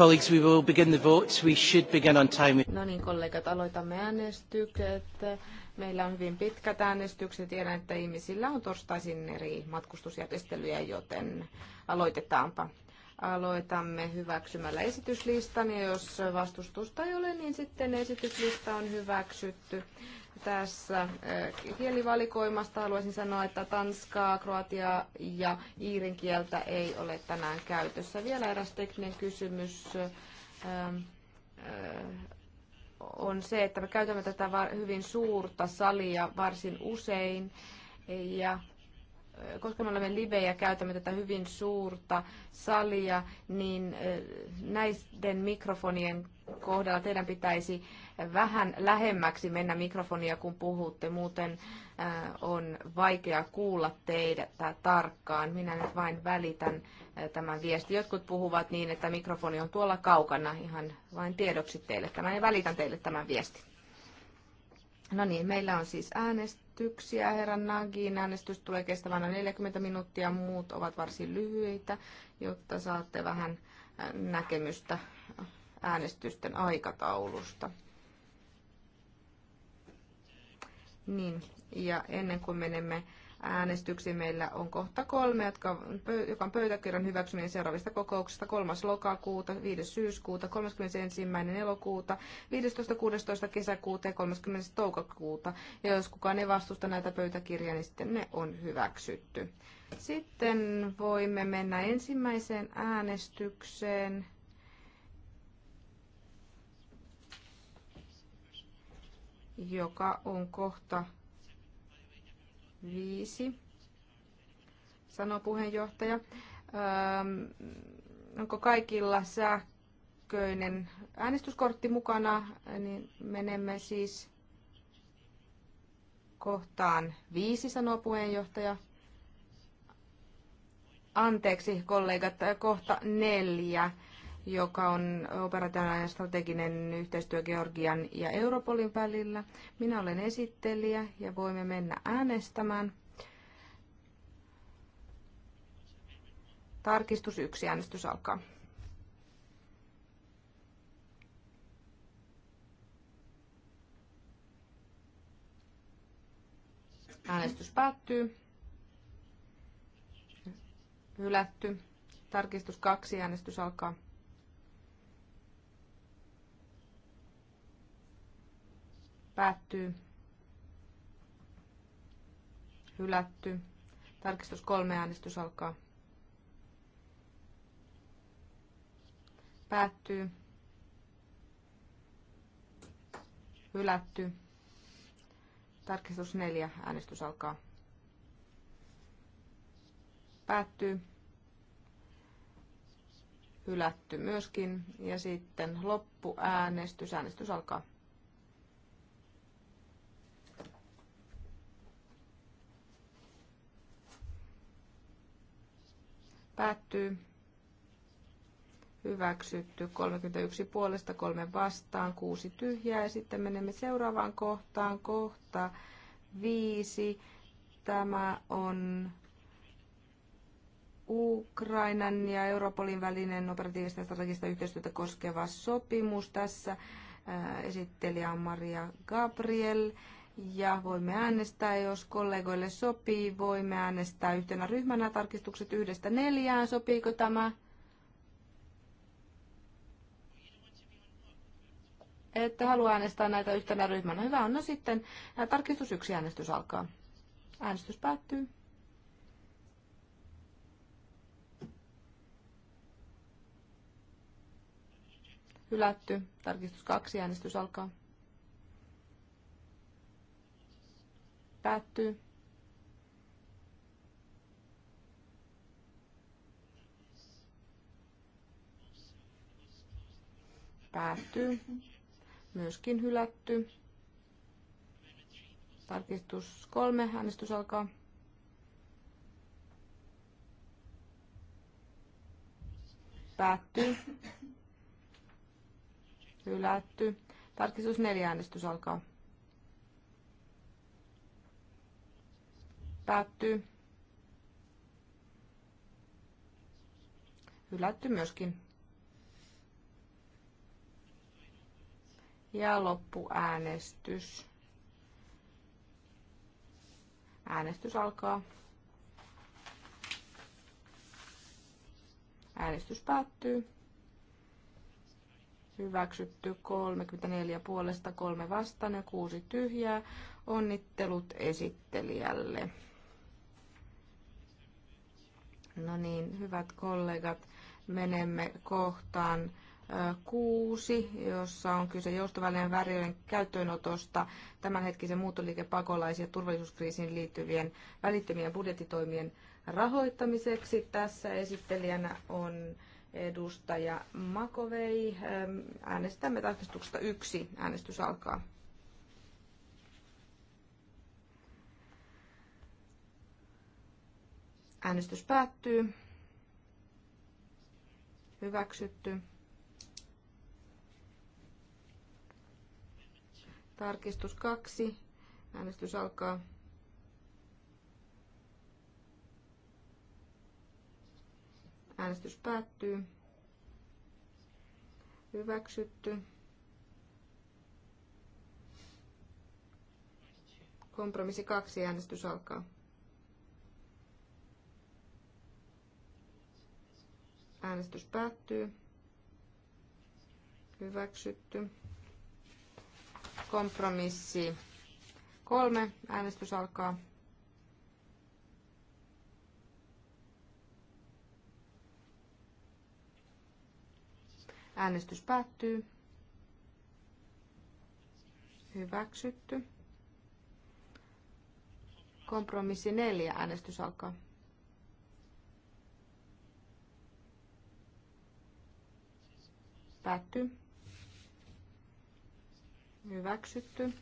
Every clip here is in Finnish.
colleagues, we will begin the We should begin on time. No niin, kollegat, aloitamme äänestykset. Meillä on hyvin pitkät äänestykset. Tiedän, että ihmisillä on torstaisin eri matkustusjärjestelyjä, joten aloitetaanpa. Aloitamme hyväksymällä esityslistan ja jos vastustusta ei ole, niin sitten esityslista on hyväksytty tässä eh, kielivalikoimasta. Haluaisin sanoa, että tanskaa, kroatiaa ja iirin kieltä ei ole tänään käytössä. Vielä eräs tekninen kysymys eh, eh, on se, että me käytämme tätä hyvin suurta salia varsin usein ja koska me olemme live ja käytämme tätä hyvin suurta salia, niin näiden mikrofonien kohdalla teidän pitäisi vähän lähemmäksi mennä mikrofonia, kun puhutte. Muuten on vaikea kuulla teidät tarkkaan. Minä nyt vain välitän tämän viesti. Jotkut puhuvat niin, että mikrofoni on tuolla kaukana. Ihan vain tiedoksi teille tämän ja välitän teille tämän viestin. No niin, meillä on siis äänestyksiä. Herran Nagin äänestys tulee kestävänä 40 minuuttia, muut ovat varsin lyhyitä, jotta saatte vähän äh, näkemystä äänestysten aikataulusta. Niin, ja ennen kuin menemme äänestyksiin. Meillä on kohta kolme, jotka, joka on pöytäkirjan hyväksyminen seuraavista kokouksista 3. lokakuuta, 5. syyskuuta, 31. elokuuta, 15. 16. kesäkuuta ja 30. toukokuuta. Ja jos kukaan ei vastusta näitä pöytäkirjaa, niin sitten ne on hyväksytty. Sitten voimme mennä ensimmäiseen äänestykseen. joka on kohta viisi, sanoo puheenjohtaja. Ähm, onko kaikilla sähköinen äänestyskortti mukana, niin menemme siis kohtaan viisi, sanoo puheenjohtaja. Anteeksi kollegat, kohta neljä joka on operatiivinen strateginen yhteistyö Georgian ja Europolin välillä. Minä olen esittelijä ja voimme mennä äänestämään. Tarkistus yksi, äänestys alkaa. Äänestys päättyy. Hylätty. Tarkistus kaksi, äänestys alkaa. päättyy, hylätty. Tarkistus kolme äänestys alkaa. Päättyy. Hylätty. Tarkistus neljä äänestys alkaa. Päättyy. Hylätty myöskin. Ja sitten loppuäänestys. Äänestys alkaa. Päättyy. Hyväksytty. 31 puolesta, 3 vastaan, 6 tyhjää. Ja sitten menemme seuraavaan kohtaan. Kohta 5. Tämä on Ukrainan ja Europolin välinen operatiivista ja strategista yhteistyötä koskeva sopimus. Tässä esittelijä on Maria Gabriel ja voimme äänestää, jos kollegoille sopii, voimme äänestää yhtenä ryhmänä tarkistukset yhdestä neljään. Sopiiko tämä? Että halua äänestää näitä yhtenä ryhmänä. Hyvä on. No sitten tarkistus yksi äänestys alkaa. Äänestys päättyy. Hylätty. Tarkistus kaksi äänestys alkaa. Päättyy. Päättyy. Myöskin hylätty. Tarkistus kolme. Äänestys alkaa. Päättyy. Hylätty. Tarkistus neljä. Äänestys alkaa. Päättyy. Hylätty myöskin. Ja loppuäänestys. Äänestys alkaa. Äänestys päättyy. Hyväksytty 34 puolesta, 3 vastaan ja 6 tyhjää. Onnittelut esittelijälle. No niin, hyvät kollegat, menemme kohtaan kuusi, jossa on kyse joustovälineen värien käyttöönotosta tämänhetkisen muuttoliikepakolaisia turvallisuuskriisiin liittyvien välittömien budjettitoimien rahoittamiseksi. Tässä esittelijänä on edustaja Makovei. Äänestämme tarkistuksesta yksi. Äänestys alkaa. Äänestys päättyy. Hyväksytty. Tarkistus kaksi. Äänestys alkaa. Äänestys päättyy. Hyväksytty. Kompromissi kaksi. Äänestys alkaa. Äänestys päättyy. Hyväksytty. Kompromissi kolme. Äänestys alkaa. Äänestys päättyy. Hyväksytty. Kompromissi neljä. Äänestys alkaa. hylätty, Hyväksytty.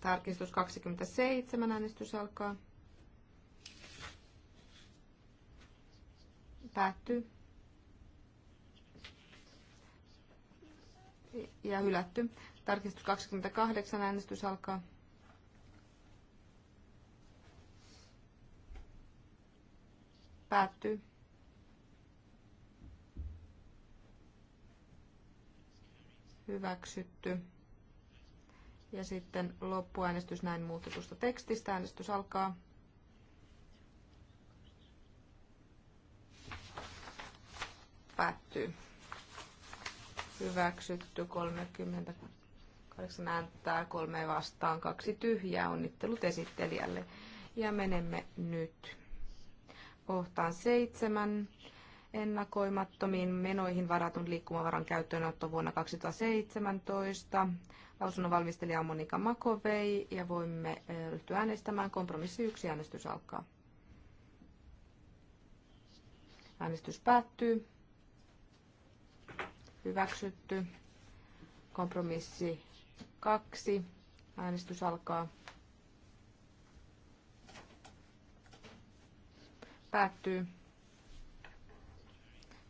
Tarkistus 27. Äänestys alkaa. päätty, Ja hylätty. Tarkistus 28. Äänestys alkaa. Päättyy. hyväksytty. Ja sitten loppuäänestys näin muutetusta tekstistä. Äänestys alkaa. Päättyy. Hyväksytty 38 ääntä, kolme vastaan, kaksi tyhjää. Onnittelut esittelijälle. Ja menemme nyt kohtaan seitsemän ennakoimattomiin menoihin varatun liikkumavaran käyttöönotto vuonna 2017. Lausunnon valmistelija on Monika Makovei ja voimme ryhtyä äänestämään. Kompromissi yksi äänestys alkaa. Äänestys päättyy. Hyväksytty. Kompromissi kaksi. Äänestys alkaa. Päättyy.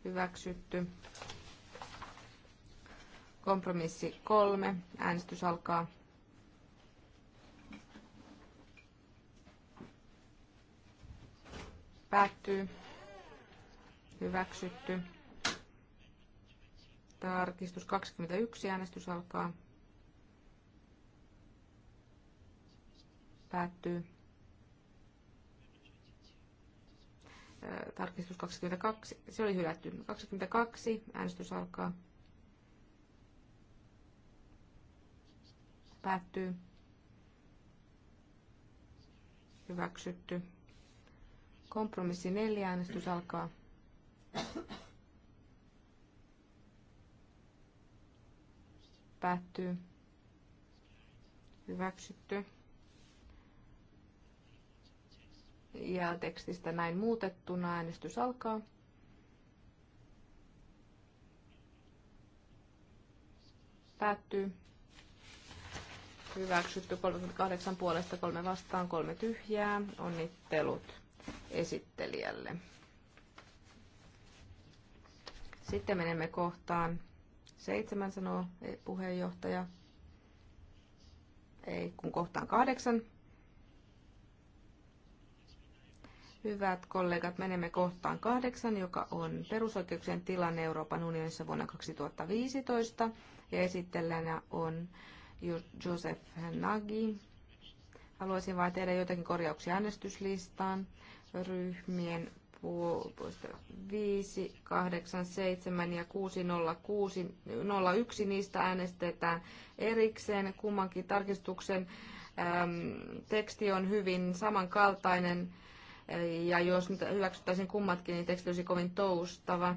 Hyväksytty. Kompromissi kolme. Äänestys alkaa. Päättyy. Hyväksytty. Tarkistus 21. Äänestys alkaa. Päättyy. tarkistus 22, se oli hylätty. 22, äänestys alkaa. Päättyy. Hyväksytty. Kompromissi 4, äänestys alkaa. Päättyy. Hyväksytty. ja tekstistä näin muutettuna äänestys alkaa. Päättyy. Hyväksytty 38 puolesta, kolme vastaan, kolme tyhjää. Onnittelut esittelijälle. Sitten menemme kohtaan seitsemän, sanoo puheenjohtaja. Ei, kun kohtaan kahdeksan. Hyvät kollegat, menemme kohtaan kahdeksan, joka on perusoikeuksien tilanne Euroopan unionissa vuonna 2015. Ja esittelijänä on Josef Nagy. Haluaisin vain tehdä joitakin korjauksia äänestyslistaan. Ryhmien puolesta 5, 8, 7 ja 6, 0, 6, 0, 1. Niistä äänestetään erikseen. Kummankin tarkistuksen äm, teksti on hyvin samankaltainen ja jos nyt hyväksyttäisiin kummatkin, niin teksti olisi kovin toustava.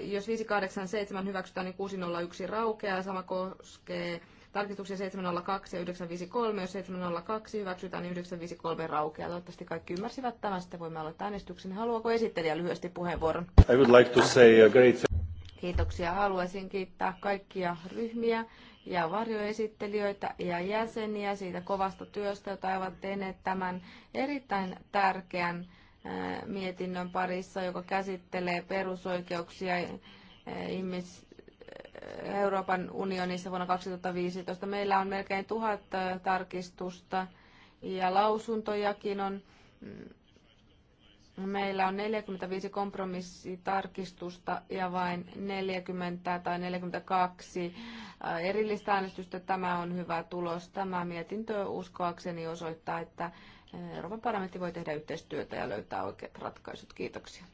Jos 587 hyväksytään, niin 601 raukeaa. Sama koskee tarkistuksia 702 ja 953. Jos 702 hyväksytään, niin 953 raukeaa. Toivottavasti kaikki ymmärsivät tämän. Sitten voimme aloittaa äänestyksen. Haluaako esittelijä lyhyesti puheenvuoron? I would like to say a great... Kiitoksia. Haluaisin kiittää kaikkia ryhmiä ja varjoesittelijöitä ja jäseniä siitä kovasta työstä, jota ovat tehneet tämän erittäin tärkeän mietinnön parissa, joka käsittelee perusoikeuksia ihmis, Euroopan unionissa vuonna 2015. Meillä on melkein tuhat tarkistusta ja lausuntojakin on mm, Meillä on 45 kompromissitarkistusta ja vain 40 tai 42 äh, erillistä äänestystä. Tämä on hyvä tulos. Tämä mietintö uskoakseni osoittaa, että äh, Euroopan parlamentti voi tehdä yhteistyötä ja löytää oikeat ratkaisut. Kiitoksia.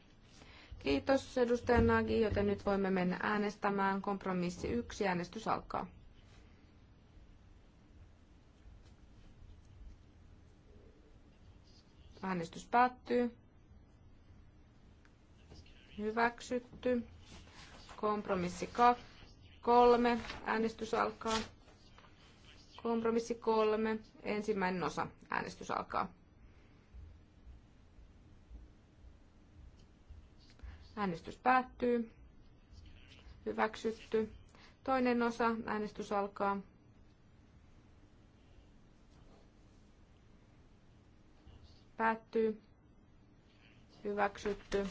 Kiitos edustaja Nagi, joten nyt voimme mennä äänestämään. Kompromissi yksi Äänestys alkaa. Äänestys päättyy hyväksytty. Kompromissi 3, äänestys alkaa. Kompromissi 3, ensimmäinen osa, äänestys alkaa. Äänestys päättyy. Hyväksytty. Toinen osa, äänestys alkaa. Päättyy. Hyväksytty.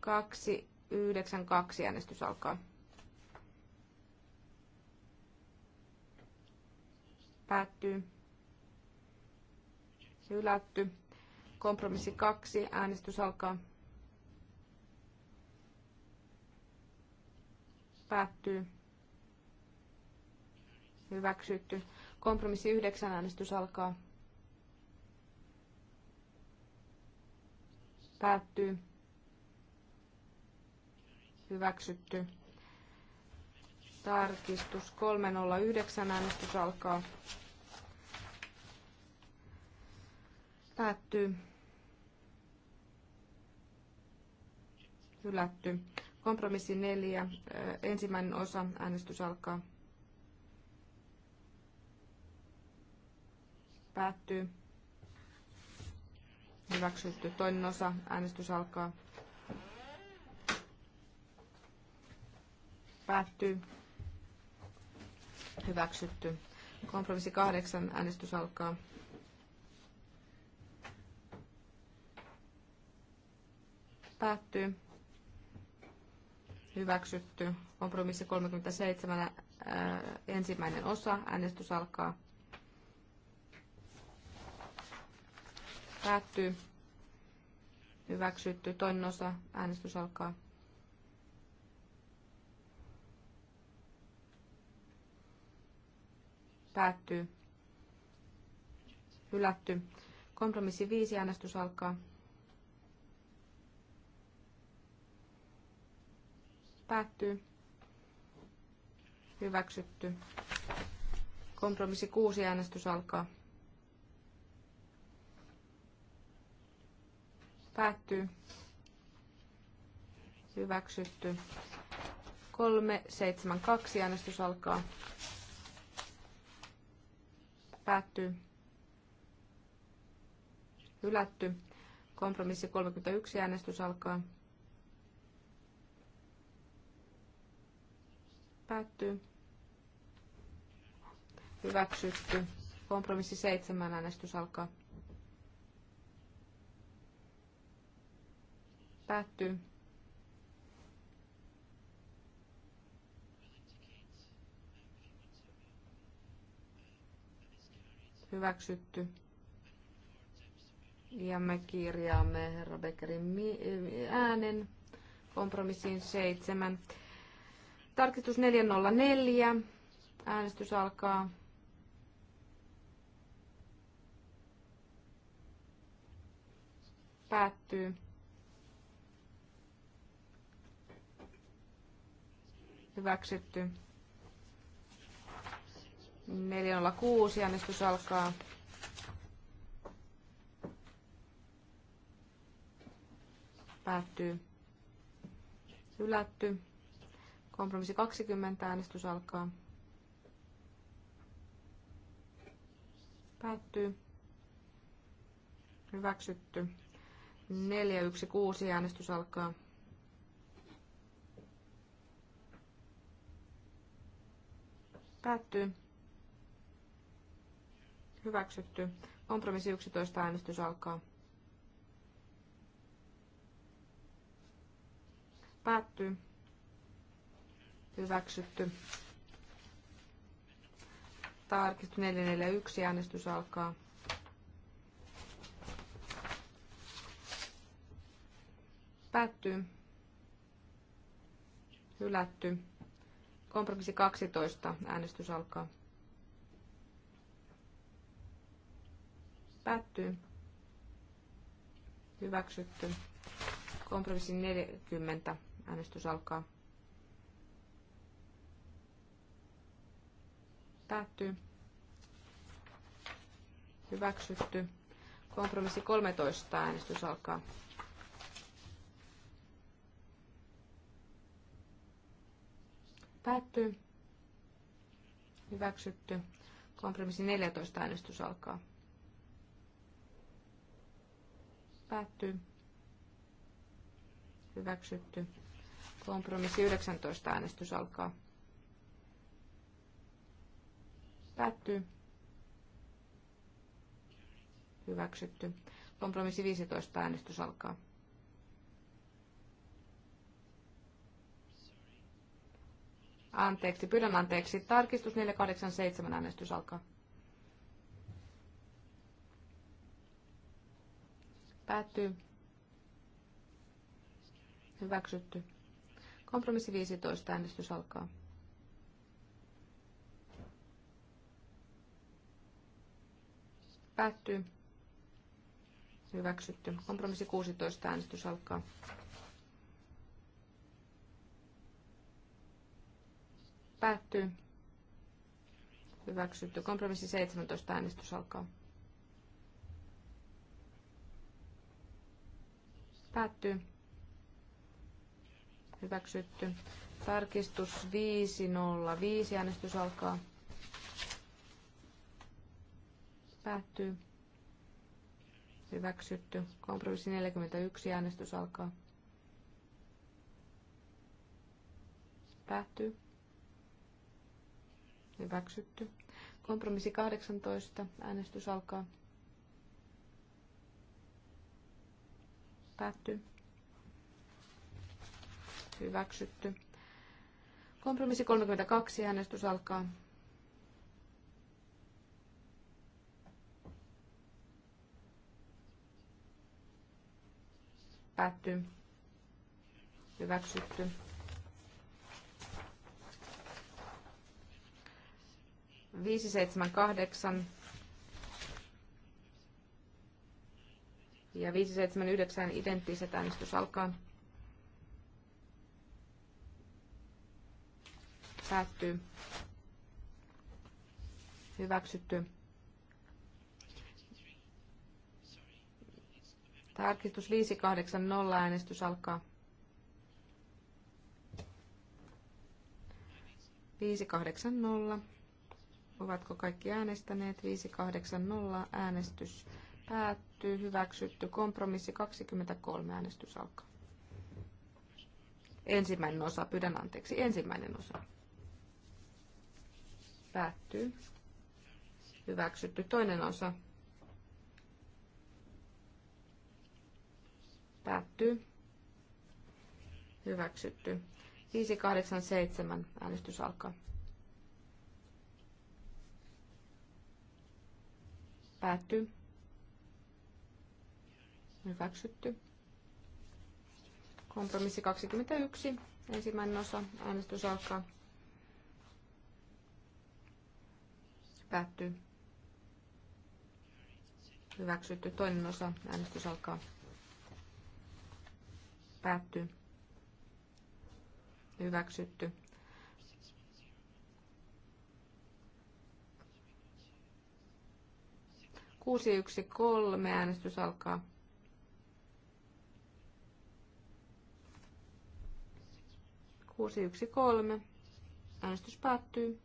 292 äänestys alkaa. Päättyy. Hylätty. Kompromissi 2. Äänestys alkaa. Päättyy. Hyväksytty. Kompromissi 9. Äänestys alkaa. Päättyy hyväksytty. Tarkistus 309 äänestys alkaa. Päättyy. Hylätty. Kompromissi 4. Ensimmäinen osa. Äänestys alkaa. Päättyy. Hyväksytty. Toinen osa. Äänestys alkaa. päättyy. Hyväksytty. Kompromissi kahdeksan. Äänestys alkaa. Päättyy. Hyväksytty. Kompromissi 37. Ää, äh, ensimmäinen osa. Äänestys alkaa. Päättyy. Hyväksytty. Toinen osa. Äänestys alkaa. päättyy, hylätty. Kompromissi 5, äänestys alkaa. Päättyy, hyväksytty. Kompromissi 6, äänestys alkaa. Päättyy, hyväksytty. 372, äänestys alkaa. Päättyy. Hylätty. Kompromissi 31. Äänestys alkaa. Päättyy. Hyväksytty. Kompromissi 7. Äänestys alkaa. Päättyy. hyväksytty. Ja me kirjaamme herra Beckerin äänen kompromissiin seitsemän. Tarkistus 404. Äänestys alkaa. Päättyy. Hyväksytty. 406 äänestys alkaa. Päättyy. Hylätty. Kompromissi 20 äänestys alkaa. Päättyy. Hyväksytty. 416 äänestys alkaa. Päättyy. Hyväksytty. Kompromissi 11. Äänestys alkaa. Päättyy. Hyväksytty. Tarkistu 441. Äänestys alkaa. Päättyy. Hylätty. Kompromissi 12. Äänestys alkaa. Päättyy. Hyväksytty. Kompromissi 40. Äänestys alkaa. Päättyy. Hyväksytty. Kompromissi 13. Äänestys alkaa. Päättyy. Hyväksytty. Kompromissi 14. Äänestys alkaa. Päättyy. Hyväksytty. Kompromissi 19 äänestys alkaa. Päättyy. Hyväksytty. Kompromissi 15 äänestys alkaa. Anteeksi, pyydän anteeksi. Tarkistus 487 äänestys alkaa. Päättyy. Hyväksytty. Kompromissi 15. Äänestys alkaa. Päättyy. Hyväksytty. Kompromissi 16. Äänestys alkaa. Päättyy. Hyväksytty. Kompromissi 17. Äänestys alkaa. Päättyy. Hyväksytty. Tarkistus 505. Äänestys alkaa. Päättyy. Hyväksytty. Kompromissi 41. Äänestys alkaa. Päättyy. Hyväksytty. Kompromissi 18. Äänestys alkaa. Päättyy. Hyväksytty. Kompromissi 32. Äänestys alkaa. Päättyy. Hyväksytty. Viisi seitsemän kahdeksan ja 579 identtiset äänestys alkaa. Päättyy. Hyväksytty. Tarkistus 580 äänestys alkaa. 580. Ovatko kaikki äänestäneet? 580 äänestys päättyy, hyväksytty. Kompromissi 23, äänestys alkaa. Ensimmäinen osa, pyydän anteeksi, ensimmäinen osa. Päättyy. Hyväksytty. Toinen osa. Päättyy. Hyväksytty. 587. Äänestys alkaa. Päättyy. Hyväksytty. Kompromissi 21. Ensimmäinen osa. Äänestys alkaa. Päättyy. Hyväksytty. Toinen osa. Äänestys alkaa. Päättyy. Hyväksytty. Kuusi yksi kolme. Äänestys alkaa. 613. Äänestys päättyy.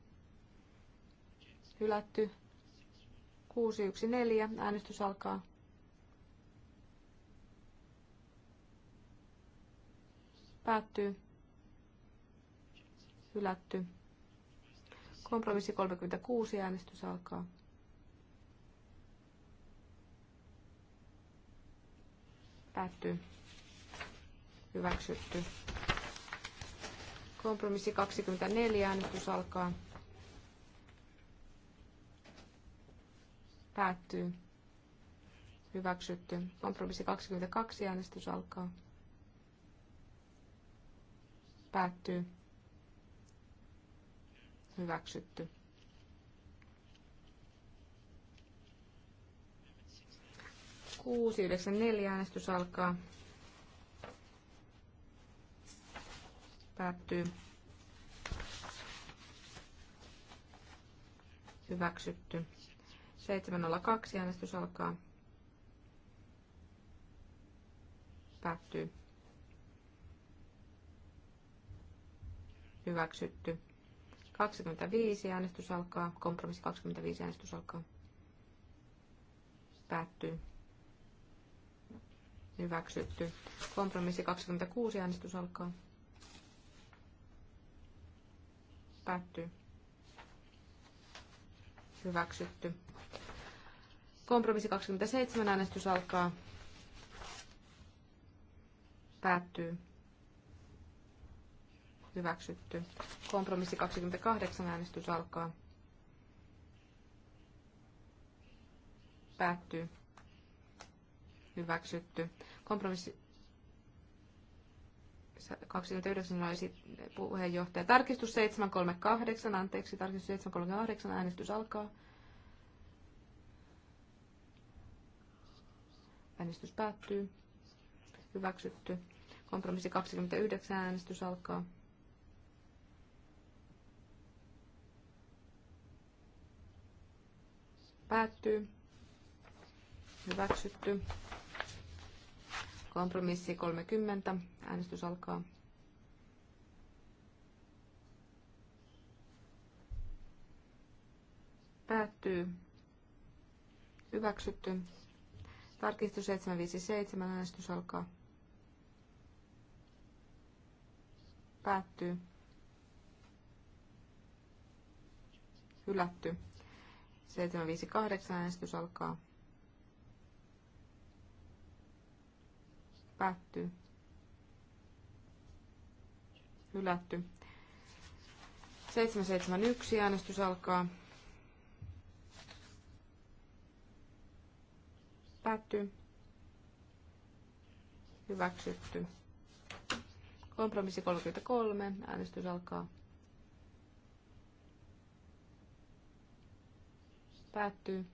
Hylätty. 614. Äänestys alkaa. Päättyy. Hylätty. Kompromissi 36. Äänestys alkaa. Päättyy. Hyväksytty. Kompromissi 24, äänestys alkaa. Päättyy. Hyväksytty. Kompromissi 22, äänestys alkaa. Päättyy. Hyväksytty. Kuusi yhdeksän neljä äänestys alkaa. Päättyy. Hyväksytty. 702 äänestys alkaa. Päättyy. Hyväksytty. 25 äänestys alkaa. Kompromissi 25 äänestys alkaa. Päättyy. Hyväksytty. Kompromissi 26 äänestys alkaa. Päättyy. Hyväksytty. Kompromissi 27. Äänestys alkaa. Päättyy. Hyväksytty. Kompromissi 28. Äänestys alkaa. Päättyy. Hyväksytty. Kompromissi 29 oli puheenjohtaja. Tarkistus 738, anteeksi, tarkistus 738, äänestys alkaa. Äänestys päättyy. Hyväksytty. Kompromissi 29, äänestys alkaa. Päättyy. Hyväksytty. Kompromissi 30. Äänestys alkaa. Päättyy. Hyväksytty. Tarkistus 757. Äänestys alkaa. Päättyy. Hylätty. 758. Äänestys alkaa. Päättyy. Hylätty. 771 äänestys alkaa. Päättyy. Hyväksytty. Kompromissi 33. Äänestys alkaa. Päättyy.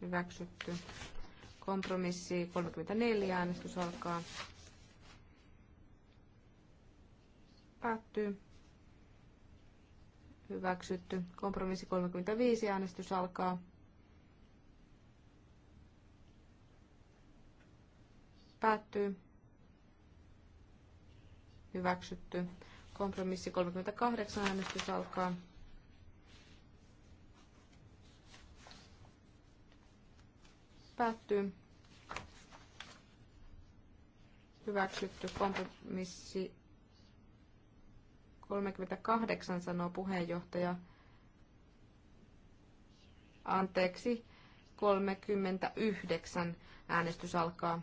Hyväksytty. Kompromissi 34, äänestys alkaa. Päättyy. Hyväksytty. Kompromissi 35, äänestys alkaa. Päättyy. Hyväksytty. Kompromissi 38, äänestys alkaa. päättyy. Hyväksytty kompromissi 38, sanoo puheenjohtaja. Anteeksi, 39 äänestys alkaa.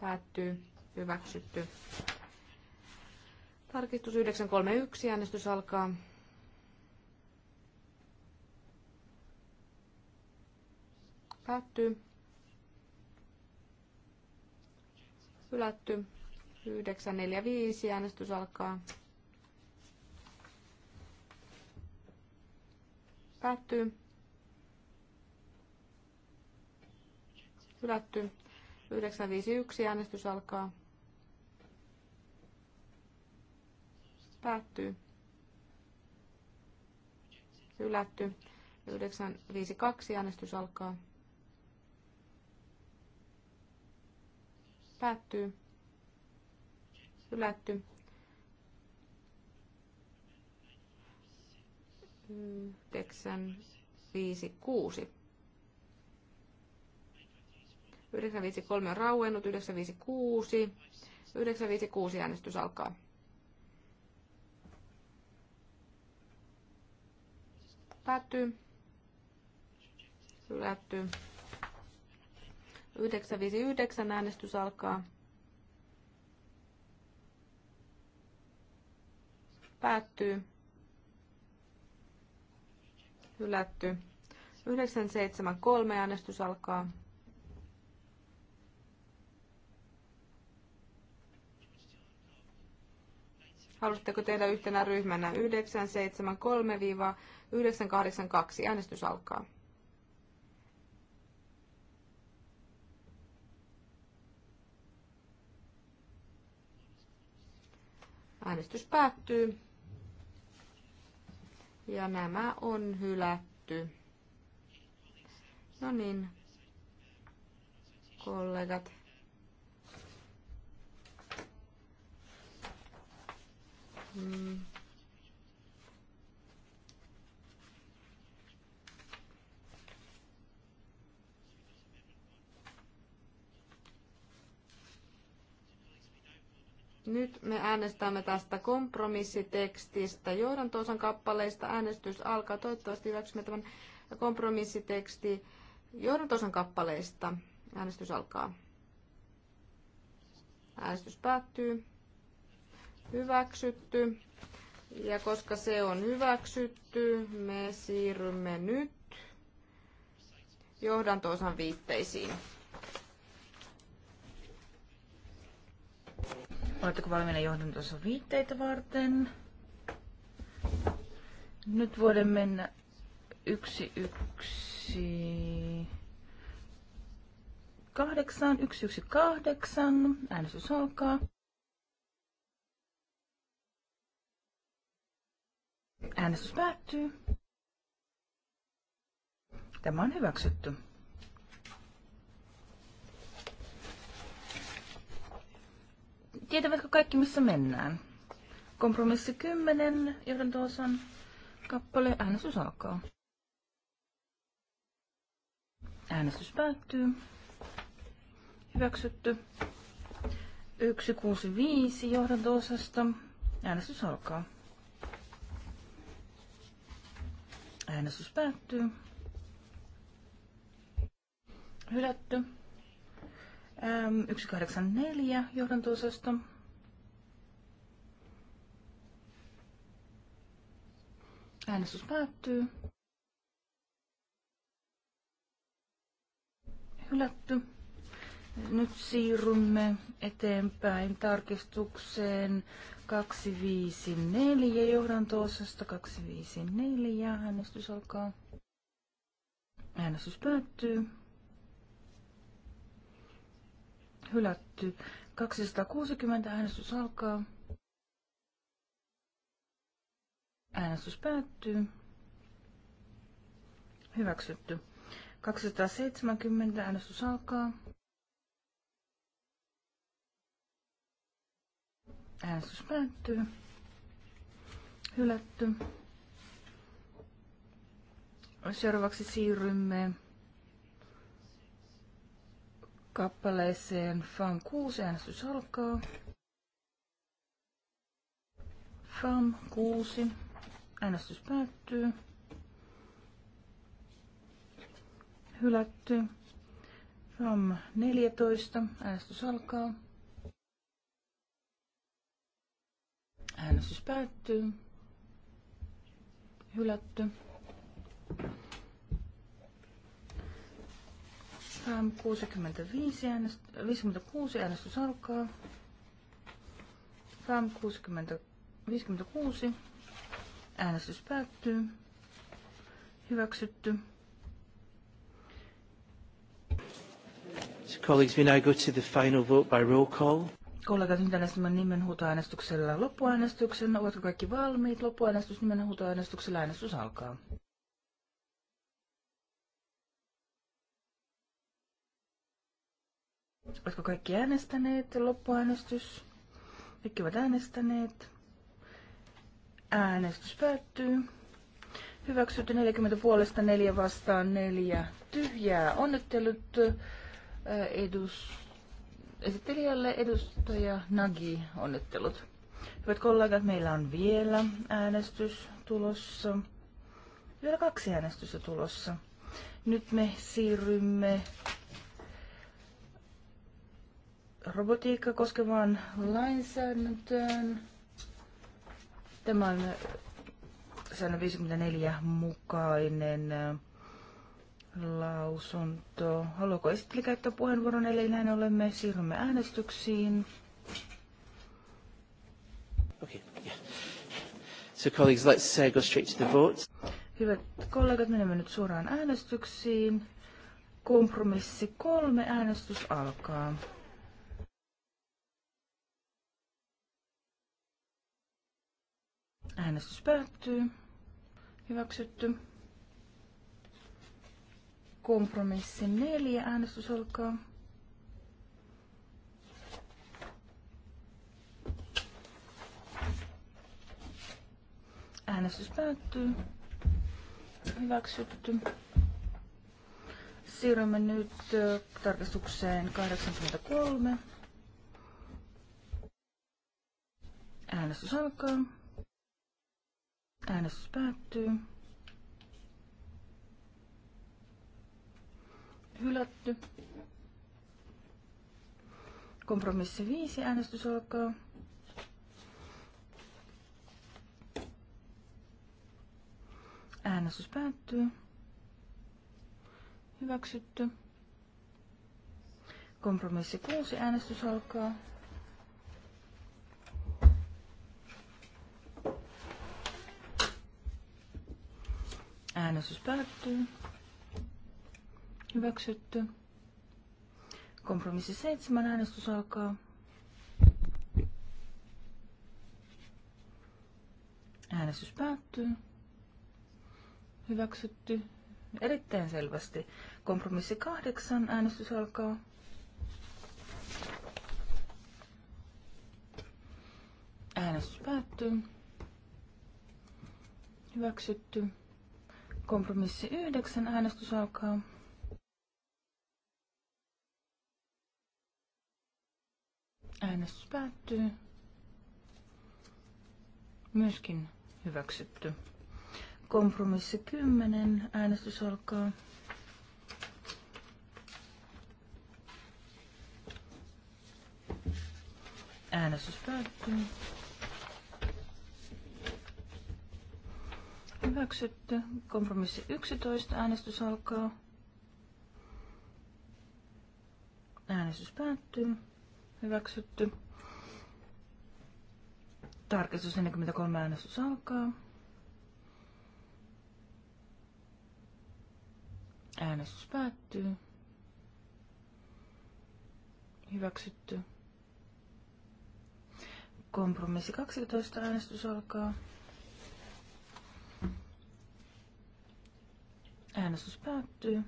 Päättyy. Hyväksytty. Tarkistus 931. Äänestys alkaa. päättyy. Hylätty. 945 äänestys alkaa. Päättyy. Hylätty. 951 äänestys alkaa. Päättyy. Hylätty. 952 äänestys alkaa. Päättyy. Hylätty. Yhdeksän, viisi, kuusi. 953 on rauennut, 956. 956 äänestys alkaa. Päättyy. Hylätty. 959 äänestys alkaa. Päättyy. Hylätty. 973 äänestys alkaa. Haluatteko tehdä yhtenä ryhmänä 973-982? Äänestys alkaa. Äänestys päättyy. Ja nämä on hylätty. No niin, kollegat. Mm. Nyt me äänestämme tästä kompromissitekstistä johdantoosan kappaleista. Äänestys alkaa. Toivottavasti hyväksymme tämän kompromissiteksti johdantoosan kappaleista. Äänestys alkaa. Äänestys päättyy. Hyväksytty. Ja koska se on hyväksytty, me siirrymme nyt johdantoosan viitteisiin. Oletteko valmiina johdantonsa viitteitä varten? Nyt voidaan mennä yksi yksi kahdeksan, yksi yksi kahdeksan. Äänestys alkaa. Äänestys päättyy. Tämä on hyväksytty. Tietävätkö kaikki, missä mennään? Kompromissi 10, Dawson, kappale, äänestys alkaa. Äänestys päättyy. Hyväksytty. 165 johdanto-osasta. Äänestys alkaa. Äänestys päättyy. Hylätty. 184 ähm, johdanto-osasto. Äänestys päättyy. Hylätty. Nyt siirrymme eteenpäin tarkistukseen 254, johdanto-osasta 254. Äänestys alkaa. Äänestys päättyy. hylätty. 260 äänestys alkaa. Äänestys päättyy. Hyväksytty. 270 äänestys alkaa. Äänestys päättyy. Hylätty. Seuraavaksi siirrymme kappaleeseen FAM 6. Äänestys alkaa. FAM 6. Äänestys päättyy. Hylätty. FAM 14. Äänestys alkaa. Äänestys päättyy. Hylätty. FAM 65 äänest, 56 äänestys alkaa. FAM 56 äänestys päättyy. Hyväksytty. So colleagues, we now go to the final vote by roll call. Kollegat, nyt äänestämme nimenhuutoäänestyksellä loppuäänestyksen. Ovatko kaikki valmiit? Loppuäänestys nimenhuutoäänestyksellä äänestys alkaa. Oletko kaikki äänestäneet? Loppuäänestys. Kaikki ovat äänestäneet. Äänestys päättyy. Hyväksytty 40 puolesta, 4 vastaan, 4 tyhjää. Onnittelut äh, edus, esittelijälle edustaja Nagi. Onnittelut. Hyvät kollegat, meillä on vielä äänestys tulossa. Vielä kaksi äänestystä tulossa. Nyt me siirrymme robotiikka koskevaan lainsäädäntöön. Tämä on säännön mukainen lausunto. Haluatko esitteli käyttää puheenvuoron, eli näin olemme, siirrymme äänestyksiin. Okay, yeah. So colleagues, let's uh, go straight to the vote. Hyvät kollegat, menemme nyt suoraan äänestyksiin. Kompromissi kolme, äänestys alkaa. Äänestys päättyy. Hyväksytty. Kompromissi neljä. Äänestys alkaa. Äänestys päättyy. Hyväksytty. Siirrymme nyt tarkistukseen 83. Äänestys alkaa. Äänestys päättyy. Hylätty. Kompromissi 5. Äänestys alkaa. Äänestys päättyy. Hyväksytty. Kompromissi 6. Äänestys alkaa. Äänestys päättyy. Hyväksytty. Kompromissi 7. Äänestys alkaa. Äänestys päättyy. Hyväksytty. Erittäin selvästi. Kompromissi 8. Äänestys alkaa. Äänestys päättyy. Hyväksytty. Kompromissi 9. Äänestys alkaa. Äänestys päättyy. Myöskin hyväksytty. Kompromissi 10. Äänestys alkaa. Äänestys päättyy. Hyväksytty. Kompromissi 11. Äänestys alkaa. Äänestys päättyy. Hyväksytty. Tarkistus 43. Äänestys alkaa. Äänestys päättyy. Hyväksytty. Kompromissi 12. Äänestys alkaa. Äänestys päättyy.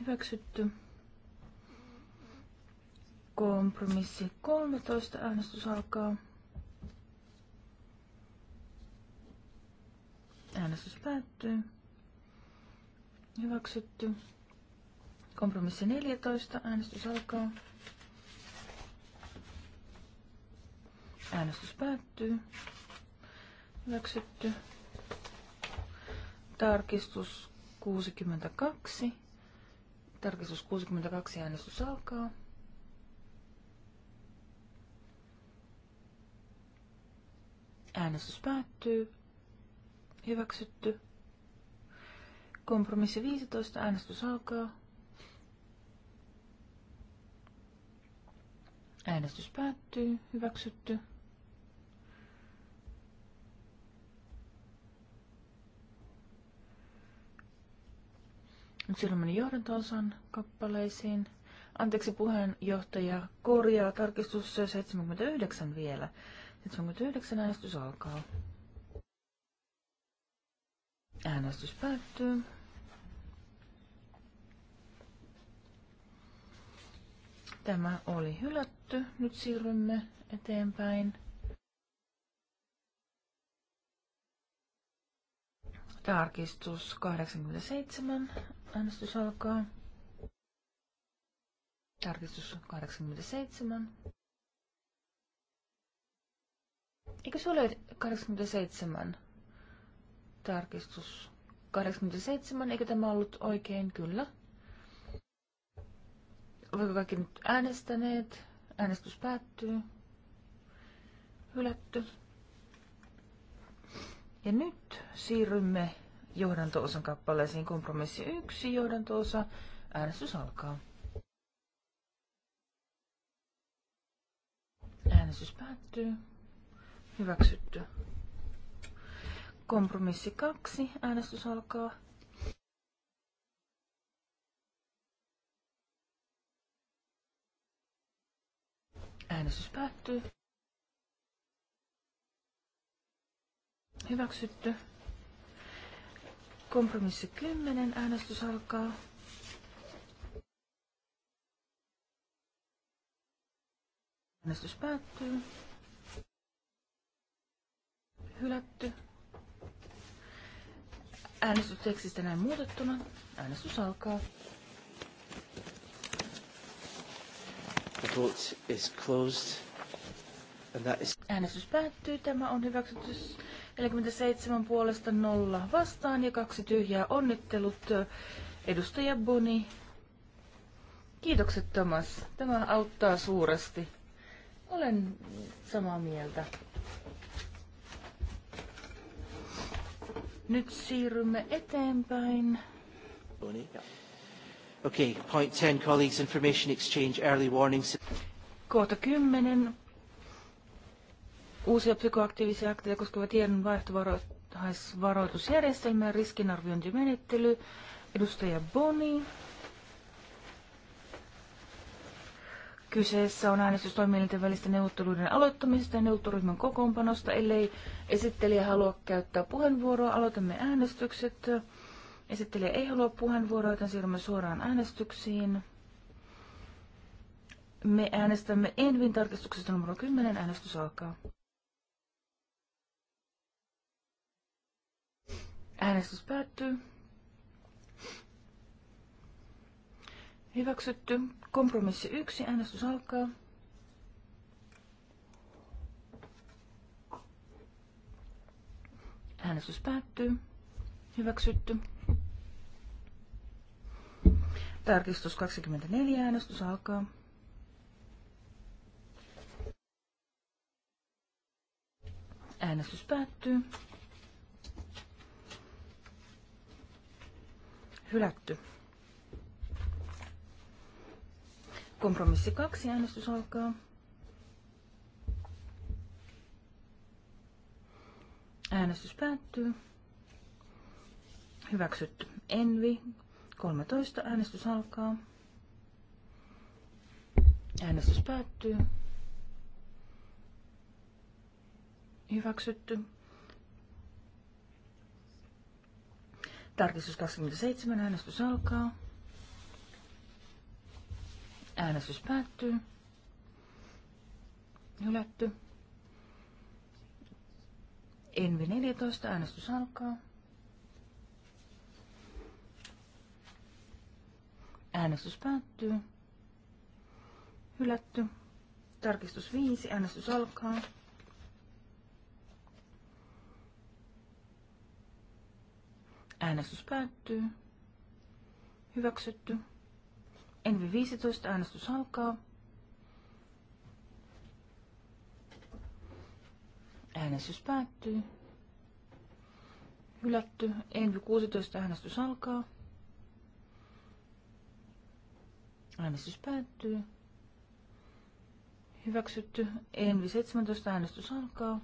Hyväksytty. Kompromissi 13. Äänestys alkaa. Äänestys päättyy. Hyväksytty. Kompromissi 14. Äänestys alkaa. Äänestys päättyy. Hyväksytty. Tarkistus 62. Tarkistus 62 äänestys alkaa. Äänestys päättyy. Hyväksytty. Kompromissi 15. Äänestys alkaa. Äänestys päättyy. Hyväksytty. Nyt silloin niin meni johdanto kappaleisiin. Anteeksi, puheenjohtaja korjaa tarkistus 79 vielä. 79 äänestys alkaa. Äänestys päättyy. Tämä oli hylätty. Nyt siirrymme eteenpäin. Tarkistus 87. Äänestys alkaa. Tarkistus 87. Eikö se ole 87? Tarkistus 87, eikö tämä ollut oikein? Kyllä. Oliko kaikki nyt äänestäneet? Äänestys päättyy. Hylätty. Ja nyt siirrymme johdanto-osan kappaleisiin kompromissi 1, johdanto-osa. Äänestys alkaa. Äänestys päättyy. Hyväksytty. Kompromissi 2. Äänestys alkaa. Äänestys päättyy. Hyväksytty. Kompromissi 10. Äänestys alkaa. Äänestys päättyy. Hylätty. Äänestystekstistä näin muutettuna. Äänestys alkaa. The vote is closed. And that is... Äänestys päättyy. Tämä on hyväksytty 47 puolesta nolla vastaan ja kaksi tyhjää onnittelut. Äh, edustaja Boni. Kiitokset Thomas. Tämä auttaa suuresti. Olen samaa mieltä. Nyt siirrymme eteenpäin. Boni, ja. Okay, point 10, colleagues, information exchange, early warning. Kohta 10, Uusia psykoaktiivisia akteja koskeva tiedon vaihtovaroitusjärjestelmä ja riskinarviointimenettely. Edustaja Boni. Kyseessä on äänestystoimielten välistä neuvotteluiden aloittamisesta ja neuvotteluryhmän kokoonpanosta. Ellei esittelijä halua käyttää puheenvuoroa, aloitamme äänestykset. Esittelijä ei halua puheenvuoroa, joten siirrymme suoraan äänestyksiin. Me äänestämme Envin tarkistuksesta numero 10. Äänestys alkaa. Äänestys päättyy. Hyväksytty. Kompromissi 1. Äänestys alkaa. Äänestys päättyy. Hyväksytty. Tarkistus 24. Äänestys alkaa. Äänestys päättyy. Hylätty. Kompromissi kaksi. Äänestys alkaa. Äänestys päättyy. Hyväksytty. Envi. 13. Äänestys alkaa. Äänestys päättyy. Hyväksytty. Tarkistus 27. Äänestys alkaa. Äänestys päättyy. Hylätty. Envi 14. Äänestys alkaa. Äänestys päättyy. Hylätty. Tarkistus 5. Äänestys alkaa. Äänestys päättyy. Hyväksytty. Envi 15. Äänestys alkaa. Äänestys päättyy. Hylätty. Envi 16. Äänestys alkaa. Äänestys päättyy. Hyväksytty. Envi 17. Äänestys alkaa.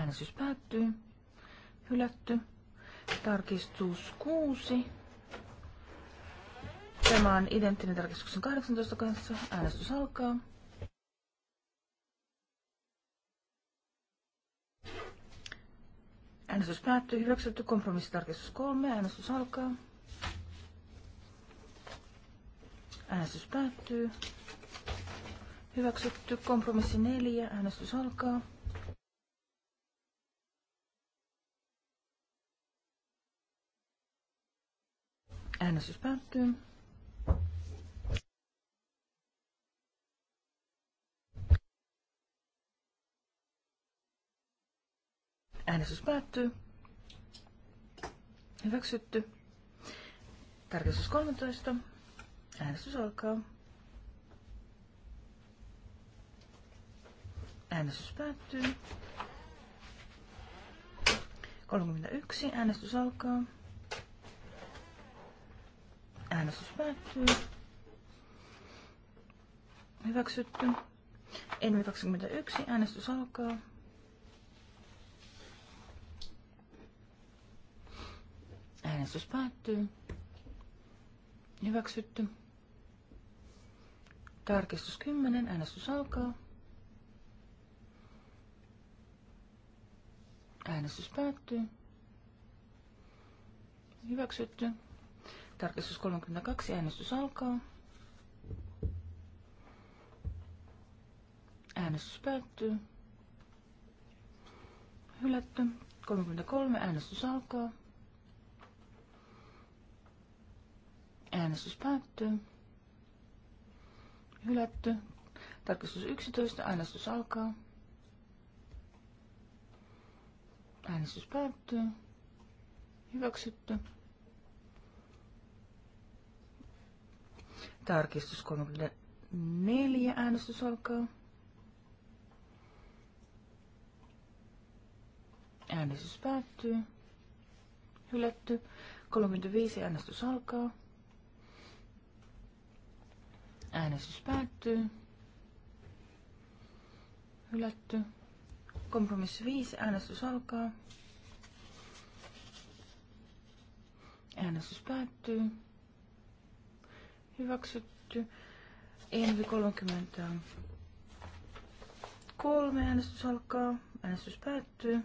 Äänestys päättyy. Hylätty. Tarkistus 6. Tämä on identtinen tarkistuksen 18 kanssa. Äänestys alkaa. Äänestys päättyy. Hyväksytty kompromissitarkistus 3. Äänestys alkaa. Äänestys päättyy. Hyväksytty kompromissi 4. Äänestys alkaa. Äänestys päättyy. Äänestys päättyy. Hyväksytty. Tarkistus 13. Äänestys alkaa. Äänestys päättyy. 31. Äänestys alkaa. Äänestys päättyy. Hyväksytty. En 21. Äänestys alkaa. Äänestys päättyy. Hyväksytty. Tarkistus 10. Äänestys alkaa. Äänestys päättyy. Hyväksytty. Tarkistus 32. Äänestys alkaa. Äänestys päättyy. Hylätty. 33. Äänestys alkaa. Äänestys päättyy. Hylätty. Tarkistus 11. Äänestys alkaa. Äänestys päättyy. Hyväksytty. Tarkistus 34. Äänestys alkaa. Äänestys päättyy. Hylätty. 35. Äänestys alkaa. Äänestys päättyy. Hylätty. Kompromissi 5. Äänestys alkaa. Äänestys päättyy. Hyväksytty. Envi 30. Kolme äänestys alkaa. Äänestys päättyy.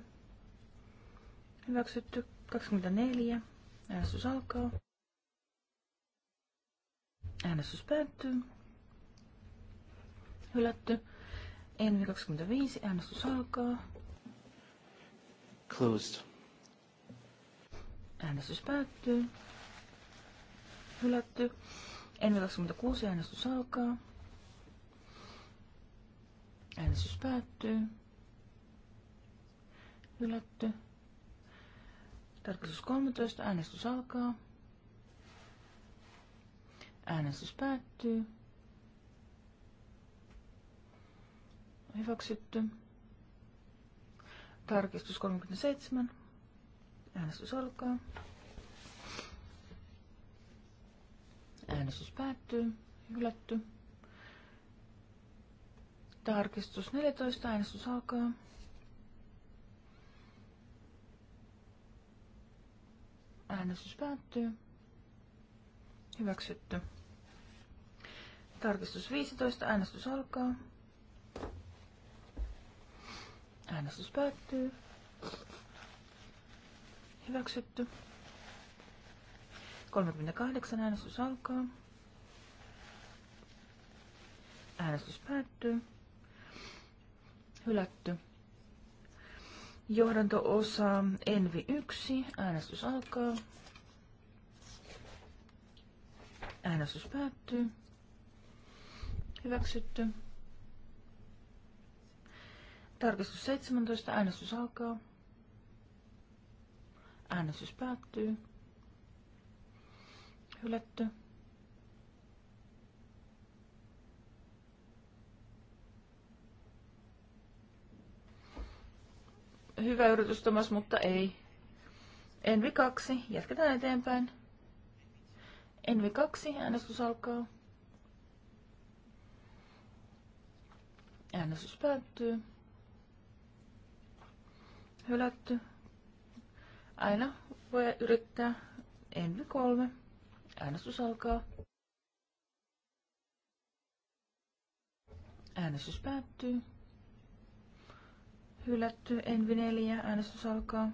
Hyväksytty. 24. Äänestys alkaa. Äänestys päättyy. Hylätty. Envi 25. Äänestys alkaa. Closed. Äänestys päättyy. Hylätty. Envi 26 äänestys alkaa. Äänestys päättyy. Hylätty. tarkistus 13. Äänestys alkaa. Äänestys päättyy. Hyväksytty. Tarkistus 37. Äänestys alkaa. Äänestys päättyy. Hylätty. Tarkistus 14. Äänestys alkaa. Äänestys päättyy. Hyväksytty. Tarkistus 15. Äänestys alkaa. Äänestys päättyy. Hyväksytty. 38 äänestys alkaa. Äänestys päättyy. Hylätty. Johdanto-osa Envi 1. Äänestys alkaa. Äänestys päättyy. Hyväksytty. Tarkistus 17. Äänestys alkaa. Äänestys päättyy hylätty. Hyvä yritys Tomas, mutta ei. Envi 2, jatketaan eteenpäin. Envi 2, äänestys alkaa. Äänestys päättyy. Hylätty. Aina voi yrittää Envi 3. Äänestys alkaa. Äänestys päättyy. Hylätty Envi 4. Äänestys alkaa.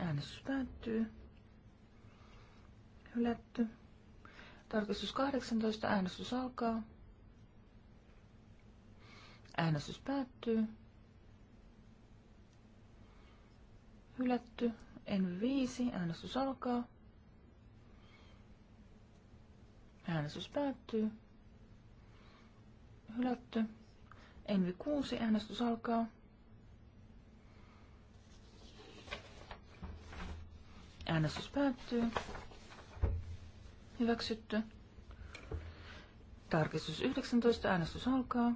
Äänestys päättyy. Hylätty. Tarkistus 18. Äänestys alkaa. Äänestys päättyy. Hylätty. N5, äänestys alkaa. Äänestys päättyy. Hylätty. Envi 6, äänestys alkaa. Äänestys päättyy. Hyväksytty. Tarkistus 19, äänestys alkaa.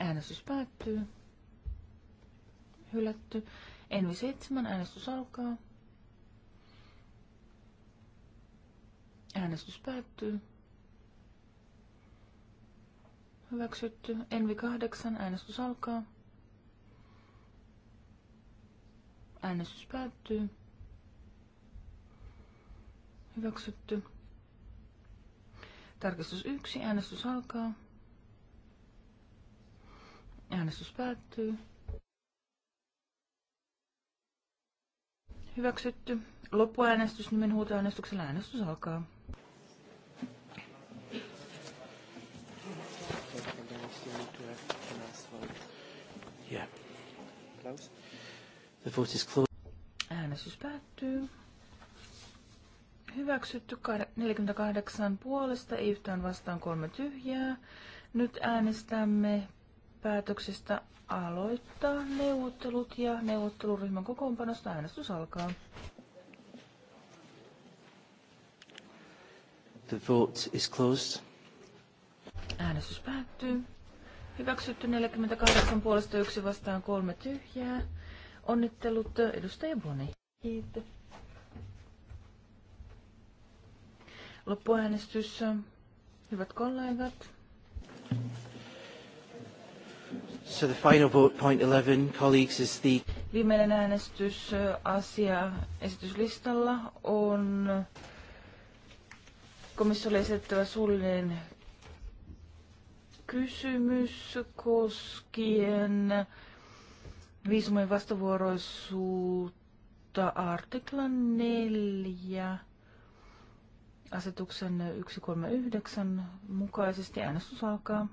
Äänestys päättyy hylätty. Envi 7, äänestys alkaa. Äänestys päättyy. Hyväksytty. Envi 8, äänestys alkaa. Äänestys päättyy. Hyväksytty. Tarkistus 1, äänestys alkaa. Äänestys päättyy. Hyväksytty. Loppuäänestys nimen huutoäänestyksellä äänestys alkaa. Yeah. The vote is Äänestys päättyy. Hyväksytty 48 puolesta, ei yhtään vastaan kolme tyhjää. Nyt äänestämme päätöksestä aloittaa neuvottelut ja neuvotteluryhmän kokoonpanosta äänestys alkaa. The vote is closed. Äänestys päättyy. Hyväksytty 48 puolesta yksi vastaan kolme tyhjää. Onnittelut äh, edustaja Boni. Kiitos. Loppuäänestys. Äh, hyvät kollegat. So the final vote, point 11, colleagues, is the... Viimeinen äänestys asia esityslistalla on komissiolle esittävä suullinen kysymys koskien viisumien vastavuoroisuutta artikla 4 asetuksen 139 mukaisesti. Äänestys alkaa.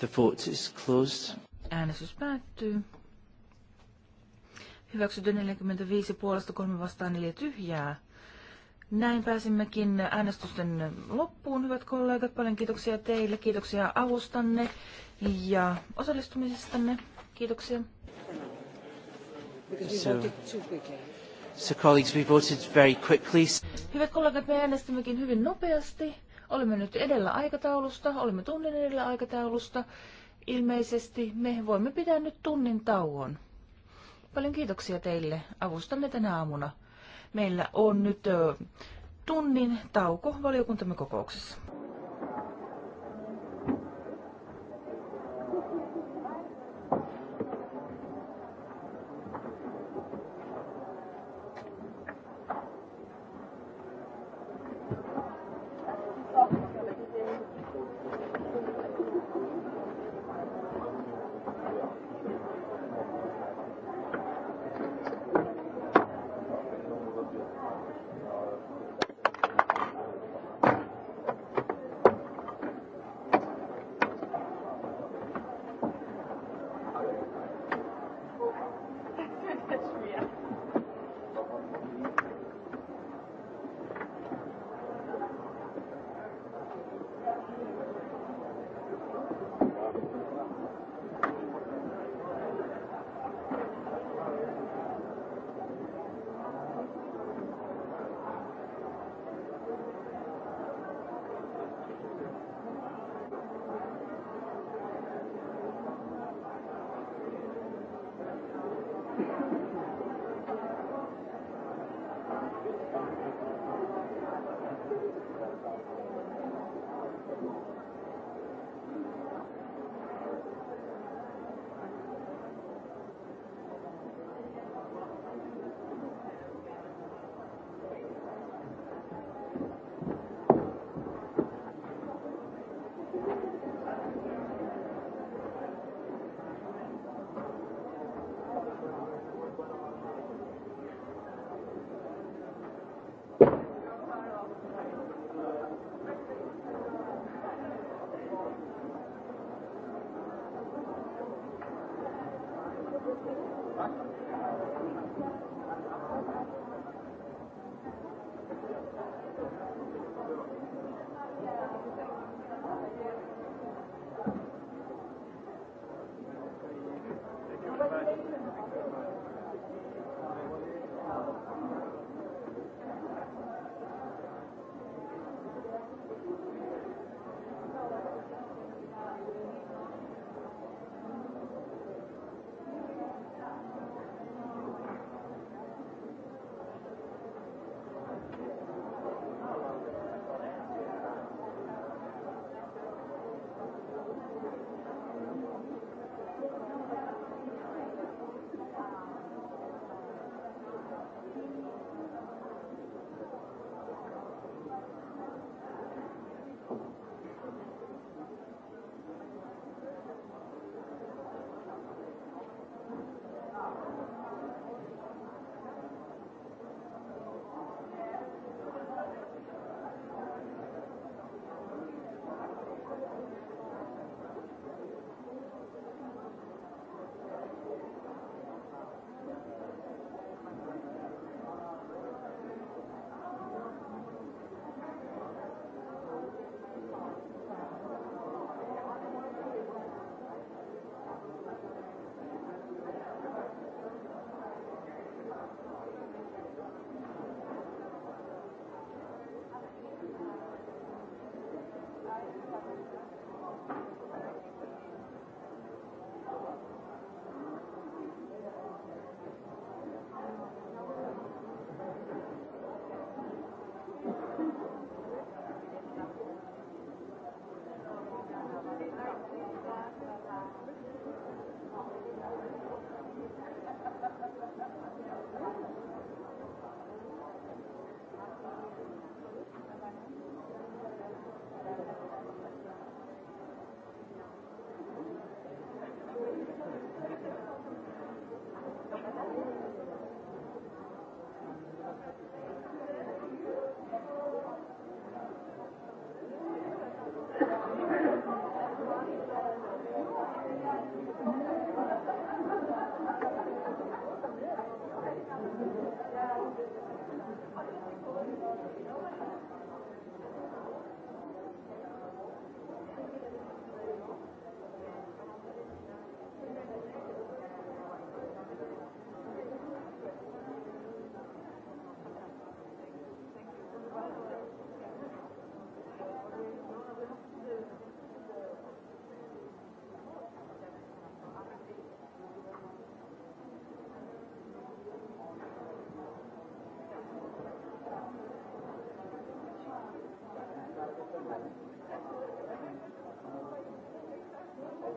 The vote is closed. Äänestys päättyy. Hyväksytty 45 puolesta, 3 vastaan, 4 tyhjää. Näin pääsimmekin äänestysten loppuun, hyvät kollegat. Paljon kiitoksia teille, kiitoksia avustanne ja osallistumisestanne. Kiitoksia. So, so colleagues, we voted very quickly. Hyvät kollegat, me äänestimmekin hyvin nopeasti. Olemme nyt edellä aikataulusta, olemme tunnin edellä aikataulusta. Ilmeisesti me voimme pitää nyt tunnin tauon. Paljon kiitoksia teille avustanne tänä aamuna. Meillä on nyt tunnin tauko valiokuntamme kokouksessa.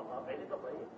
Allah, beni toplayın.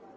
Thank you.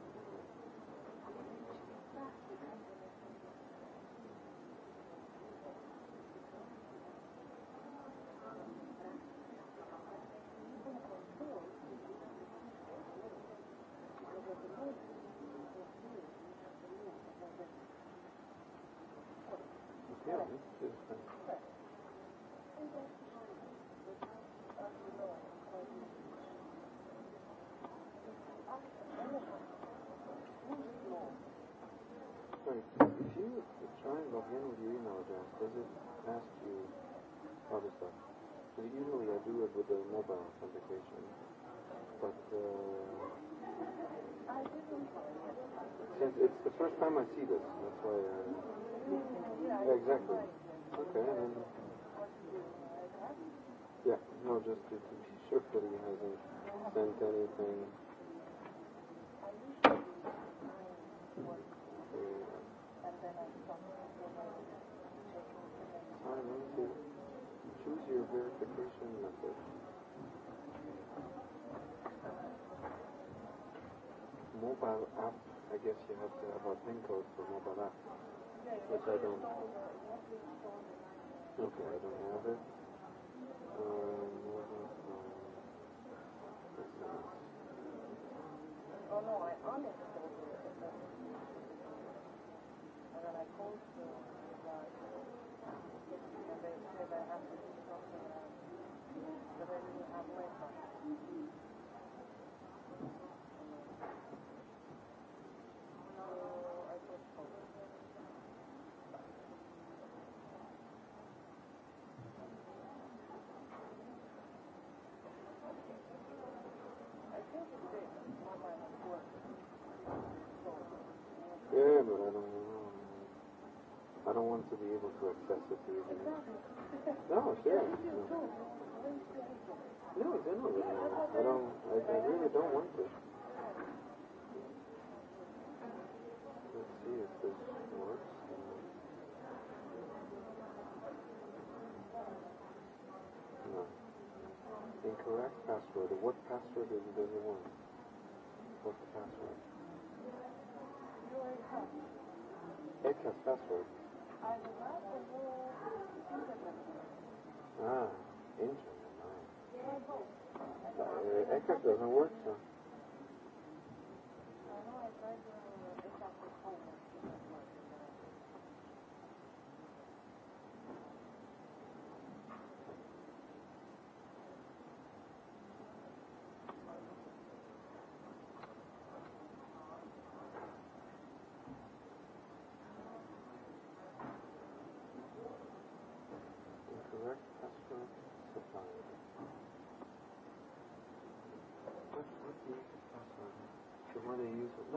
trying to log in with your email address. Does it ask you other stuff? Because usually I do it with the mobile authentication. But uh, since it's the first time I see this, that's why. Uh, yeah, exactly. Okay. Then, yeah, no, just to, to be sure that he hasn't sent anything. Choose your verification Mobile app. I guess you have to have a pin code for mobile app, which I don't. Okay, I don't have it. Um, what else? Um, Oh no, I on it. when I called the, the guy yesterday, they said I have to do something and they didn't have Wi-Fi. expensive for you. No, sure. No. No, generally, no. I don't. I, I really don't want to. Let's see if this works. No. Incorrect password. What password does it, does it want? What's the password? Edcast password. Ah, inch on the nine. Yeah, both. Uh, Eckert doesn't work, so. I know, I tried to.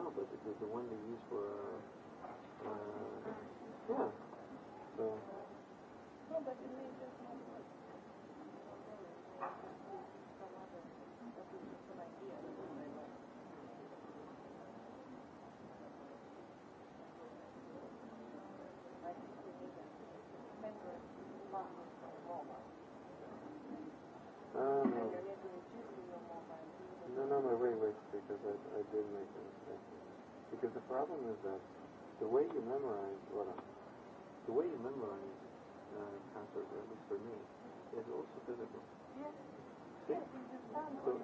out but the, was the one they use for, uh, uh, yeah. So. Well, no, but it way you memorize, well, the way you memorize uh, passwords, at least for me, is also physical. Yes. See? so, yeah,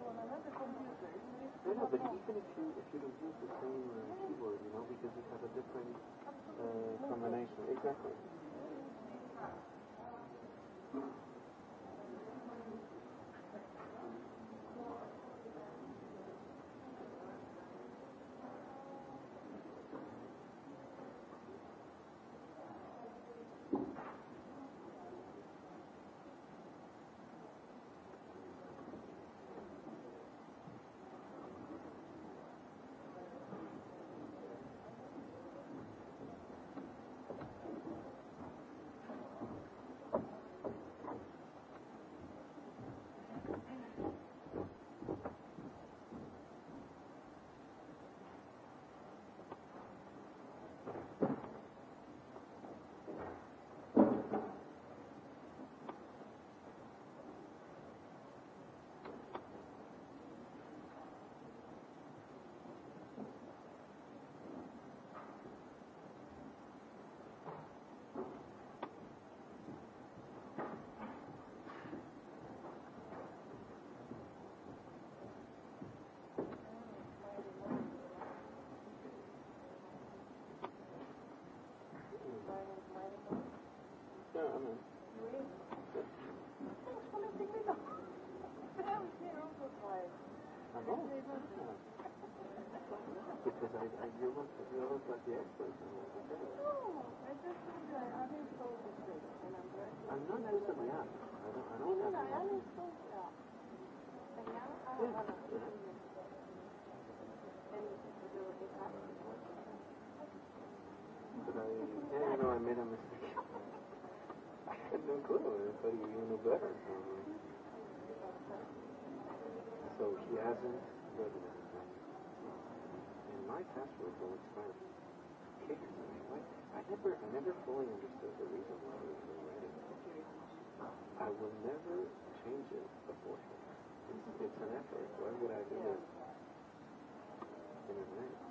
no, but even if you if you don't use the same uh, keyboard, you know, because it has a different uh, combination. Exactly. Mm. I, I you almost, you almost like the expert. I'm not out of my I don't, I don't have to But I, yeah, you know, I made a mistake. I had no clue. I thought you knew better. So, so she hasn't, my password will expire. Kickers, I what? I never, I never fully understood the reason why we were writing I will never change it beforehand. It's, it's an effort. Why would I do yeah. it in advance?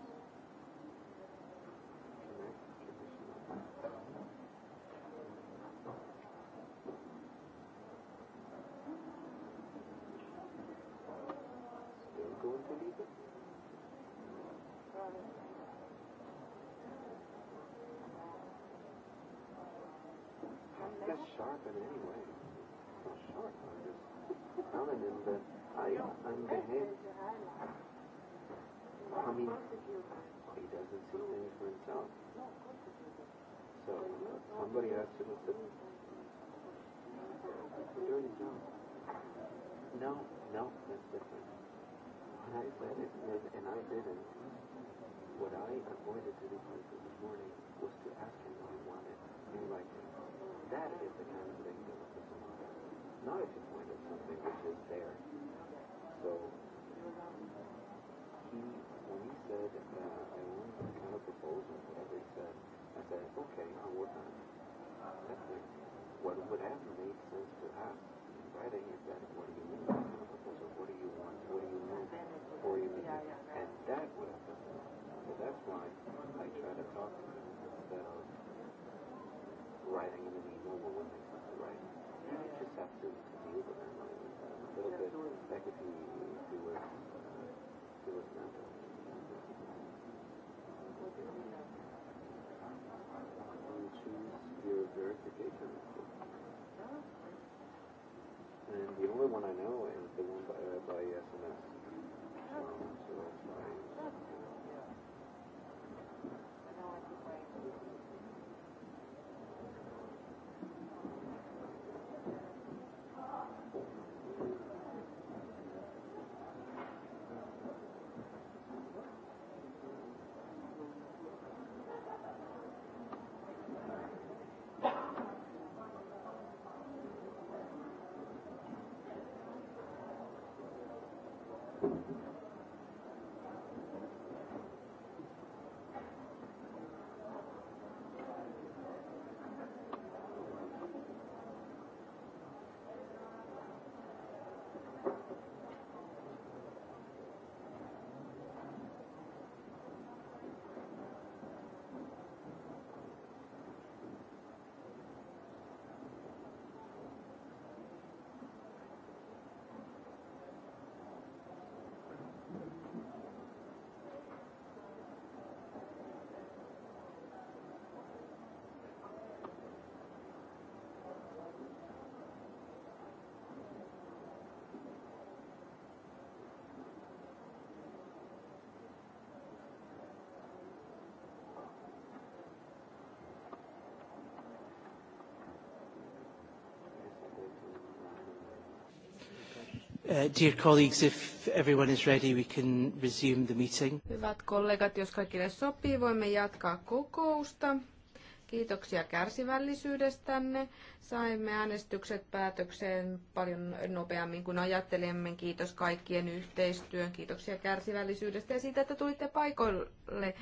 avoided giving answers this morning was to ask him what he wanted in writing. That is the kind of thing that was missing on him. Not if you point at something which is there. So, he, when he said, uh, I want some kind of proposal, whatever he said, I said, okay, I'll work on it. That's it. What would have made sense to ask in writing is that, what do you mean by kind of proposal? What do you want? What do you want? What you mean? And that would have been, so that's why I try to talk to them about writing in an email, well, when they start writing, you just have to deal with their A little bit, that could be Uh, dear colleagues, if everyone is ready, we can resume the meeting. Hyvät kollegat, jos kaikille sopii, voimme jatkaa kokousta. Kiitoksia kärsivällisyydestänne. Saimme äänestykset päätökseen paljon nopeammin kuin ajattelimme. Kiitos kaikkien yhteistyön. Kiitoksia kärsivällisyydestä ja siitä, että tulitte paikoille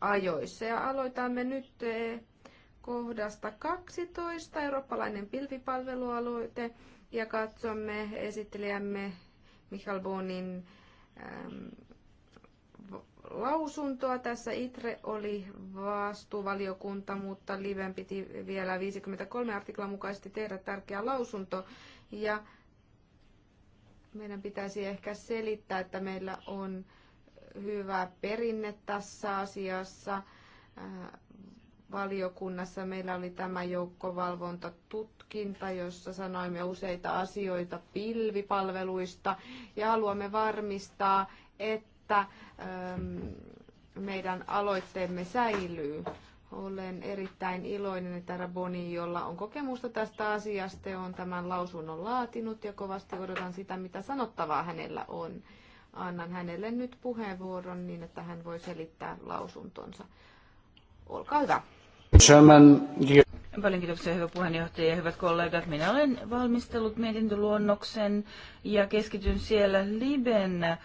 ajoissa. Ja aloitamme nyt eh, kohdasta 12, eurooppalainen pilvipalvelualoite, ja katsomme esittelijämme Michael Bonin ähm, lausuntoa. Tässä ITRE oli vastuuvaliokunta, mutta Liven piti vielä 53 artiklan mukaisesti tehdä tärkeä lausunto. Ja meidän pitäisi ehkä selittää, että meillä on hyvä perinne tässä asiassa. Äh, valiokunnassa meillä oli tämä joukkovalvontatutkinta, jossa sanoimme useita asioita pilvipalveluista ja haluamme varmistaa, että ähm, meidän aloitteemme säilyy. Olen erittäin iloinen, että Raboni, jolla on kokemusta tästä asiasta, on tämän lausunnon laatinut ja kovasti odotan sitä, mitä sanottavaa hänellä on. Annan hänelle nyt puheenvuoron niin, että hän voi selittää lausuntonsa. Olkaa hyvä. Chairman, Paljon kiitoksia, hyvä puheenjohtaja ja hyvät kollegat. Minä olen valmistellut mietintöluonnoksen ja keskityn siellä Liben äh,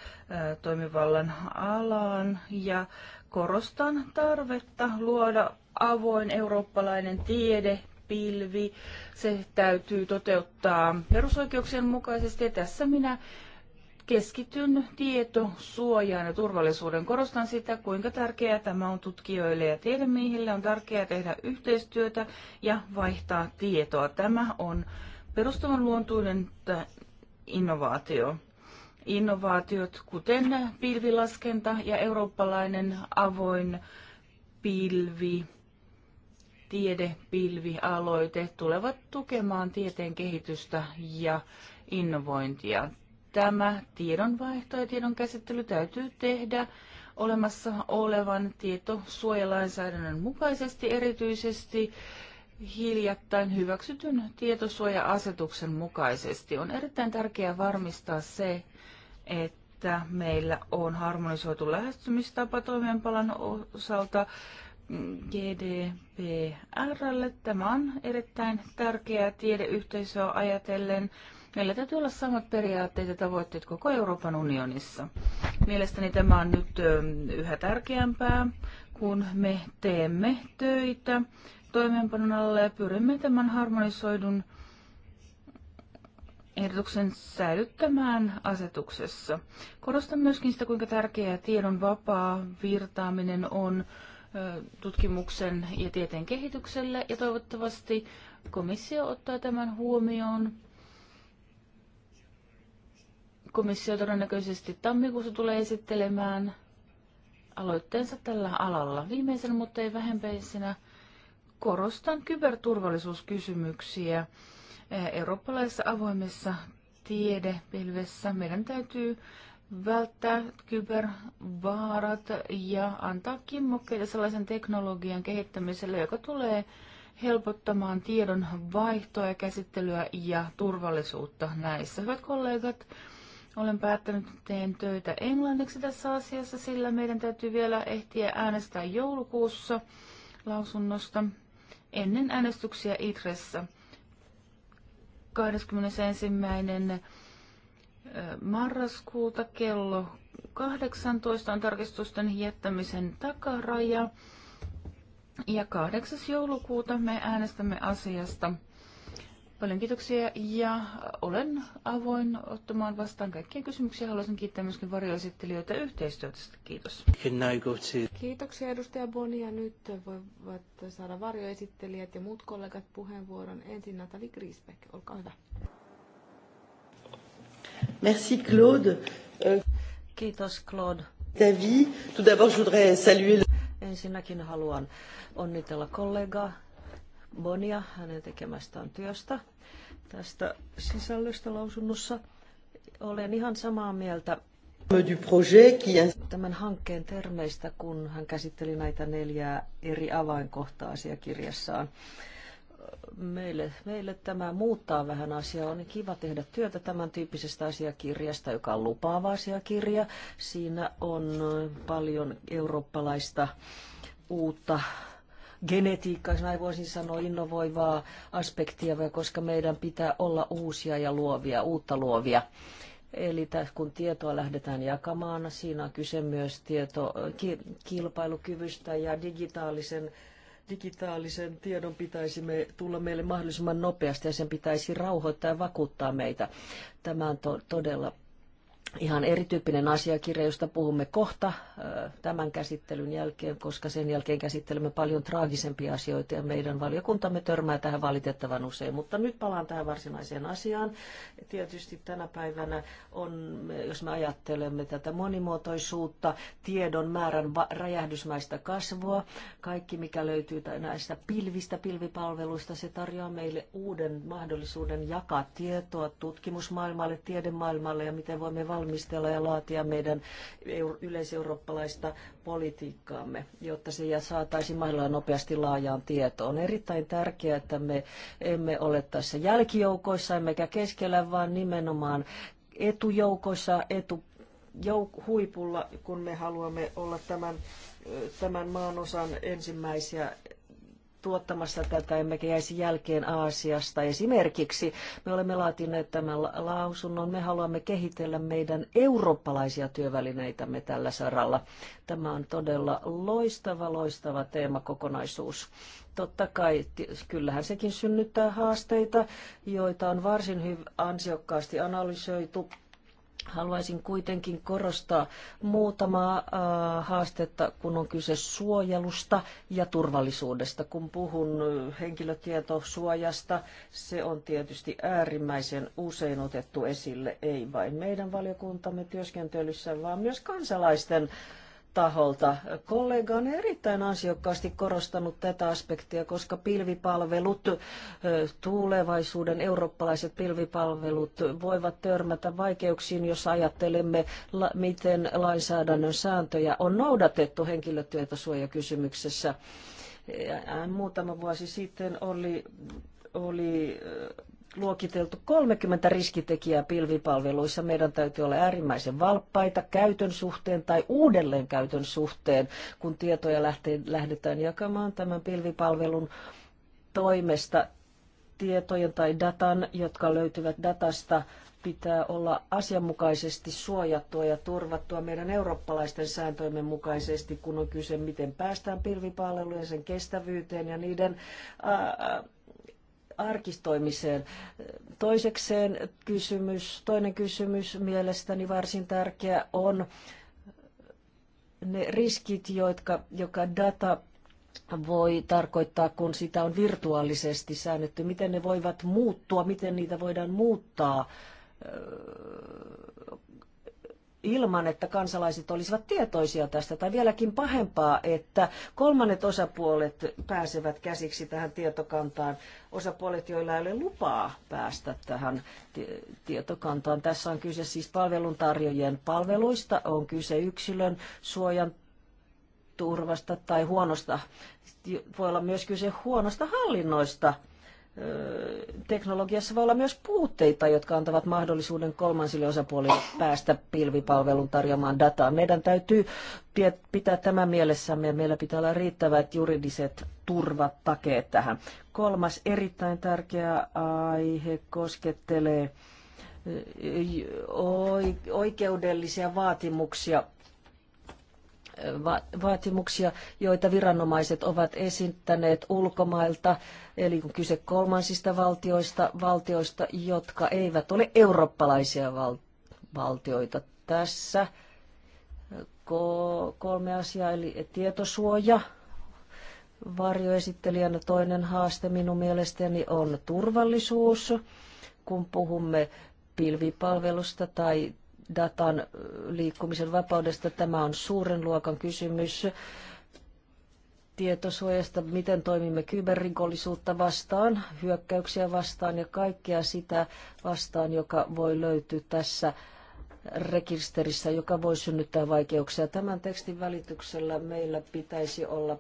toimivallan alaan ja korostan tarvetta luoda avoin eurooppalainen tiede, pilvi. Se täytyy toteuttaa perusoikeuksien mukaisesti ja tässä minä keskityn tietosuojaan ja turvallisuuden. Korostan sitä, kuinka tärkeää tämä on tutkijoille ja tiedemiehille. On tärkeää tehdä yhteistyötä ja vaihtaa tietoa. Tämä on perustavanluontuinen innovaatio. Innovaatiot, kuten pilvilaskenta ja eurooppalainen avoin pilvi, tiedepilvialoite, tulevat tukemaan tieteen kehitystä ja innovointia tämä tiedonvaihto ja tiedon käsittely täytyy tehdä olemassa olevan tietosuojalainsäädännön mukaisesti erityisesti hiljattain hyväksytyn tietosuoja-asetuksen mukaisesti. On erittäin tärkeää varmistaa se, että meillä on harmonisoitu lähestymistapa toimeenpalan osalta GDPRlle. Tämä on erittäin tärkeää tiedeyhteisöä ajatellen Meillä täytyy olla samat periaatteet ja tavoitteet koko Euroopan unionissa. Mielestäni tämä on nyt ähm, yhä tärkeämpää, kun me teemme töitä toimeenpanon alle ja pyrimme tämän harmonisoidun ehdotuksen säilyttämään asetuksessa. Korostan myöskin sitä, kuinka tärkeää tiedon vapaa virtaaminen on tutkimuksen ja tieteen kehitykselle ja toivottavasti komissio ottaa tämän huomioon Komissio todennäköisesti tammikuussa tulee esittelemään aloitteensa tällä alalla. Viimeisen, mutta ei vähempäisenä, korostan kyberturvallisuuskysymyksiä eurooppalaisessa avoimessa tiedepilvessä. Meidän täytyy välttää kybervaarat ja antaa kimmokkeita sellaisen teknologian kehittämiselle, joka tulee helpottamaan tiedon vaihtoa ja käsittelyä ja turvallisuutta näissä. Hyvät kollegat, olen päättänyt, että teen töitä englanniksi tässä asiassa, sillä meidän täytyy vielä ehtiä äänestää joulukuussa lausunnosta ennen äänestyksiä Itressä. 21. marraskuuta kello 18 on tarkistusten jättämisen takaraja. Ja 8. joulukuuta me äänestämme asiasta. Paljon kiitoksia ja olen avoin ottamaan vastaan kaikkia kysymyksiä. Haluaisin kiittää myöskin varjoesittelijöitä yhteistyötä Kiitos. Kiitoksia edustaja Boni ja nyt voivat saada varjoesittelijät ja muut kollegat puheenvuoron. Ensin Natali Grisbeck, olkaa hyvä. Merci Claude. Euh, Kiitos Claude. David, tout d'abord je voudrais saluer Ensinnäkin haluan onnitella kollegaa Bonia hänen tekemästään työstä tästä sisällöstä lausunnossa. Olen ihan samaa mieltä tämän hankkeen termeistä, kun hän käsitteli näitä neljää eri avainkohtaa asiakirjassaan. Meille, meille tämä muuttaa vähän asiaa. On kiva tehdä työtä tämän tyyppisestä asiakirjasta, joka on lupaava asiakirja. Siinä on paljon eurooppalaista uutta jos näin voisin sanoa, innovoivaa aspektia, koska meidän pitää olla uusia ja luovia, uutta luovia. Eli kun tietoa lähdetään jakamaan, siinä on kyse myös tieto, ki, kilpailukyvystä ja digitaalisen, digitaalisen tiedon pitäisi me, tulla meille mahdollisimman nopeasti ja sen pitäisi rauhoittaa ja vakuuttaa meitä. Tämä on to, todella ihan erityyppinen asiakirja, josta puhumme kohta tämän käsittelyn jälkeen, koska sen jälkeen käsittelemme paljon traagisempia asioita ja meidän valiokuntamme törmää tähän valitettavan usein. Mutta nyt palaan tähän varsinaiseen asiaan. Tietysti tänä päivänä on, jos me ajattelemme tätä monimuotoisuutta, tiedon määrän räjähdysmäistä kasvua, kaikki mikä löytyy näistä pilvistä, pilvipalveluista, se tarjoaa meille uuden mahdollisuuden jakaa tietoa tutkimusmaailmalle, tiedemaailmalle ja miten voimme valmistaa valmistella ja laatia meidän yleiseurooppalaista politiikkaamme, jotta se saataisiin mahdollisimman nopeasti laajaan tietoon. On erittäin tärkeää, että me emme ole tässä jälkijoukoissa emmekä keskellä, vaan nimenomaan etujoukoissa, etu huipulla, kun me haluamme olla tämän, tämän maanosan ensimmäisiä tuottamassa tätä, emmekä jäisi jälkeen Aasiasta. Esimerkiksi me olemme laatineet tämän lausunnon. Me haluamme kehitellä meidän eurooppalaisia työvälineitämme tällä saralla. Tämä on todella loistava, loistava teemakokonaisuus. Totta kai, kyllähän sekin synnyttää haasteita, joita on varsin ansiokkaasti analysoitu Haluaisin kuitenkin korostaa muutamaa äh, haastetta, kun on kyse suojelusta ja turvallisuudesta. Kun puhun henkilötietosuojasta, se on tietysti äärimmäisen usein otettu esille, ei vain meidän valiokuntamme työskentelyssä, vaan myös kansalaisten äh, taholta. Kollega on erittäin ansiokkaasti korostanut tätä aspektia, koska pilvipalvelut, tulevaisuuden eurooppalaiset pilvipalvelut voivat törmätä vaikeuksiin, jos ajattelemme, miten lainsäädännön sääntöjä on noudatettu henkilötietosuojakysymyksessä. Muutama vuosi sitten oli oli luokiteltu 30 riskitekijää pilvipalveluissa. Meidän täytyy olla äärimmäisen valppaita käytön suhteen tai uudelleenkäytön suhteen, kun tietoja lähtee, lähdetään jakamaan tämän pilvipalvelun toimesta. Tietojen tai datan, jotka löytyvät datasta, pitää olla asianmukaisesti suojattua ja turvattua meidän eurooppalaisten sääntöimme mukaisesti, kun on kyse, miten päästään pilvipalvelujen, sen kestävyyteen ja niiden arkistoimiseen. Toisekseen kysymys, toinen kysymys mielestäni varsin tärkeä on ne riskit, jotka, joka data voi tarkoittaa, kun sitä on virtuaalisesti säännetty, miten ne voivat muuttua, miten niitä voidaan muuttaa ilman, että kansalaiset olisivat tietoisia tästä, tai vieläkin pahempaa, että kolmannet osapuolet pääsevät käsiksi tähän tietokantaan, osapuolet, joilla ei ole lupaa päästä tähän tietokantaan. Tässä on kyse siis palveluntarjoajien palveluista, on kyse yksilön suojan turvasta tai huonosta, voi olla myös kyse huonosta hallinnoista – teknologiassa voi olla myös puutteita, jotka antavat mahdollisuuden kolmansille osapuolille päästä pilvipalvelun tarjoamaan dataa. Meidän täytyy pitää tämä mielessämme ja meillä pitää olla riittävät juridiset turvatakeet tähän. Kolmas erittäin tärkeä aihe koskettelee oikeudellisia vaatimuksia vaatimuksia, joita viranomaiset ovat esittäneet ulkomailta, eli kun kyse kolmansista valtioista, valtioista, jotka eivät ole eurooppalaisia val- valtioita. Tässä kolme asiaa, eli tietosuoja, varjoesittelijänä toinen haaste minun mielestäni on turvallisuus, kun puhumme pilvipalvelusta tai datan liikkumisen vapaudesta. Tämä on suuren luokan kysymys tietosuojasta, miten toimimme kyberrikollisuutta vastaan, hyökkäyksiä vastaan ja kaikkea sitä vastaan, joka voi löytyä tässä rekisterissä, joka voi synnyttää vaikeuksia. Tämän tekstin välityksellä meillä pitäisi olla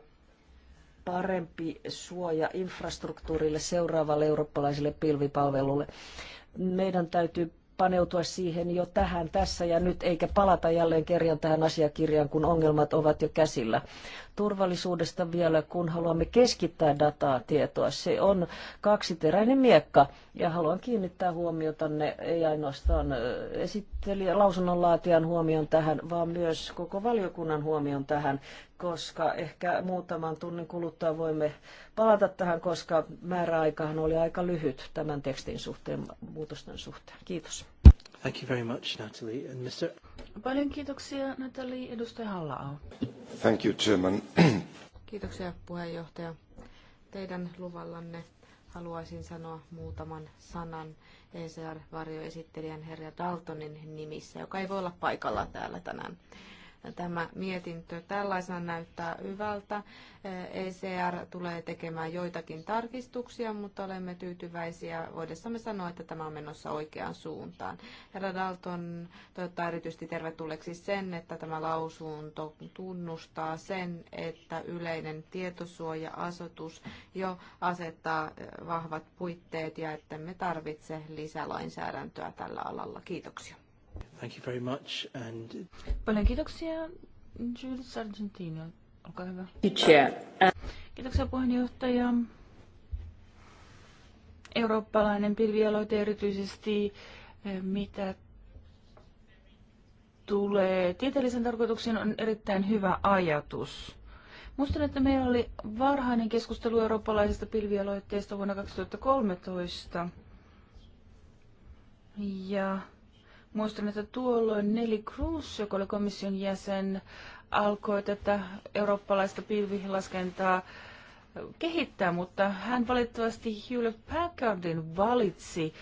parempi suoja infrastruktuurille seuraavalle eurooppalaiselle pilvipalvelulle. Meidän täytyy paneutua siihen jo tähän tässä ja nyt, eikä palata jälleen kerran tähän asiakirjaan, kun ongelmat ovat jo käsillä turvallisuudesta vielä, kun haluamme keskittää dataa, tietoa. Se on kaksiteräinen miekka ja haluan kiinnittää ne, ei ainoastaan esittelijä, lausunnonlaatijan huomion tähän, vaan myös koko valiokunnan huomion tähän, koska ehkä muutaman tunnin kuluttua voimme palata tähän, koska määräaikahan oli aika lyhyt tämän tekstin suhteen, muutosten suhteen. Kiitos. Thank you very much, Natalie. And Mr. Paljon kiitoksia, Natalie. Edustaja halla Thank you, Chairman. Kiitoksia, puheenjohtaja. Teidän luvallanne haluaisin sanoa muutaman sanan ECR-varjoesittelijän Herja Daltonin nimissä, joka ei voi olla paikalla täällä tänään tämä mietintö tällaisena näyttää hyvältä. ECR tulee tekemään joitakin tarkistuksia, mutta olemme tyytyväisiä voidessamme sanoa, että tämä on menossa oikeaan suuntaan. Herra Dalton toivottaa erityisesti tervetulleeksi sen, että tämä lausunto tunnustaa sen, että yleinen tietosuoja-asetus jo asettaa vahvat puitteet ja että me tarvitse lisälainsäädäntöä tällä alalla. Kiitoksia. Thank you very much and... Paljon kiitoksia Jules Argentina. Olkaa hyvä. Kiitoksia puheenjohtaja. Eurooppalainen pilvialoite erityisesti, eh, mitä tulee tieteellisen tarkoituksen, on erittäin hyvä ajatus. Muistan, että meillä oli varhainen keskustelu eurooppalaisesta pilvialoitteesta vuonna 2013. Ja Muistan, että tuolloin Nelly Cruz, joka oli komission jäsen, alkoi tätä eurooppalaista pilvilaskentaa kehittää, mutta hän valitettavasti Hewlett Packardin valitsi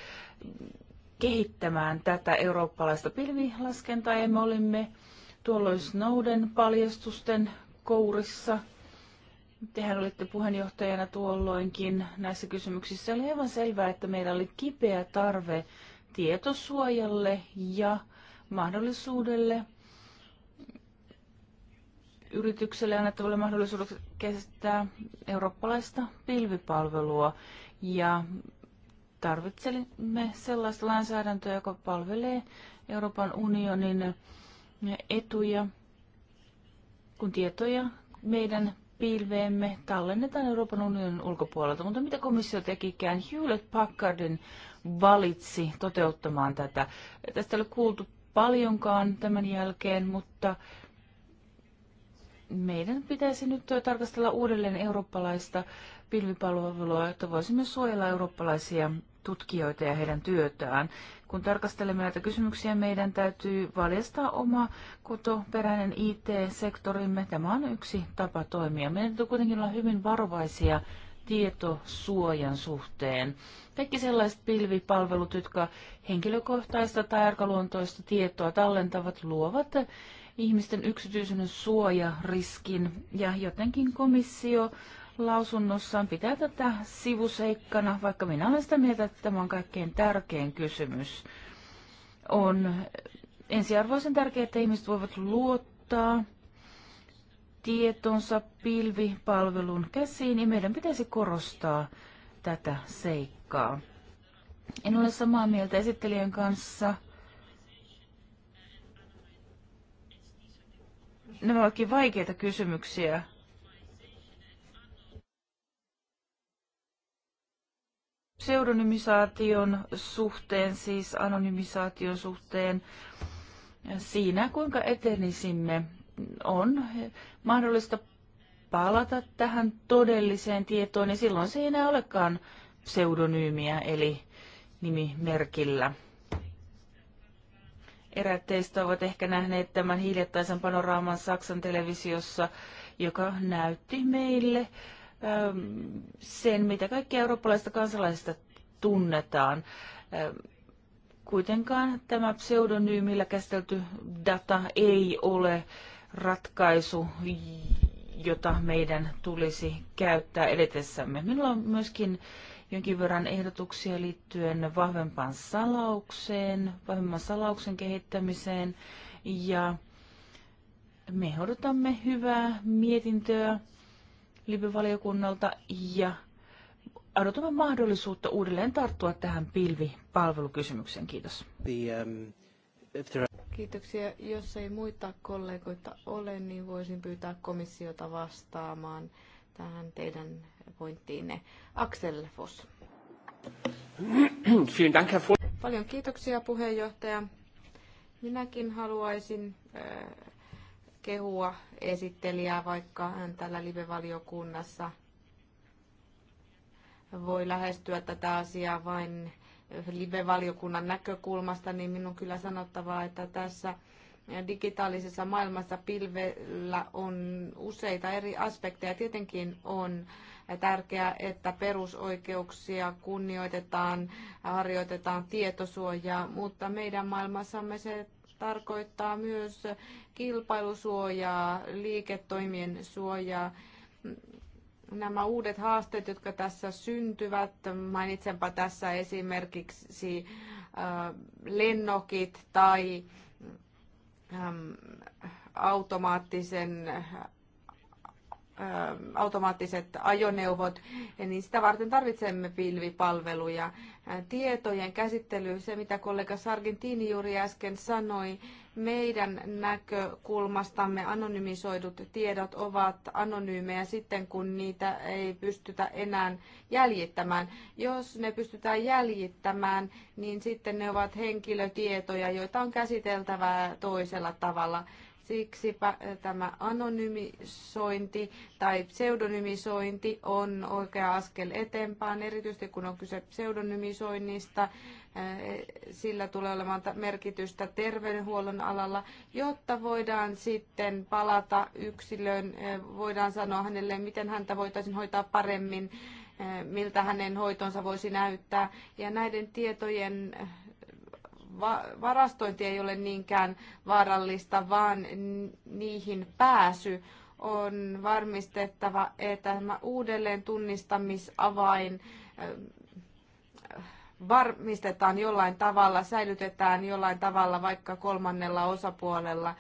kehittämään tätä eurooppalaista pilvilaskentaa ja me olimme tuolloin Snowden paljastusten kourissa. Tehän olitte puheenjohtajana tuolloinkin näissä kysymyksissä. Oli aivan selvää, että meillä oli kipeä tarve tietosuojalle ja mahdollisuudelle yritykselle annettavalle mahdollisuudelle kestää eurooppalaista pilvipalvelua ja tarvitsemme sellaista lainsäädäntöä, joka palvelee Euroopan unionin etuja, kun tietoja meidän pilveemme tallennetaan Euroopan unionin ulkopuolelta. Mutta mitä komissio tekikään? Hewlett Packardin valitsi toteuttamaan tätä. Tästä ei ole kuultu paljonkaan tämän jälkeen, mutta meidän pitäisi nyt tarkastella uudelleen eurooppalaista pilvipalvelua, että voisimme suojella eurooppalaisia tutkijoita ja heidän työtään. Kun tarkastelemme näitä kysymyksiä, meidän täytyy valjastaa oma kotoperäinen IT-sektorimme. Tämä on yksi tapa toimia. Meidän täytyy kuitenkin olla hyvin varovaisia tietosuojan suhteen. Kaikki sellaiset pilvipalvelut, jotka henkilökohtaista tai arkaluontoista tietoa tallentavat, luovat ihmisten yksityisyyden suojariskin ja jotenkin komissio lausunnossaan pitää tätä sivuseikkana, vaikka minä olen sitä mieltä, että tämä on kaikkein tärkein kysymys. On ensiarvoisen tärkeää, että ihmiset voivat luottaa tietonsa pilvipalvelun käsiin, ja niin meidän pitäisi korostaa tätä seikkaa. En ole samaa mieltä esittelijän kanssa. Nämä ovatkin vaikeita kysymyksiä. pseudonymisaation suhteen, siis anonymisaation suhteen, siinä kuinka etenisimme on mahdollista palata tähän todelliseen tietoon, niin silloin se ei enää olekaan pseudonyymiä, eli nimimerkillä. Eräät teistä ovat ehkä nähneet tämän hiljattaisen panoraaman Saksan televisiossa, joka näytti meille ähm, sen, mitä kaikki eurooppalaista kansalaisista tunnetaan. Ähm, kuitenkaan tämä pseudonyymillä käsitelty data ei ole ratkaisu, jota meidän tulisi käyttää edetessämme. Minulla on myöskin jonkin verran ehdotuksia liittyen vahvempaan salaukseen, vahvemman salauksen kehittämiseen ja me odotamme hyvää mietintöä live ja odotamme mahdollisuutta uudelleen tarttua tähän pilvipalvelukysymykseen. Kiitos. The, um... Kiitoksia. Jos ei muita kollegoita ole, niin voisin pyytää komissiota vastaamaan tähän teidän pointtiinne. Axel Voss. Paljon kiitoksia puheenjohtaja. Minäkin haluaisin äh, kehua esittelijää, vaikka hän täällä live-valiokunnassa voi lähestyä tätä asiaa vain live-valiokunnan näkökulmasta, niin minun kyllä sanottavaa, että tässä digitaalisessa maailmassa pilvellä on useita eri aspekteja. Tietenkin on tärkeää, että perusoikeuksia kunnioitetaan, harjoitetaan tietosuojaa, mutta meidän maailmassamme se tarkoittaa myös kilpailusuojaa, liiketoimien suojaa nämä uudet haasteet, jotka tässä syntyvät, mainitsenpa tässä esimerkiksi äh, lennokit tai ähm, automaattisen äh, automaattiset ajoneuvot, niin sitä varten tarvitsemme pilvipalveluja. Äh, tietojen käsittely, se mitä kollega Sargentini juuri äsken sanoi, meidän näkökulmastamme anonymisoidut tiedot ovat anonyymejä sitten, kun niitä ei pystytä enää jäljittämään. Jos ne pystytään jäljittämään, niin sitten ne ovat henkilötietoja, joita on käsiteltävää toisella tavalla. Siksipä eh, tämä anonymisointi tai pseudonymisointi on oikea askel eteenpäin, erityisesti kun on kyse pseudonymisoinnista. Eh, sillä tulee olemaan merkitystä terveydenhuollon alalla, jotta voidaan sitten palata yksilön, eh, voidaan sanoa hänelle, miten häntä voitaisiin hoitaa paremmin, miltä hänen hoitonsa voisi näyttää. Ja näiden tietojen varastointi ei ole niinkään vaarallista, vaan niihin pääsy on varmistettava, että tämä uudelleen tunnistamisavain varmistetaan jollain tavalla, säilytetään jollain tavalla vaikka kolmannella osapuolella.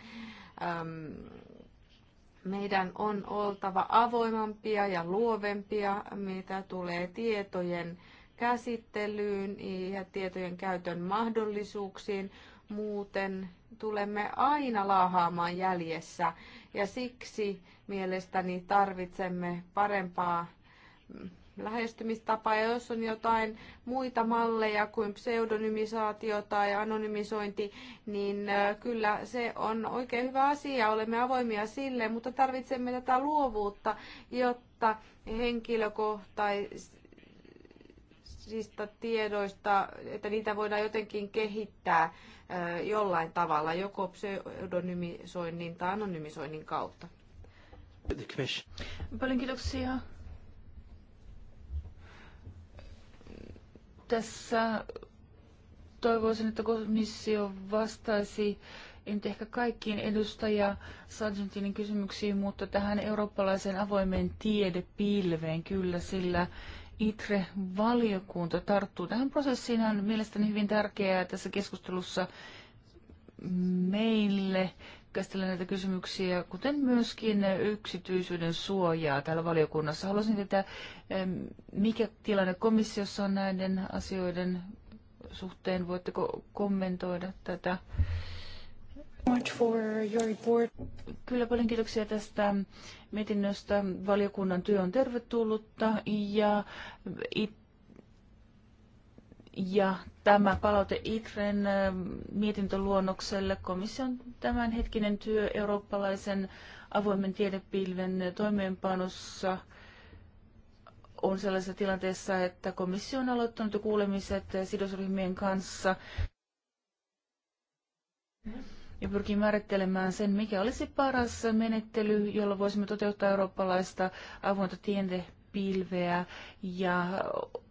Meidän on oltava avoimampia ja luovempia, mitä tulee tietojen käsittelyyn ja tietojen käytön mahdollisuuksiin. Muuten tulemme aina laahaamaan jäljessä ja siksi mielestäni tarvitsemme parempaa mm, lähestymistapaa. Ja jos on jotain muita malleja kuin pseudonymisaatio tai anonymisointi, niin kyllä se on oikein hyvä asia. Olemme avoimia sille, mutta tarvitsemme tätä luovuutta, jotta henkilökohtaisesti kansallisista tiedoista, että niitä voidaan jotenkin kehittää jollain tavalla, joko pseudonymisoinnin tai anonymisoinnin kautta. Paljon kiitoksia. Tässä toivoisin, että komissio vastaisi en nyt ehkä kaikkiin edustaja Sargentinin kysymyksiin, mutta tähän eurooppalaiseen avoimeen tiedepilveen kyllä, sillä ITRE-valiokunta tarttuu tähän prosessiin. On mielestäni hyvin tärkeää tässä keskustelussa meille käsitellä näitä kysymyksiä, kuten myöskin yksityisyyden suojaa täällä valiokunnassa. Haluaisin tietää, mikä tilanne komissiossa on näiden asioiden suhteen. Voitteko kommentoida tätä? Much for your report. Kyllä paljon kiitoksia tästä mietinnöstä. Valiokunnan työ on tervetullutta ja, it, ja tämä palaute ITREn mietintöluonnokselle komission tämänhetkinen työ eurooppalaisen avoimen tiedepilven toimeenpanossa on sellaisessa tilanteessa, että komissio on aloittanut kuulemiset sidosryhmien kanssa. Mm-hmm ja pyrkii määrittelemään sen, mikä olisi paras menettely, jolla voisimme toteuttaa eurooppalaista avointa tientepilveä ja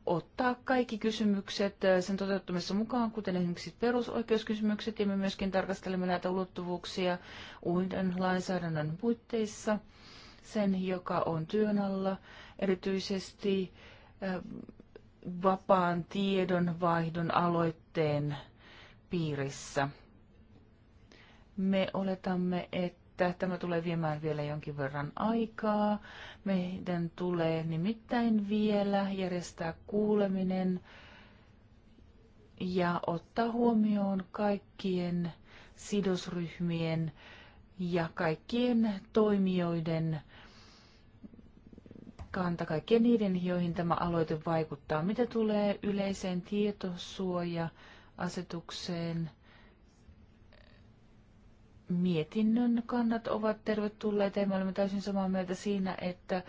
ottaa kaikki kysymykset sen toteuttamisessa mukaan, kuten esimerkiksi perusoikeuskysymykset, ja me myöskin tarkastelemme näitä ulottuvuuksia uuden lainsäädännön puitteissa, sen, joka on työn alla, erityisesti eh, vapaan tiedonvaihdon aloitteen piirissä. Me oletamme, että tämä tulee viemään vielä jonkin verran aikaa. Meidän tulee nimittäin vielä järjestää kuuleminen ja ottaa huomioon kaikkien sidosryhmien ja kaikkien toimijoiden kanta, kaikkien niiden, joihin tämä aloite vaikuttaa. Mitä tulee yleiseen tietosuoja-asetukseen, mietinnön kannat ovat tervetulleita ja me olemme täysin samaa mieltä siinä, että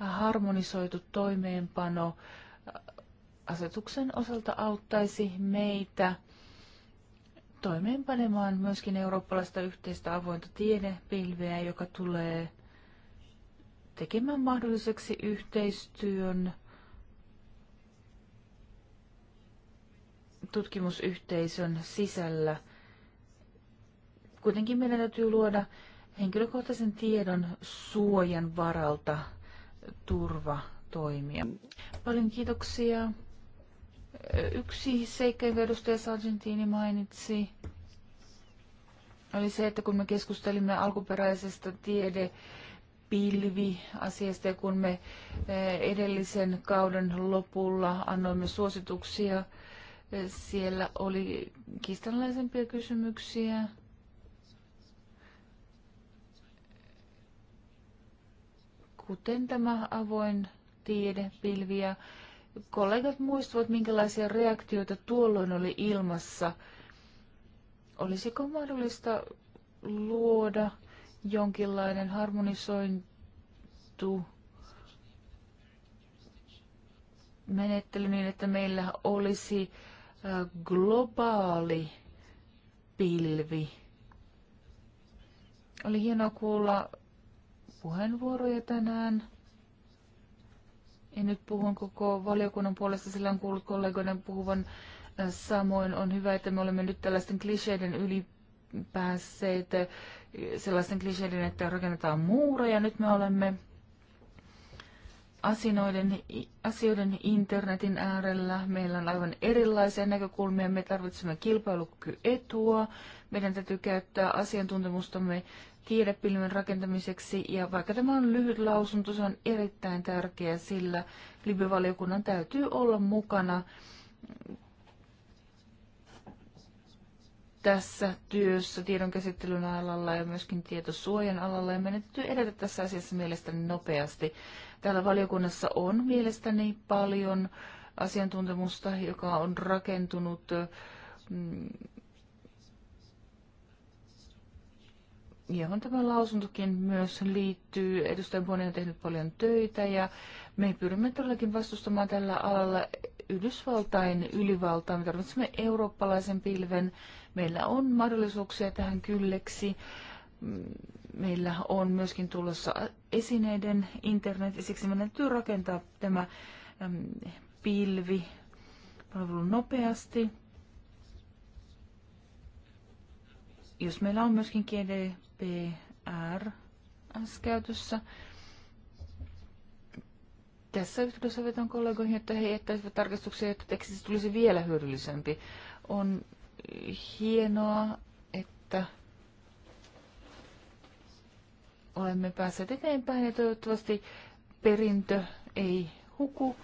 harmonisoitu toimeenpano asetuksen osalta auttaisi meitä toimeenpanemaan myöskin eurooppalaista yhteistä avointa tiedepilveä, joka tulee tekemään mahdolliseksi yhteistyön tutkimusyhteisön sisällä – Kuitenkin meidän täytyy luoda henkilökohtaisen tiedon suojan varalta turva toimia. Paljon kiitoksia. Yksi seikka, jonka edustaja Sargentini mainitsi, oli se, että kun me keskustelimme alkuperäisestä tiede pilviasiasta ja kun me eh, edellisen kauden lopulla annoimme suosituksia, eh, siellä oli kiistanlaisempia kysymyksiä. kuten tämä avoin Ja Kollegat muistavat, minkälaisia reaktioita tuolloin oli ilmassa. Olisiko mahdollista luoda jonkinlainen harmonisointu menettely niin, että meillä olisi globaali pilvi. Oli hienoa kuulla puheenvuoroja tänään. En nyt puhun koko valiokunnan puolesta, sillä on kuullut kollegoiden puhuvan samoin. On hyvä, että me olemme nyt tällaisten kliseiden yli päässeet sellaisten kliseiden, että rakennetaan muureja. Nyt me olemme asioiden, asioiden internetin äärellä. Meillä on aivan erilaisia näkökulmia. Me tarvitsemme kilpailukykyetua. Meidän täytyy käyttää asiantuntemustamme tiedepilven rakentamiseksi. Ja vaikka tämä on lyhyt lausunto, se on erittäin tärkeä, sillä Libyvaliokunnan täytyy olla mukana tässä työssä tiedonkäsittelyn alalla ja myöskin tietosuojan alalla. Ja meidän täytyy edetä tässä asiassa mielestäni nopeasti. Täällä valiokunnassa on mielestäni paljon asiantuntemusta, joka on rakentunut mm, johon tämä lausuntokin myös liittyy. Edustaja Boni on tehnyt paljon töitä ja me pyrimme todellakin vastustamaan tällä alalla Yhdysvaltain ylivaltaa. Me tarvitsemme eurooppalaisen pilven. Meillä on mahdollisuuksia tähän kylleksi. Meillä on myöskin tulossa esineiden internet ja siksi meidän täytyy rakentaa tämä pilvi palvelu nopeasti. Jos meillä on myöskin kieli APR käytössä. Tässä yhteydessä vetän kollegoihin, että he jättäisivät tarkistuksia, että tekstistä tulisi vielä hyödyllisempi. On hienoa, että olemme päässeet eteenpäin ja toivottavasti perintö ei huku,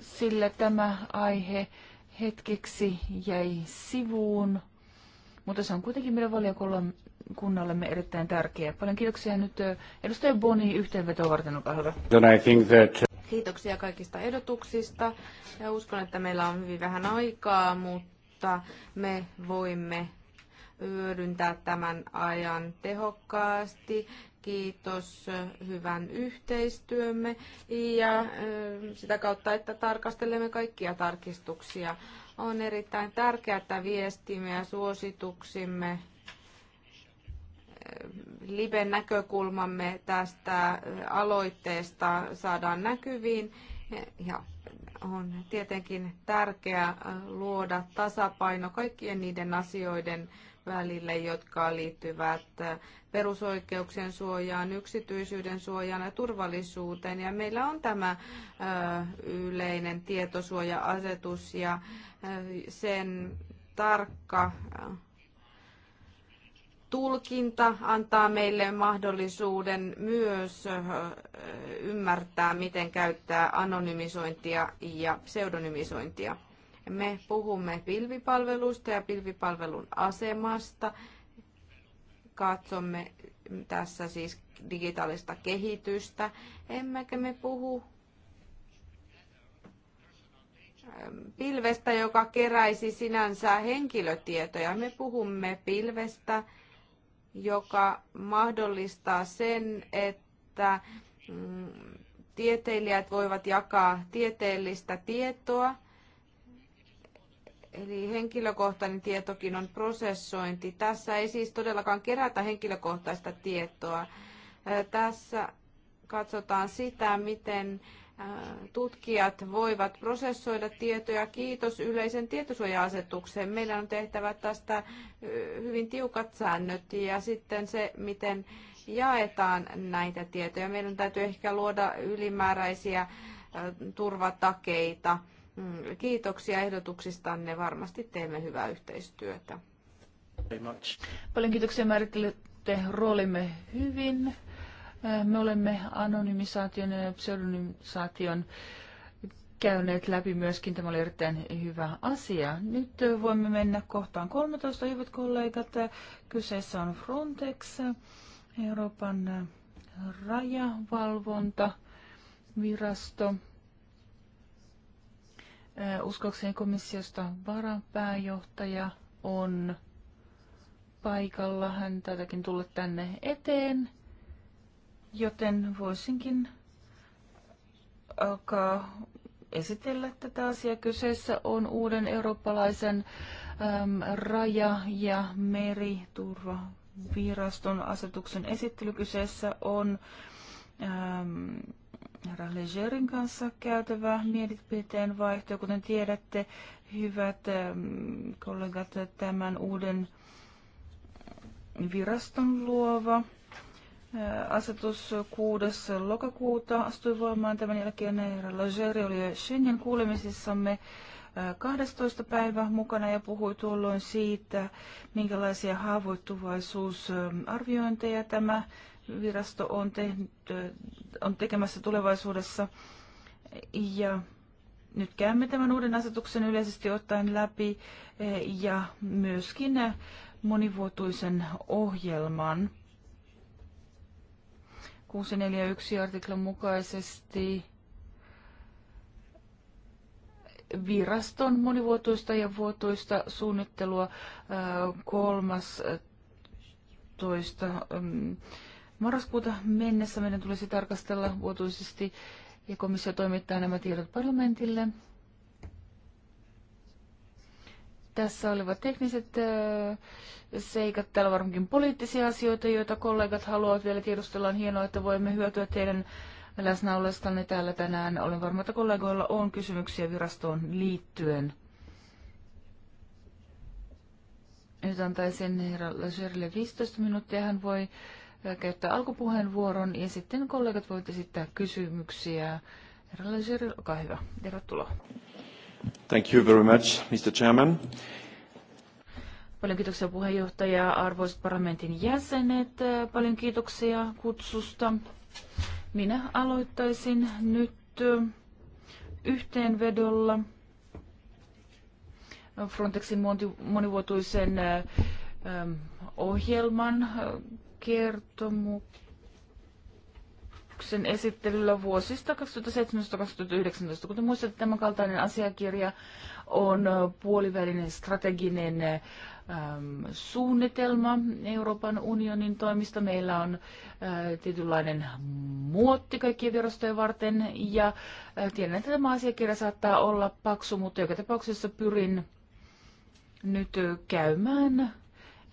sillä tämä aihe hetkeksi jäi sivuun. Mutta se on kuitenkin meidän kunnallemme erittäin tärkeä. Paljon kiitoksia nyt edustaja Boni yhteenveto varten, olkaa hyvä. Kiitoksia kaikista ehdotuksista ja uskon, että meillä on hyvin vähän aikaa, mutta me voimme hyödyntää tämän ajan tehokkaasti. Kiitos hyvän yhteistyömme ja sitä kautta, että tarkastelemme kaikkia tarkistuksia. On erittäin tärkeää, että viestimme ja suosituksimme Liben näkökulmamme tästä aloitteesta saadaan näkyviin. Ja on tietenkin tärkeää luoda tasapaino kaikkien niiden asioiden välille, jotka liittyvät perusoikeuksien suojaan, yksityisyyden suojaan ja turvallisuuteen. Ja meillä on tämä yleinen tietosuoja-asetus ja sen tarkka tulkinta antaa meille mahdollisuuden myös ymmärtää, miten käyttää anonymisointia ja pseudonymisointia. Me puhumme pilvipalveluista ja pilvipalvelun asemasta. Katsomme tässä siis digitaalista kehitystä. Emmekä me puhu pilvestä, joka keräisi sinänsä henkilötietoja. Me puhumme pilvestä, joka mahdollistaa sen, että mm, tieteilijät voivat jakaa tieteellistä tietoa. Eli henkilökohtainen tietokin on prosessointi. Tässä ei siis todellakaan kerätä henkilökohtaista tietoa. Tässä katsotaan sitä, miten tutkijat voivat prosessoida tietoja. Kiitos yleisen tietosuoja-asetukseen. Meillä on tehtävä tästä hyvin tiukat säännöt ja sitten se, miten jaetaan näitä tietoja. Meidän täytyy ehkä luoda ylimääräisiä turvatakeita. Mm, kiitoksia ehdotuksistanne. Varmasti teemme hyvää yhteistyötä. Paljon kiitoksia määrittelytte roolimme hyvin. Äh, me olemme anonymisaation ja pseudonymisaation käyneet läpi myöskin. Tämä oli erittäin hyvä asia. Nyt voimme mennä kohtaan 13, hyvät kollegat. Kyseessä on Frontex, Euroopan rajavalvonta, virasto. Äh, uskoakseni komissiosta varapääjohtaja on paikalla. Hän taitakin tulla tänne eteen. Joten voisinkin alkaa esitellä tätä asiaa. Kyseessä on uuden eurooppalaisen äm, raja- ja meriturvaviraston asetuksen esittely. Kyseessä on äm, herra Legerin kanssa käytävä mielipiteen vaihto. Kuten tiedätte, hyvät äm, kollegat, tämän uuden viraston luova Asetus 6. lokakuuta astui voimaan. Tämän jälkeen Eera Lageri oli Schengen kuulemisissamme 12. Äh, päivä mukana ja puhui tuolloin siitä, minkälaisia haavoittuvaisuusarviointeja tämä virasto on, tehnyt, äh, on tekemässä tulevaisuudessa. Ja nyt käymme tämän uuden asetuksen yleisesti ottaen läpi äh, ja myöskin monivuotuisen ohjelman. 641 artiklan mukaisesti viraston monivuotoista ja vuotoista suunnittelua kolmas toista marraskuuta mennessä meidän tulisi tarkastella vuotuisesti ja komissio toimittaa nämä tiedot parlamentille. Tässä olivat tekniset seikat, täällä varmaankin poliittisia asioita, joita kollegat haluavat vielä tiedustella. On hienoa, että voimme hyötyä teidän läsnäolestanne täällä tänään. Olen varma, että kollegoilla on kysymyksiä virastoon liittyen. Nyt antaisin herra Lajerille 15 minuuttia. Hän voi käyttää alkupuheenvuoron ja sitten kollegat voivat esittää kysymyksiä. Herra Leger, olkaa hyvä. Tervetuloa. Thank you very much, Mr. Chairman. Paljon kiitoksia puheenjohtaja, arvoisat parlamentin jäsenet. Paljon kiitoksia kutsusta. Minä aloittaisin nyt yhteenvedolla Frontexin monivuotuisen ähm, ohjelman äh, kertomuksen esityksen esittelyllä vuosista 2017-2019. Kuten muistatte, tämän kaltainen asiakirja on puolivälinen strateginen äm, suunnitelma Euroopan unionin toimista. Meillä on ä, äh, tietynlainen muotti kaikkien virastojen varten ja ä, äh, tiedän, että tämä asiakirja saattaa olla paksu, mutta joka tapauksessa pyrin nyt käymään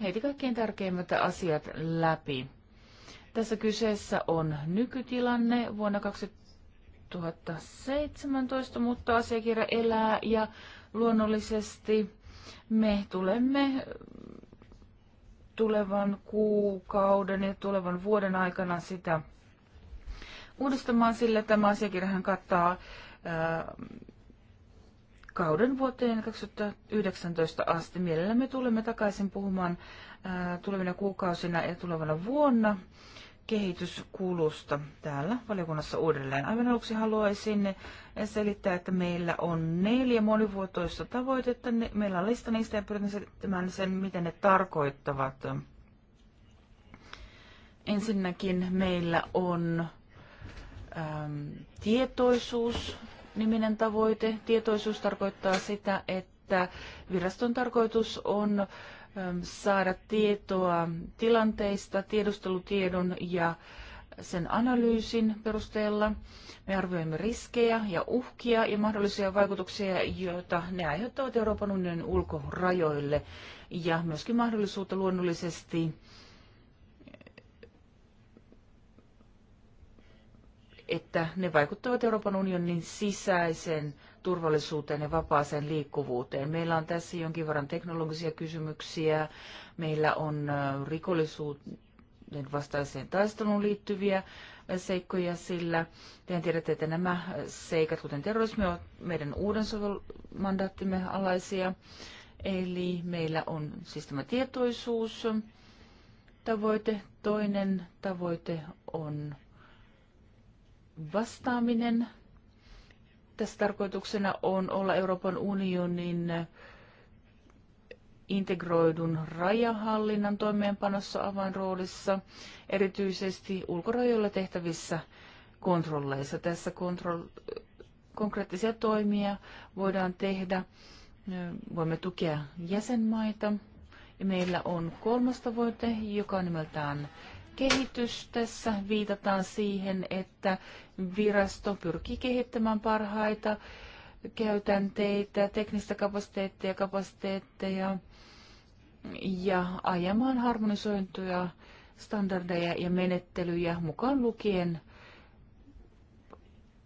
heitä kaikkein tärkeimmät asiat läpi. Tässä kyseessä on nykytilanne vuonna 2017, mutta asiakirja elää ja luonnollisesti me tulemme tulevan kuukauden ja tulevan vuoden aikana sitä uudistamaan, sillä tämä asiakirjahan kattaa ää, kauden vuoteen 2019 asti. Mielellämme tulemme takaisin puhumaan ää, tulevina kuukausina ja tulevana vuonna kehityskulusta täällä valiokunnassa uudelleen. Aivan aluksi haluaisin selittää, että meillä on neljä monivuotoista tavoitetta. Meillä on lista niistä ja pyritään selittämään sen, miten ne tarkoittavat. Ensinnäkin meillä on äm, tietoisuus niminen tavoite. Tietoisuus tarkoittaa sitä, että viraston tarkoitus on äh, Ähm, saada tietoa tilanteista tiedustelutiedon ja sen analyysin perusteella. Me arvioimme riskejä ja uhkia ja mahdollisia vaikutuksia, joita ne aiheuttavat Euroopan unionin ulkorajoille ja myöskin mahdollisuutta luonnollisesti että ne vaikuttavat Euroopan unionin sisäisen turvallisuuteen ja vapaaseen liikkuvuuteen. Meillä on tässä jonkin verran teknologisia kysymyksiä, meillä on rikollisuuden vastaiseen taisteluun liittyviä seikkoja, sillä tehän tiedätte, että nämä seikat, kuten terrorismi, ovat meidän uuden mandaattimme alaisia. Eli meillä on siis tämä tietoisuus, tavoite. Toinen tavoite on vastaaminen tässä tarkoituksena on olla Euroopan unionin integroidun rajahallinnan toimeenpanossa avainroolissa, erityisesti ulkorajoilla tehtävissä kontrolleissa. Tässä kontrol- konkreettisia toimia voidaan tehdä. Voimme tukea jäsenmaita. Ja meillä on kolmas tavoite, joka on nimeltään kehitys. Tässä viitataan siihen, että virasto pyrkii kehittämään parhaita käytänteitä, teknistä kapasiteettia, kapasiteetteja ja ajamaan harmonisointuja standardeja ja menettelyjä mukaan lukien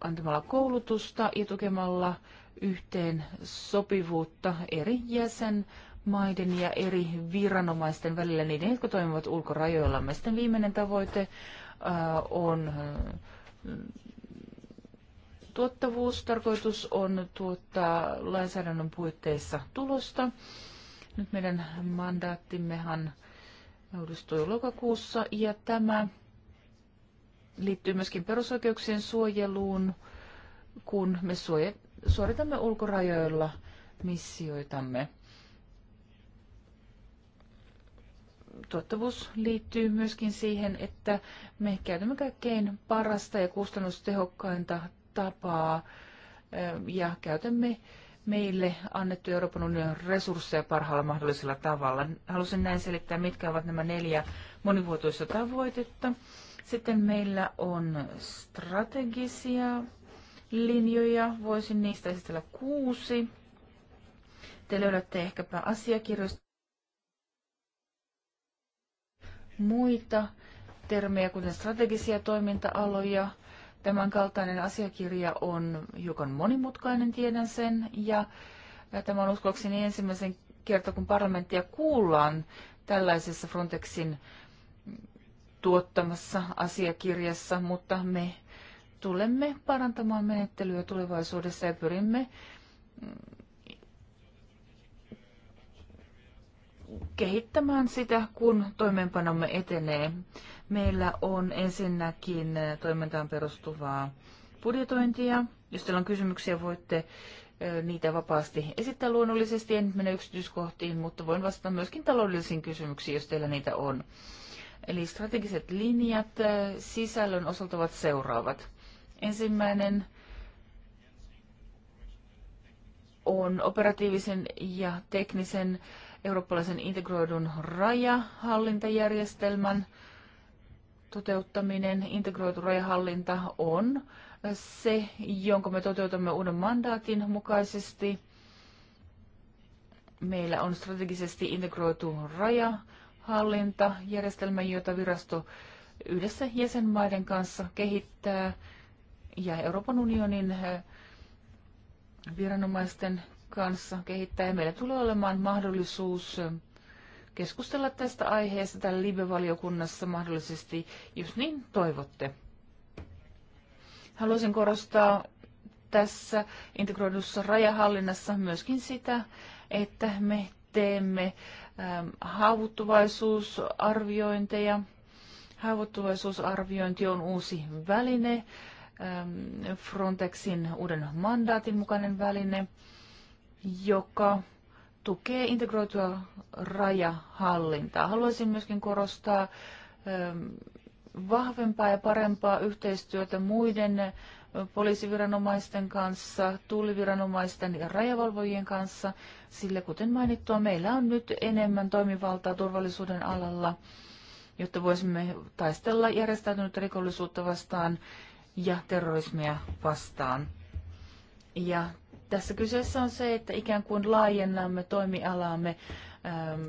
antamalla koulutusta ja tukemalla yhteen sopivuutta eri jäsen maiden ja eri viranomaisten välillä, niiden, jotka toimivat ulkorajoilla Sitten viimeinen tavoite äh, on äh, tuottavuus. Tarkoitus on tuottaa lainsäädännön puitteissa tulosta. Nyt meidän mandaattimmehan uudistui lokakuussa ja tämä liittyy myöskin perusoikeuksien suojeluun, kun me suoritamme ulkorajoilla missioitamme. tuottavuus liittyy myöskin siihen, että me käytämme kaikkein parasta ja kustannustehokkainta tapaa eh, ja käytämme meille annettu Euroopan unionin resursseja parhaalla mahdollisella tavalla. Halusin näin selittää, mitkä ovat nämä neljä monivuotoista tavoitetta. Sitten meillä on strategisia linjoja, voisin niistä esitellä kuusi. Te löydätte ehkäpä asiakirjoista muita termejä, kuten strategisia toiminta-aloja. Tämän kaltainen asiakirja on hiukan monimutkainen, tiedän sen, ja tämä on uskoakseni ensimmäisen kerta, kun parlamenttia kuullaan tällaisessa Frontexin tuottamassa asiakirjassa, mutta me tulemme parantamaan menettelyä tulevaisuudessa ja pyrimme mm, kehittämään sitä, kun toimeenpanomme etenee. Meillä on ensinnäkin toimintaan perustuvaa budjetointia. Jos teillä on kysymyksiä, voitte niitä vapaasti esittää luonnollisesti. En mene yksityiskohtiin, mutta voin vastata myöskin taloudellisiin kysymyksiin, jos teillä niitä on. Eli strategiset linjat sisällön osalta ovat seuraavat. Ensimmäinen on operatiivisen ja teknisen äh, eurooppalaisen integroidun rajahallintajärjestelmän toteuttaminen. Integroitu rajahallinta on se, jonka me toteutamme uuden mandaatin mukaisesti. Meillä on strategisesti integroitu rajahallintajärjestelmä, jota virasto yhdessä jäsenmaiden kanssa kehittää ja Euroopan unionin eh, viranomaisten kanssa kehittää. Ja meillä tulee olemaan mahdollisuus keskustella tästä aiheesta täällä Libe-valiokunnassa mahdollisesti, jos niin toivotte. Haluaisin korostaa tässä integroidussa rajahallinnassa myöskin sitä, että me teemme ähm, haavoittuvaisuusarviointeja. Haavoittuvaisuusarviointi on uusi väline, ähm, Frontexin uuden mandaatin mukainen väline joka tukee integroitua rajahallintaa. Haluaisin myöskin korostaa ähm, vahvempaa ja parempaa yhteistyötä muiden äh, poliisiviranomaisten kanssa, tulliviranomaisten ja rajavalvojien kanssa, sillä kuten mainittua, meillä on nyt enemmän toimivaltaa turvallisuuden alalla, jotta voisimme taistella järjestäytynyttä rikollisuutta vastaan ja terrorismia vastaan. Ja tässä kyseessä on se, että ikään kuin laajennamme toimialaamme äm,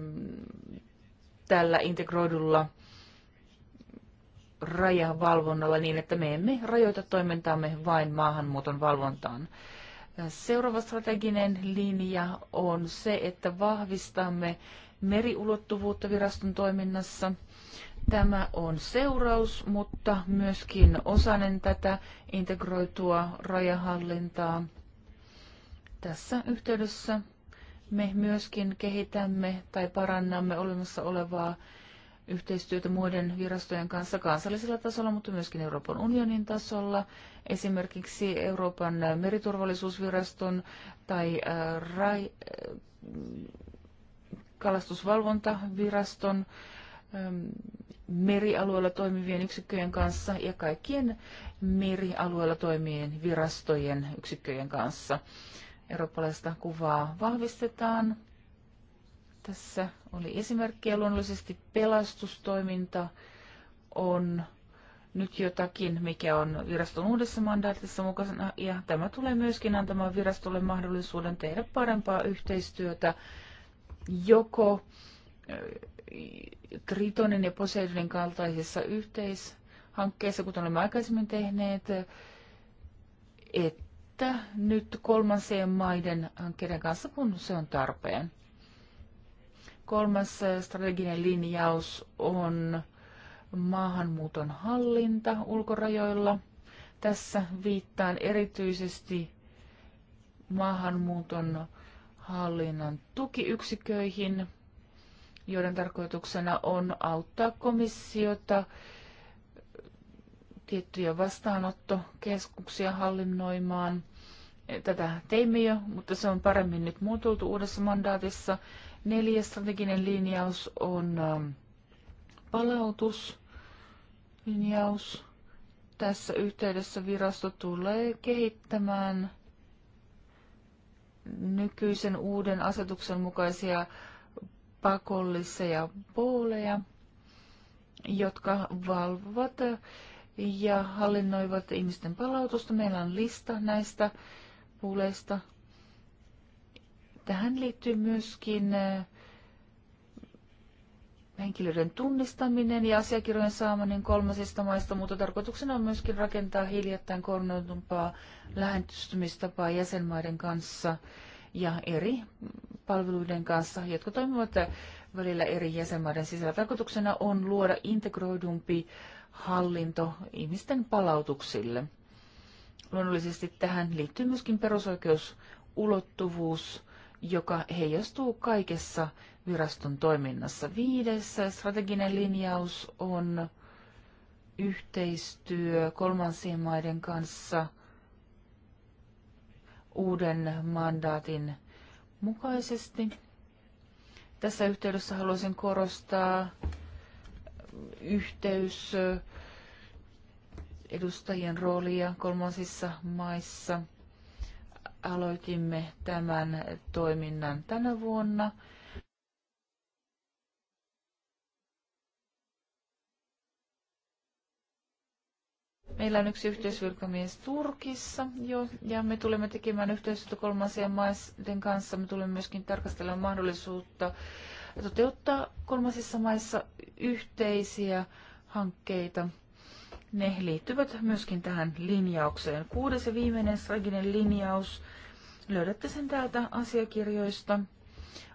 tällä integroidulla rajavalvonnalla niin, että me emme rajoita toimintaamme vain maahanmuuton valvontaan. Seuraava strateginen linja on se, että vahvistamme meriulottuvuutta viraston toiminnassa. Tämä on seuraus, mutta myöskin osanen tätä integroitua rajahallintaa. Tässä yhteydessä me myöskin kehitämme tai parannamme olemassa olevaa yhteistyötä muiden virastojen kanssa kansallisella tasolla, mutta myöskin Euroopan unionin tasolla. Esimerkiksi Euroopan meriturvallisuusviraston tai äh, RAI, äh, kalastusvalvontaviraston ähm, merialueella toimivien yksikköjen kanssa ja kaikkien merialueella toimivien virastojen yksikköjen kanssa eurooppalaista kuvaa vahvistetaan. Tässä oli esimerkki ja luonnollisesti pelastustoiminta on nyt jotakin, mikä on viraston uudessa mandaatissa mukana, ja tämä tulee myöskin antamaan virastolle mahdollisuuden tehdä parempaa yhteistyötä joko Tritonin ja Poseidonin kaltaisissa yhteishankkeissa, kuten olemme aikaisemmin tehneet, että että nyt kolmansien maiden hankkeiden kanssa, kun se on tarpeen. Kolmas strateginen linjaus on maahanmuuton hallinta ulkorajoilla. Tässä viittaan erityisesti maahanmuuton hallinnan tukiyksiköihin, joiden tarkoituksena on auttaa komissiota tiettyjä vastaanottokeskuksia hallinnoimaan. Tätä teimme jo, mutta se on paremmin nyt muotoiltu uudessa mandaatissa. Neljäs strateginen linjaus on ähm, palautuslinjaus. Tässä yhteydessä virasto tulee kehittämään nykyisen uuden asetuksen mukaisia pakollisia pooleja, jotka valvovat ja hallinnoivat ihmisten palautusta. Meillä on lista näistä puuleista. Tähän liittyy myöskin äh, henkilöiden tunnistaminen ja asiakirjojen saaminen kolmasista maista, mutta tarkoituksena on myöskin rakentaa hiljattain koordinoitumpaa lähentystymistapaa jäsenmaiden kanssa ja eri palveluiden kanssa, jotka toimivat välillä eri jäsenmaiden sisällä. Tarkoituksena on luoda integroidumpi hallinto ihmisten palautuksille. Luonnollisesti tähän liittyy myöskin perusoikeusulottuvuus, joka heijastuu kaikessa viraston toiminnassa. Viides strateginen linjaus on yhteistyö kolmansien maiden kanssa uuden mandaatin mukaisesti. Tässä yhteydessä haluaisin korostaa yhteys edustajien roolia kolmansissa maissa. Aloitimme tämän toiminnan tänä vuonna. Meillä on yksi yhteisvirkamies Turkissa jo, ja me tulemme tekemään yhteistyötä kolmansien maiden kanssa. Me tulemme myöskin tarkastelemaan mahdollisuutta ja toteuttaa kolmasissa maissa yhteisiä hankkeita. Ne liittyvät myöskin tähän linjaukseen. Kuudes ja viimeinen strateginen linjaus, löydätte sen täältä asiakirjoista,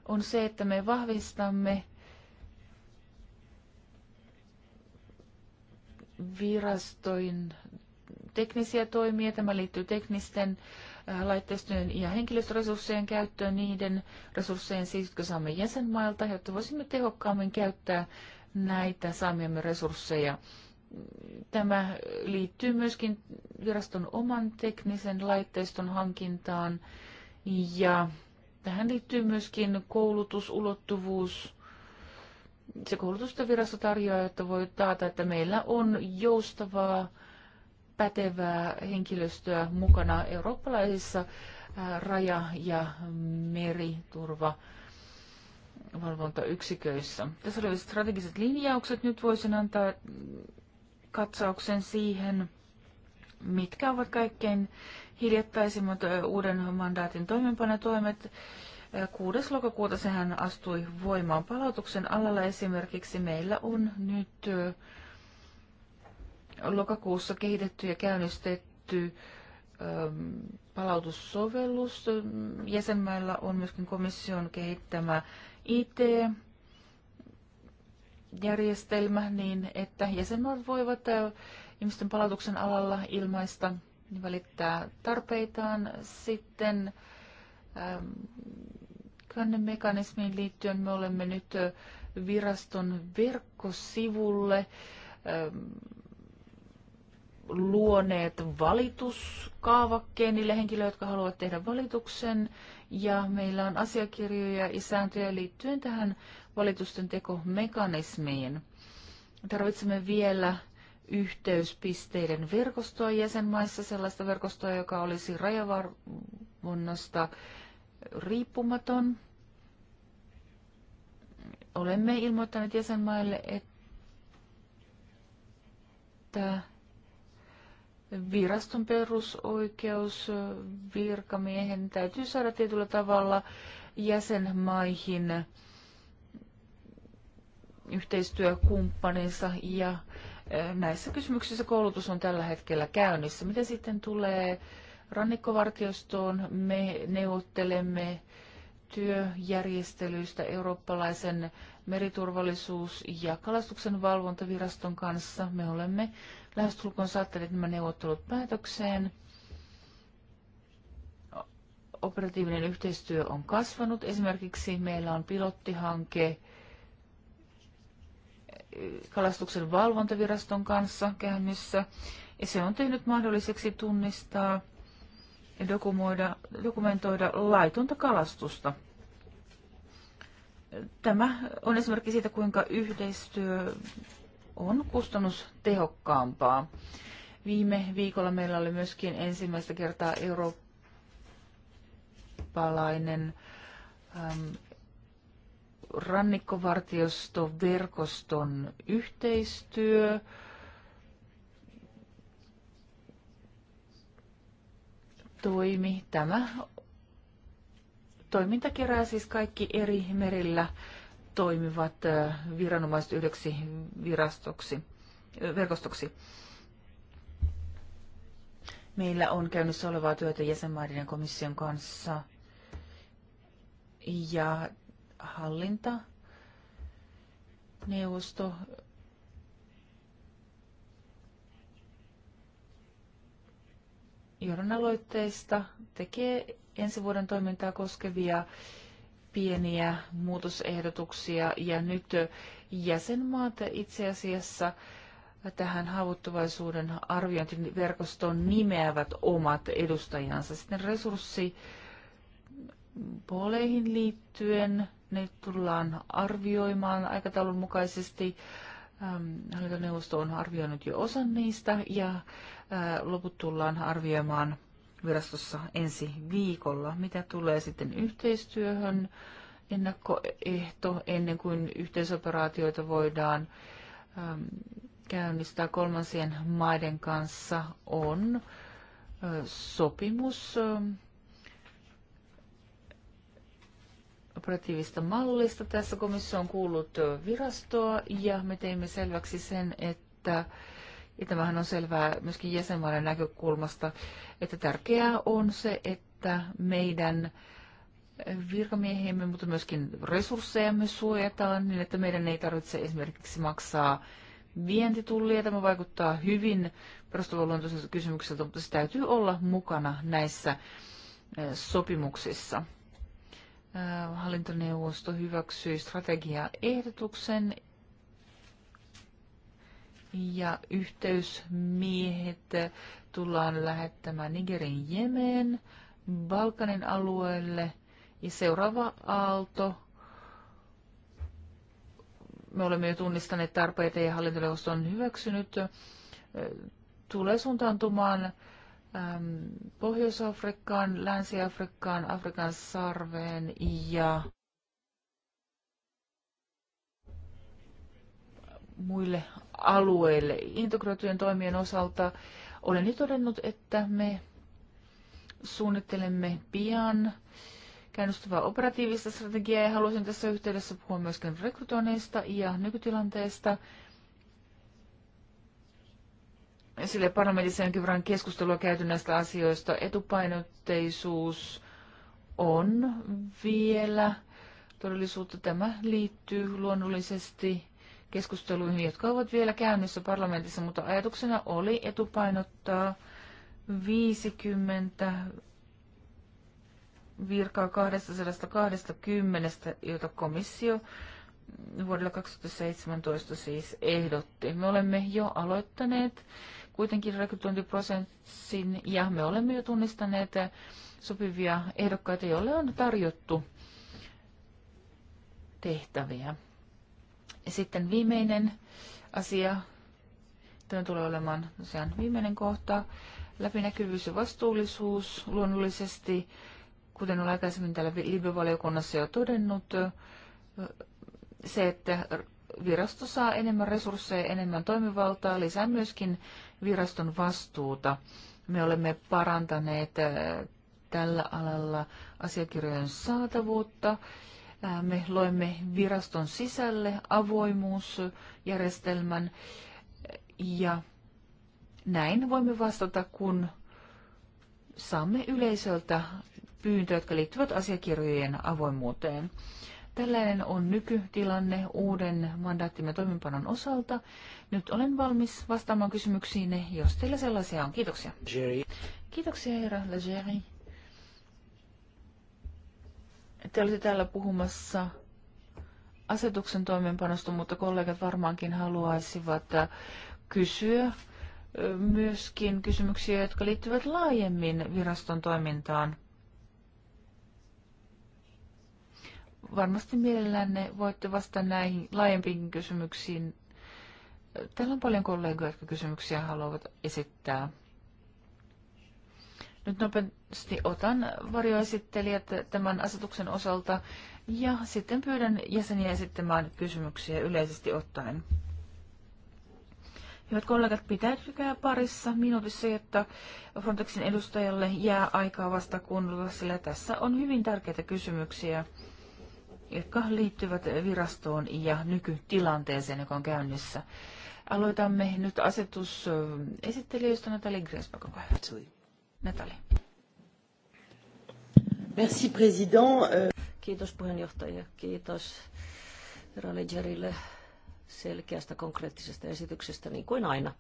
on se, että me vahvistamme virastoin teknisiä toimia. Tämä liittyy teknisten äh, laitteistojen ja henkilöstöresurssien käyttöön, niiden resurssien siis, jotka saamme jäsenmailta, jotta voisimme tehokkaammin käyttää näitä saamiamme resursseja. Tämä liittyy myöskin viraston oman teknisen laitteiston hankintaan ja tähän liittyy myöskin koulutusulottuvuus. Se koulutusta virasto tarjoaa, jotta voi taata, että meillä on joustavaa pätevää henkilöstöä mukana eurooppalaisissa raja- ja meriturva valvontayksiköissä. Tässä oli strategiset linjaukset. Nyt voisin antaa katsauksen siihen, mitkä ovat kaikkein hiljattaisimmat uuden mandaatin toimenpanotoimet. 6. lokakuuta sehän astui voimaan palautuksen alalla. Esimerkiksi meillä on nyt lokakuussa kehitetty ja käynnistetty ähm, palautussovellus. Jäsenmailla on myöskin komission kehittämä IT, järjestelmä niin, että jäsenmaat voivat äh, ihmisten palautuksen alalla ilmaista niin välittää tarpeitaan. Sitten ähm, kannemekanismiin liittyen me olemme nyt äh, viraston verkkosivulle ähm, luoneet valituskaavakkeen niille henkilöille, jotka haluavat tehdä valituksen. Ja meillä on asiakirjoja ja sääntöjä liittyen tähän valitusten tekomekanismiin. Tarvitsemme vielä yhteyspisteiden verkostoa jäsenmaissa, sellaista verkostoa, joka olisi rajavarvonnasta riippumaton. Olemme ilmoittaneet jäsenmaille, että viraston perusoikeus virkamiehen täytyy saada tietyllä tavalla jäsenmaihin yhteistyökumppaninsa ja eh, näissä kysymyksissä koulutus on tällä hetkellä käynnissä. Mitä sitten tulee rannikkovartiostoon? Me neuvottelemme työjärjestelyistä eurooppalaisen meriturvallisuus- ja kalastuksen valvontaviraston kanssa. Me olemme lähestulkoon saattelet nämä neuvottelut päätökseen. Operatiivinen yhteistyö on kasvanut. Esimerkiksi meillä on pilottihanke kalastuksen valvontaviraston kanssa käynnissä. Ja se on tehnyt mahdolliseksi tunnistaa ja dokumentoida laitonta kalastusta. Tämä on esimerkki siitä, kuinka yhteistyö on kustannustehokkaampaa. Viime viikolla meillä oli myöskin ensimmäistä kertaa eurooppalainen ähm, rannikkovartiostoverkoston yhteistyö. toimi. Tämä toiminta kerää siis kaikki eri merillä toimivat viranomaiset yhdeksi virastoksi, verkostoksi. Meillä on käynnissä olevaa työtä jäsenmaiden ja komission kanssa ja hallinta, neuvosto, johdon aloitteista tekee ensi vuoden toimintaa koskevia pieniä muutosehdotuksia ja nyt jäsenmaat itse asiassa tähän haavoittuvaisuuden arviointiverkostoon nimeävät omat edustajansa. Sitten resurssi puoleihin liittyen ne tullaan arvioimaan aikataulun mukaisesti. Ähm, hallintoneuvosto on arvioinut jo osan niistä ja äh, loput tullaan arvioimaan – virastossa ensi viikolla. Mitä tulee sitten yhteistyöhön, ennakkoehto ennen kuin yhteisoperaatioita voidaan äm, käynnistää kolmansien maiden kanssa on äh, sopimus ähm, operatiivista mallista. Tässä komissio on kuullut äh, virastoa ja me teimme selväksi sen, että ja tämähän on selvää myöskin jäsenmaiden näkökulmasta, että tärkeää on se, että meidän virkamiehemme, mutta myöskin resurssejamme suojataan niin, että meidän ei tarvitse esimerkiksi maksaa vientitullia. Tämä vaikuttaa hyvin perustuvaluontoiselta kysymykseltä, mutta se täytyy olla mukana näissä sopimuksissa. Hallintoneuvosto hyväksyi strategiaehdotuksen ja yhteysmiehet tullaan lähettämään Nigerin Jemen, Balkanin alueelle ja seuraava aalto. Me olemme jo tunnistaneet tarpeita ja hallintoneuvosto on hyväksynyt. Tulee suuntaantumaan Pohjois-Afrikkaan, Länsi-Afrikkaan, Afrikan sarveen ja muille alueelle. Integroitujen toimien osalta olen nyt todennut, että me suunnittelemme pian käynnistyvää operatiivista strategiaa ja haluaisin tässä yhteydessä puhua myöskin rekrytoinneista ja nykytilanteesta. Sille parlamentissa jonkin verran keskustelua käyty näistä asioista. Etupainotteisuus on vielä todellisuutta. Tämä liittyy luonnollisesti keskusteluihin, jotka ovat vielä käynnissä parlamentissa, mutta ajatuksena oli etupainottaa 50 virkaa 220, jota komissio vuodella 2017 siis ehdotti. Me olemme jo aloittaneet kuitenkin rekrytointiprosessin ja me olemme jo tunnistaneet sopivia ehdokkaita, joille on tarjottu tehtäviä. Ja sitten viimeinen asia, tämä tulee olemaan tosiaan viimeinen kohta, läpinäkyvyys ja vastuullisuus luonnollisesti, kuten olen aikaisemmin täällä Libyvaliokunnassa jo todennut, se, että virasto saa enemmän resursseja, enemmän toimivaltaa, lisää myöskin viraston vastuuta. Me olemme parantaneet tällä alalla asiakirjojen saatavuutta me loimme viraston sisälle avoimuusjärjestelmän ja näin voimme vastata, kun saamme yleisöltä pyyntöjä, jotka liittyvät asiakirjojen avoimuuteen. Tällainen on nykytilanne uuden mandaattimme toimenpanon osalta. Nyt olen valmis vastaamaan kysymyksiin, jos teillä sellaisia on. Kiitoksia. Jerry. Kiitoksia, herra Legeri. Te olitte täällä puhumassa asetuksen toimeenpanosta, mutta kollegat varmaankin haluaisivat kysyä myöskin kysymyksiä, jotka liittyvät laajemmin viraston toimintaan. Varmasti mielellänne voitte vastata näihin laajempiin kysymyksiin. Täällä on paljon kollegoja, jotka kysymyksiä haluavat esittää. Nyt nopeasti otan varjoesittelijät tämän asetuksen osalta ja sitten pyydän jäseniä esittämään kysymyksiä yleisesti ottaen. Hyvät kollegat, pitäytykää parissa minuutissa, jotta Frontexin edustajalle jää aikaa vasta kuunnella, sillä tässä on hyvin tärkeitä kysymyksiä, jotka liittyvät virastoon ja nykytilanteeseen, joka on käynnissä. Aloitamme nyt asetus esittelijöistä Natalia Gresbach. Merci, euh, Kiitos puheenjohtaja. Kiitos Ralegerille selkeästä konkreettisesta esityksestä, niin kuin aina.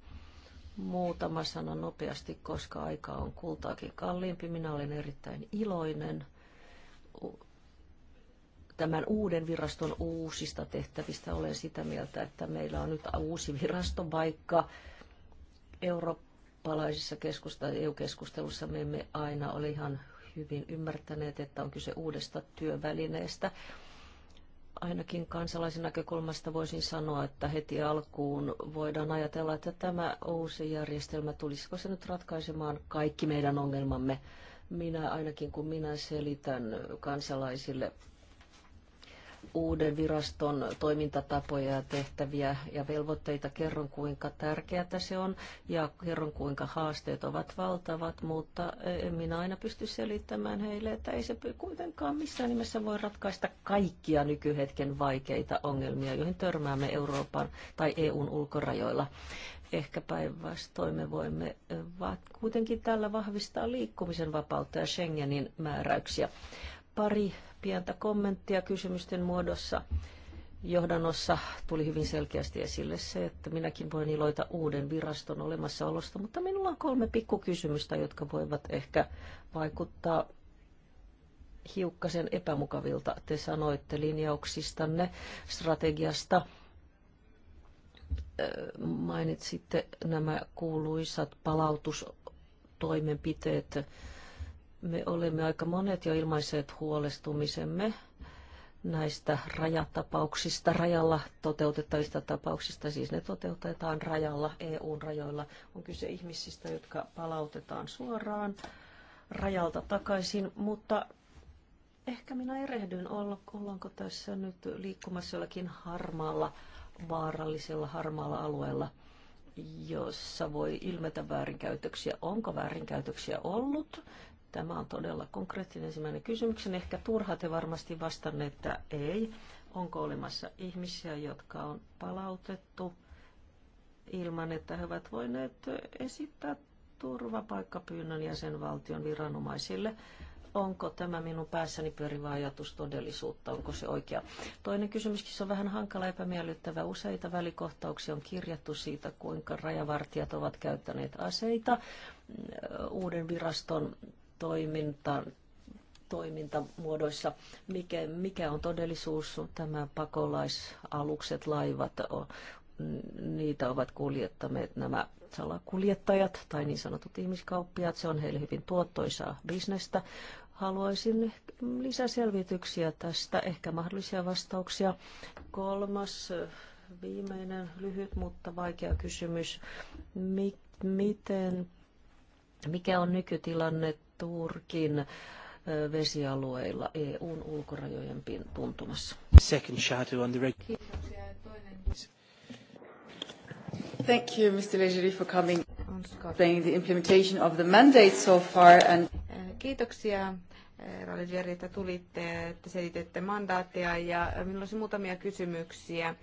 Muutama sana nopeasti, koska aika on kultaakin kalliimpi. Minä olen erittäin iloinen tämän uuden viraston uusista tehtävistä. Olen sitä mieltä, että meillä on nyt uusi virasto, vaikka Eurooppa palaisissa EU-keskustelussa me emme aina ole ihan hyvin ymmärtäneet, että on kyse uudesta työvälineestä. Ainakin kansalaisen näkökulmasta voisin sanoa, että heti alkuun voidaan ajatella, että tämä uusi järjestelmä, tulisiko se nyt ratkaisemaan kaikki meidän ongelmamme. Minä ainakin kun minä selitän kansalaisille uuden viraston toimintatapoja ja tehtäviä ja velvoitteita. Kerron, kuinka tärkeää se on ja kerron, kuinka haasteet ovat valtavat, mutta eh, en minä aina pysty selittämään heille, että ei se kuitenkaan missään nimessä voi ratkaista kaikkia nykyhetken vaikeita ongelmia, joihin törmäämme Euroopan tai EUn ulkorajoilla ehkä päinvastoin me voimme eh, kuitenkin tällä vahvistaa liikkumisen vapautta ja Schengenin määräyksiä. Pari pientä kommenttia kysymysten muodossa. Johdannossa tuli hyvin selkeästi esille se, että minäkin voin iloita uuden viraston olemassaolosta, mutta minulla on kolme pikkukysymystä, jotka voivat ehkä vaikuttaa hiukkasen epämukavilta. Te sanoitte linjauksistanne, strategiasta, mainitsitte nämä kuuluisat palautustoimenpiteet, me olemme aika monet jo ilmaiseet huolestumisemme näistä rajatapauksista, rajalla toteutettavista tapauksista, siis ne toteutetaan rajalla, EUn rajoilla. On kyse ihmisistä, jotka palautetaan suoraan rajalta takaisin, mutta ehkä minä erehdyn, ollaanko tässä nyt liikkumassa jollakin harmaalla, vaarallisella harmaalla alueella, jossa voi ilmetä väärinkäytöksiä. Onko väärinkäytöksiä ollut? Tämä on todella konkreettinen ensimmäinen kysymyksen. Ehkä turha te varmasti vastanne, että ei. Onko olemassa ihmisiä, jotka on palautettu ilman, että he ovat voineet esittää turvapaikkapyynnön jäsenvaltion viranomaisille? Onko tämä minun päässäni pyörivä ajatus todellisuutta? Onko se oikea? Toinen kysymys on vähän hankala epämiellyttävä. Useita välikohtauksia on kirjattu siitä, kuinka rajavartijat ovat käyttäneet aseita mm, uuden viraston toiminta, toimintamuodoissa, mikä, mikä on todellisuus, tämä pakolaisalukset, laivat, niitä ovat kuljettaneet nämä salakuljettajat tai niin sanotut ihmiskauppiaat. Se on heille hyvin tuottoisaa bisnestä. Haluaisin lisäselvityksiä tästä, ehkä mahdollisia vastauksia. Kolmas viimeinen lyhyt, mutta vaikea kysymys. miten, mikä on nykytilanne Turkin vesialueilla EUn ulkorajojen tuntumassa. Second shadow on the Kiitoksia. Toinen. Thank you, Mr. Legeri, for coming. Explaining the implementation of the mandate so far and Kiitoksia Ralli että tulitte, että selitette mandaattia ja minulla olisi muutamia kysymyksiä.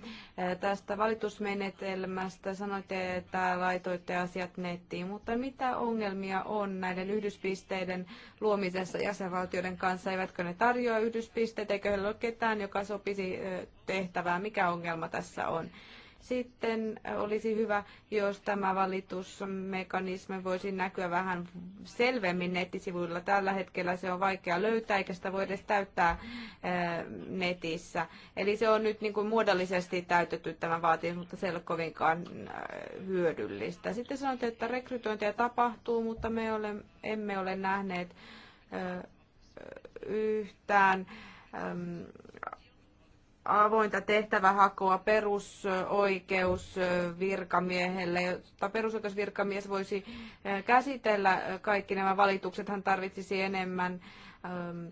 Tästä valitusmenetelmästä sanoitte, että laitoitte asiat nettiin, mutta mitä ongelmia on näiden yhdyspisteiden luomisessa jäsenvaltioiden kanssa? Eivätkö ne tarjoa yhdyspisteitä, eikö heillä ole ketään, joka sopisi tehtävää? Mikä ongelma tässä on? Sitten äh, olisi hyvä, jos tämä valitusmekanismi voisi näkyä vähän selvemmin nettisivuilla. Tällä hetkellä se on vaikea löytää, eikä sitä voi edes täyttää äh, netissä. Eli se on nyt niin kuin muodollisesti täytetty tämä vaatimus, mutta se ei ole kovinkaan äh, hyödyllistä. Sitten sanotaan, että rekrytointia tapahtuu, mutta me ole, emme ole nähneet yhtään avointa tehtävähakoa perusoikeusvirkamiehelle, jotta perusoikeusvirkamies voisi eh, käsitellä eh, kaikki nämä valitukset. Hän tarvitsisi enemmän ehm,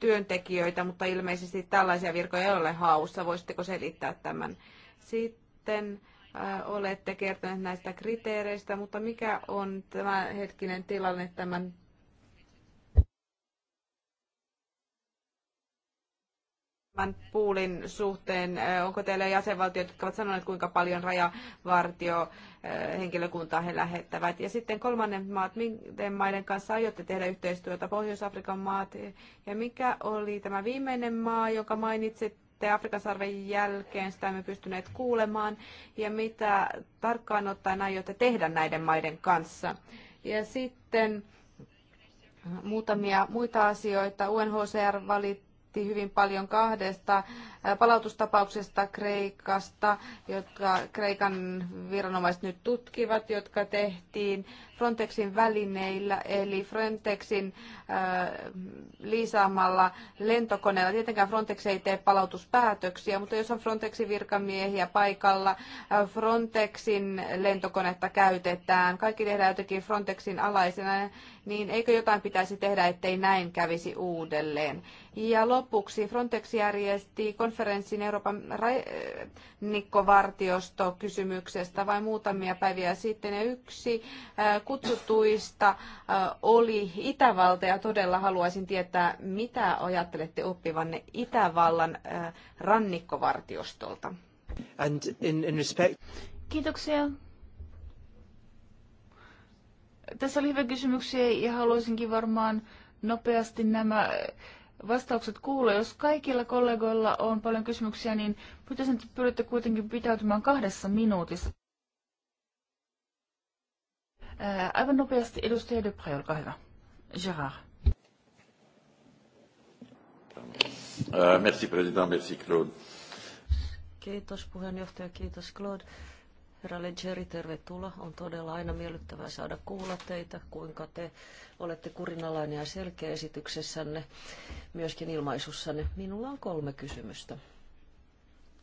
työntekijöitä, mutta ilmeisesti tällaisia virkoja ei ole haussa. Voisitteko selittää tämän? Sitten eh, olette kertoneet näistä kriteereistä, mutta mikä on tämä hetkinen tilanne tämän tämän puulin suhteen? Onko teillä jäsenvaltiot, jotka ovat sanoneet, kuinka paljon rajavartio henkilökuntaa he lähettävät? Ja sitten kolmannen maat, miten maiden kanssa aiotte tehdä yhteistyötä? Pohjois-Afrikan maat. Ja mikä oli tämä viimeinen maa, joka mainitsit? Afrikan sarven jälkeen? Sitä emme pystyneet kuulemaan. Ja mitä tarkkaan ottaen aiotte tehdä näiden maiden kanssa? Ja sitten muutamia muita asioita. UNHCR valit puhuttiin hyvin paljon kahdesta palautustapauksesta Kreikasta, jotka Kreikan viranomaiset nyt tutkivat, jotka tehtiin Frontexin välineillä, eli Frontexin liisaamalla lentokoneella. Tietenkään Frontex ei tee palautuspäätöksiä, mutta jos on Frontexin virkamiehiä paikalla, Frontexin lentokonetta käytetään, kaikki tehdään jotenkin Frontexin alaisena, niin eikö jotain pitäisi tehdä, ettei näin kävisi uudelleen. Ja lopuksi Frontex järjesti konferenssin Euroopan rannikkovartiosto kysymyksestä vain muutamia päiviä sitten. Ja yksi kutsutuista oli Itävalta ja todella haluaisin tietää, mitä ajattelette oppivanne Itävallan rannikkovartiostolta. And in, in respect... Kiitoksia. Tässä oli hyvä kysymyksiä ja haluaisinkin varmaan nopeasti nämä vastaukset kuulla. Jos kaikilla kollegoilla on paljon kysymyksiä, niin pyytäisin, että pyritte kuitenkin pitäytymään kahdessa minuutissa. Äh, aivan nopeasti edustaja Dupré, olkaa hyvä. Gerard. Äh, merci president, merci Claude. Kiitos puheenjohtaja, kiitos Claude. Herra Leggeri, tervetuloa. On todella aina miellyttävää saada kuulla teitä, kuinka te olette kurinalainen ja selkeä esityksessänne, myöskin ilmaisussanne. Minulla on kolme kysymystä.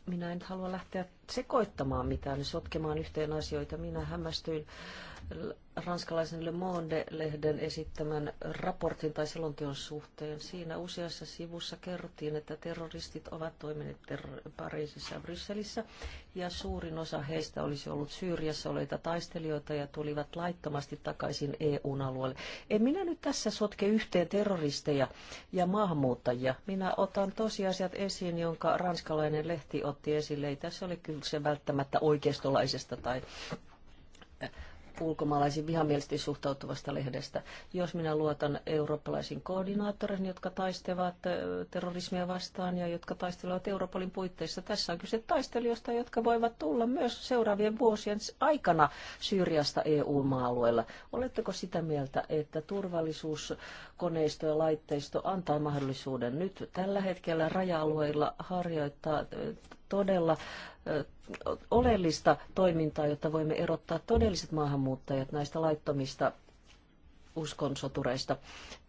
Minä en halua lähteä sekoittamaan mitään, sotkemaan yhteen asioita. Minä hämmästyin ranskalaisen Le Monde-lehden esittämän raportin tai selonteon suhteen. Siinä useassa sivussa kerrottiin, että terroristit ovat toimineet ter- Pariisissa ja Brysselissä, ja suurin osa heistä olisi ollut Syyriassa oleita taistelijoita ja tulivat laittomasti takaisin EU-alueelle. En minä nyt tässä sotke yhteen terroristeja ja maahanmuuttajia. Minä otan tosiasiat esiin, jonka ranskalainen lehti otti esille. Ei tässä oli kyllä se välttämättä oikeistolaisesta tai ulkomaalaisiin vihamielisesti suhtautuvasta lehdestä. Jos minä luotan eurooppalaisiin koordinaattoreihin, jotka taistelevat terrorismia vastaan ja jotka taistelevat Europolin puitteissa, tässä on kyse taistelijoista, jotka voivat tulla myös seuraavien vuosien aikana Syyriasta EU-maa-alueella. Oletteko sitä mieltä, että turvallisuuskoneisto ja laitteisto antaa mahdollisuuden nyt tällä hetkellä raja-alueilla harjoittaa todella oleellista toimintaa, jotta voimme erottaa todelliset maahanmuuttajat näistä laittomista uskonsotureista.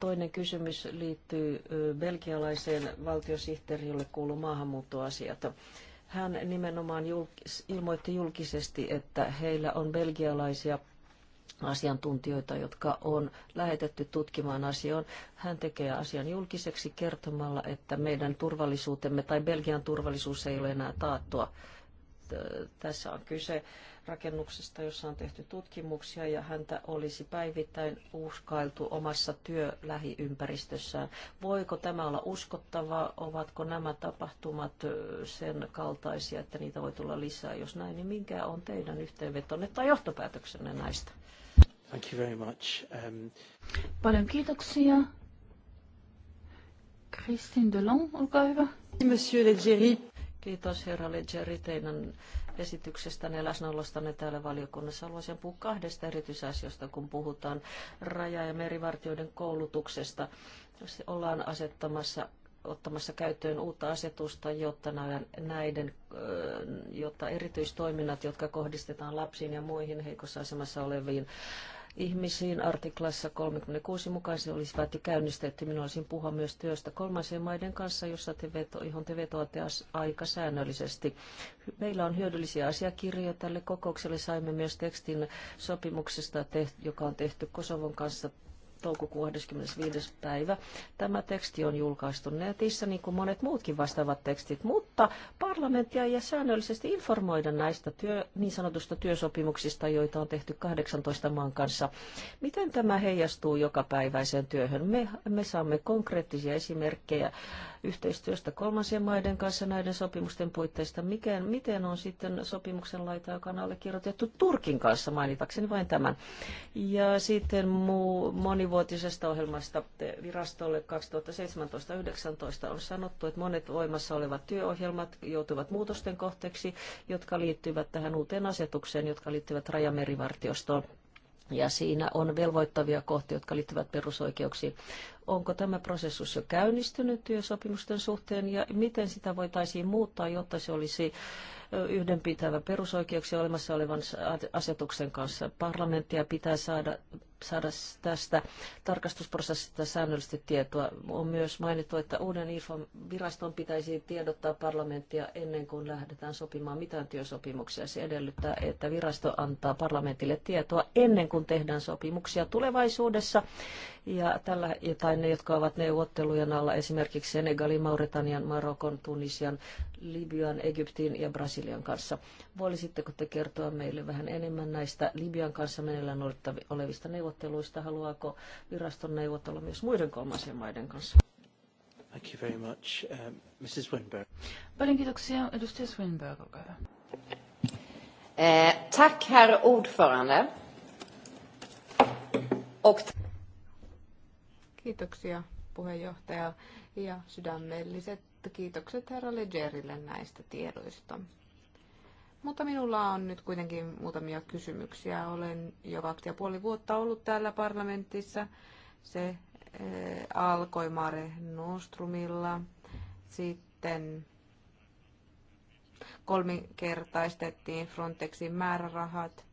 Toinen kysymys liittyy belgialaiseen valtiosihteeriin, jolle kuuluu maahanmuuttoasiat. Hän nimenomaan ilmoitti julkisesti, että heillä on belgialaisia asiantuntijoita, jotka on lähetetty tutkimaan asiaan. Hän tekee asian julkiseksi kertomalla, että meidän turvallisuutemme tai Belgian turvallisuus ei ole enää taattua tässä on kyse rakennuksesta, jossa on tehty tutkimuksia ja häntä olisi päivittäin uskailtu omassa työlähiympäristössään. Voiko tämä olla uskottavaa? Ovatko nämä tapahtumat sen kaltaisia, että niitä voi tulla lisää? Jos näin, niin minkä on teidän yhteenvetonne tai johtopäätöksenne näistä? Thank you very much. Um... Paljon kiitoksia. Christine Delon, olkaa hyvä. Monsieur Leggeri. Kiitos herra Leggeri teidän esityksestänne ja läsnäolostanne täällä valiokunnassa. Haluaisin puhua kahdesta erityisasiasta, kun puhutaan raja- ja merivartioiden koulutuksesta. Ollaan asettamassa ottamassa käyttöön uutta asetusta, jotta näiden, jotta erityistoiminnat, jotka kohdistetaan lapsiin ja muihin heikossa asemassa oleviin ihmisiin artiklassa 36 se olisivat jo käynnistetty. Minä olisin puhua myös työstä kolmansien maiden kanssa, jossa te veto, johon te vetoatte aika säännöllisesti. Meillä on hyödyllisiä asiakirjoja tälle kokoukselle. Saimme myös tekstin sopimuksesta, joka on tehty Kosovon kanssa toukokuun 25. päivä. Tämä teksti on julkaistu netissä, niin kuin monet muutkin vastaavat tekstit, mutta parlamenttia ei säännöllisesti informoida näistä työ, niin sanotusta työsopimuksista, joita on tehty 18 maan kanssa. Miten tämä heijastuu jokapäiväiseen työhön? Me, me saamme konkreettisia esimerkkejä yhteistyöstä kolmansien maiden kanssa näiden sopimusten puitteista. Miten, miten on sitten sopimuksen laita, joka on allekirjoitettu Turkin kanssa, mainitakseni vain tämän. Ja sitten muu, moni monivuotisesta ohjelmasta virastolle 2017-2019 on sanottu, että monet voimassa olevat työohjelmat joutuvat muutosten kohteeksi, jotka liittyvät tähän uuteen asetukseen, jotka liittyvät rajamerivartiostoon. Ja siinä on velvoittavia kohtia, jotka liittyvät perusoikeuksiin. Onko tämä prosessus jo käynnistynyt työsopimusten suhteen ja miten sitä voitaisiin muuttaa, jotta se olisi yhdenpitävä perusoikeuksia olemassa olevan asetuksen kanssa. Parlamenttia pitää saada saada tästä tarkastusprosessista säännöllisesti tietoa. On myös mainittu, että uuden IFAn viraston pitäisi tiedottaa parlamenttia ennen kuin lähdetään sopimaan mitään työsopimuksia. Se edellyttää, että virasto antaa parlamentille tietoa ennen kuin tehdään sopimuksia tulevaisuudessa. Ja tällä, tai ne, jotka ovat neuvottelujen alla, esimerkiksi Senegalin, Mauritanian, Marokon, Tunisian, Libyan, Egyptin ja Brasilian kanssa. Voisitteko te kertoa meille vähän enemmän näistä Libyan kanssa meneillään olevista neuvotteluista? neuvotteluista. Haluaako viraston neuvotella myös muiden kolmansien maiden kanssa? Thank you very much. Um, Mrs. Winberg. Paljon kiitoksia. Edustaja Swinberg, olkaa hyvä. Eh, tack, herr ordförande. Och... Kiitoksia, puheenjohtaja, ja sydämelliset kiitokset herra Legerille näistä tiedoista. Mutta minulla on nyt kuitenkin muutamia kysymyksiä. Olen jo kaksi ja puoli vuotta ollut täällä parlamentissa. Se eh, alkoi Mare Nostrumilla. Sitten kolminkertaistettiin Frontexin määrärahat,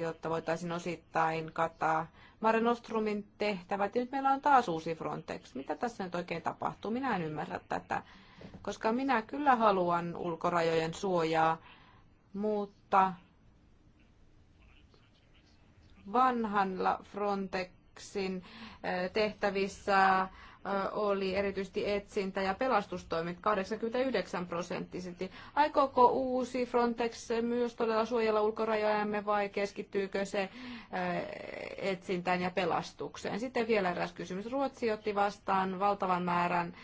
jotta voitaisiin osittain kattaa Mare Nostrumin tehtävät. Ja nyt meillä on taas uusi Frontex. Mitä tässä nyt oikein tapahtuu? Minä en ymmärrä tätä, koska minä kyllä haluan ulkorajojen suojaa mutta vanhanla Frontexin eh, tehtävissä eh, oli erityisesti etsintä- ja pelastustoimet 89 prosenttisesti. Aikooko uusi Frontex myös todella suojella ulkorajojamme vai keskittyykö se eh, etsintään ja pelastukseen? Sitten vielä eräs kysymys. Ruotsi otti vastaan valtavan määrän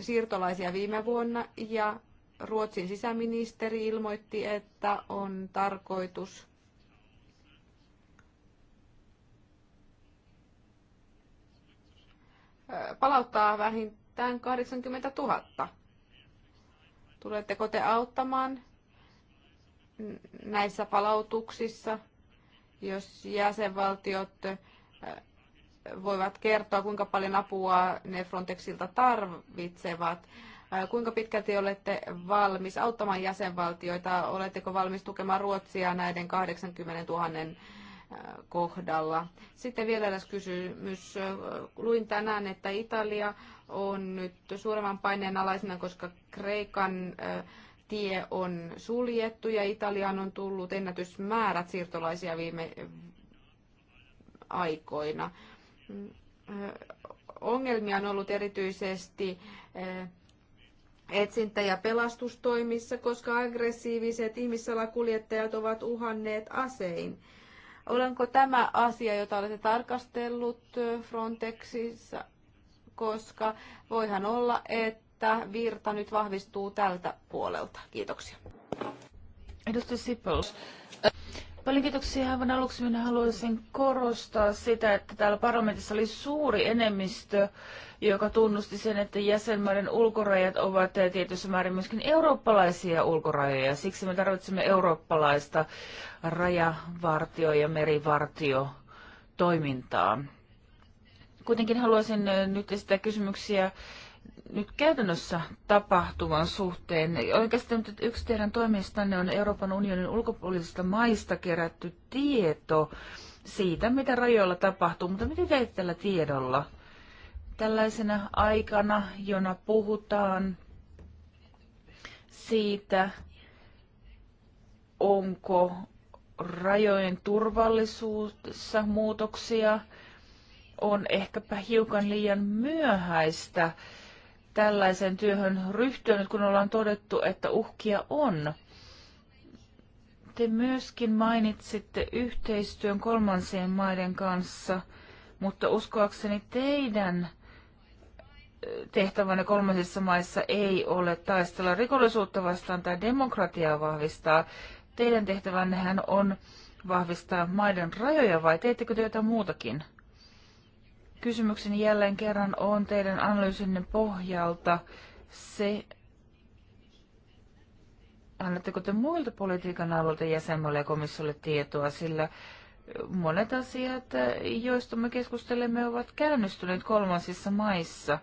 siirtolaisia viime vuonna ja Ruotsin sisäministeri ilmoitti, että on tarkoitus palauttaa vähintään 80 000. Tuletteko te auttamaan näissä palautuksissa, jos jäsenvaltiot voivat kertoa, kuinka paljon apua ne Frontexilta tarvitsevat? Kuinka pitkälti olette valmis auttamaan jäsenvaltioita? Oletteko valmis tukemaan Ruotsia näiden 80 000 kohdalla. Sitten vielä tässä kysymys. Luin tänään, että Italia on nyt suuremman paineen alaisena, koska Kreikan tie on suljettu ja Italiaan on tullut ennätysmäärät siirtolaisia viime aikoina. Ongelmia on ollut erityisesti etsintä- ja pelastustoimissa, koska aggressiiviset ihmissalakuljettajat ovat uhanneet asein. Olenko tämä asia, jota olette tarkastellut Frontexissa, koska voihan olla, että virta nyt vahvistuu tältä puolelta. Kiitoksia. Edustaja Paljon kiitoksia. Aivan aluksi minä haluaisin korostaa sitä, että täällä parlamentissa oli suuri enemmistö, joka tunnusti sen, että jäsenmaiden ulkorajat ovat tietyssä määrin myöskin eurooppalaisia ulkorajoja. Siksi me tarvitsemme eurooppalaista rajavartio- ja merivartiotoimintaa. Kuitenkin haluaisin nyt esittää kysymyksiä nyt käytännössä tapahtuvan suhteen? Oikeastaan nyt yksi teidän toimistanne on Euroopan unionin ulkopuolisista maista kerätty tieto siitä, mitä rajoilla tapahtuu, mutta miten teet tällä tiedolla? Tällaisena aikana, jona puhutaan siitä, onko rajojen turvallisuudessa muutoksia, on ehkäpä hiukan liian myöhäistä tällaiseen työhön ryhtyä, nyt kun ollaan todettu, että uhkia on. Te myöskin mainitsitte yhteistyön kolmansien maiden kanssa, mutta uskoakseni teidän tehtävänne kolmansissa maissa ei ole taistella rikollisuutta vastaan tai demokratiaa vahvistaa. Teidän tehtävännehän on vahvistaa maiden rajoja vai teettekö te jotain muutakin? kysymykseni jälleen kerran on teidän analyysinne pohjalta se, annatteko te muilta politiikan alueilta jäsenmaille ja komissiolle tietoa, sillä monet asiat, joista me keskustelemme, ovat käynnistyneet kolmansissa maissa.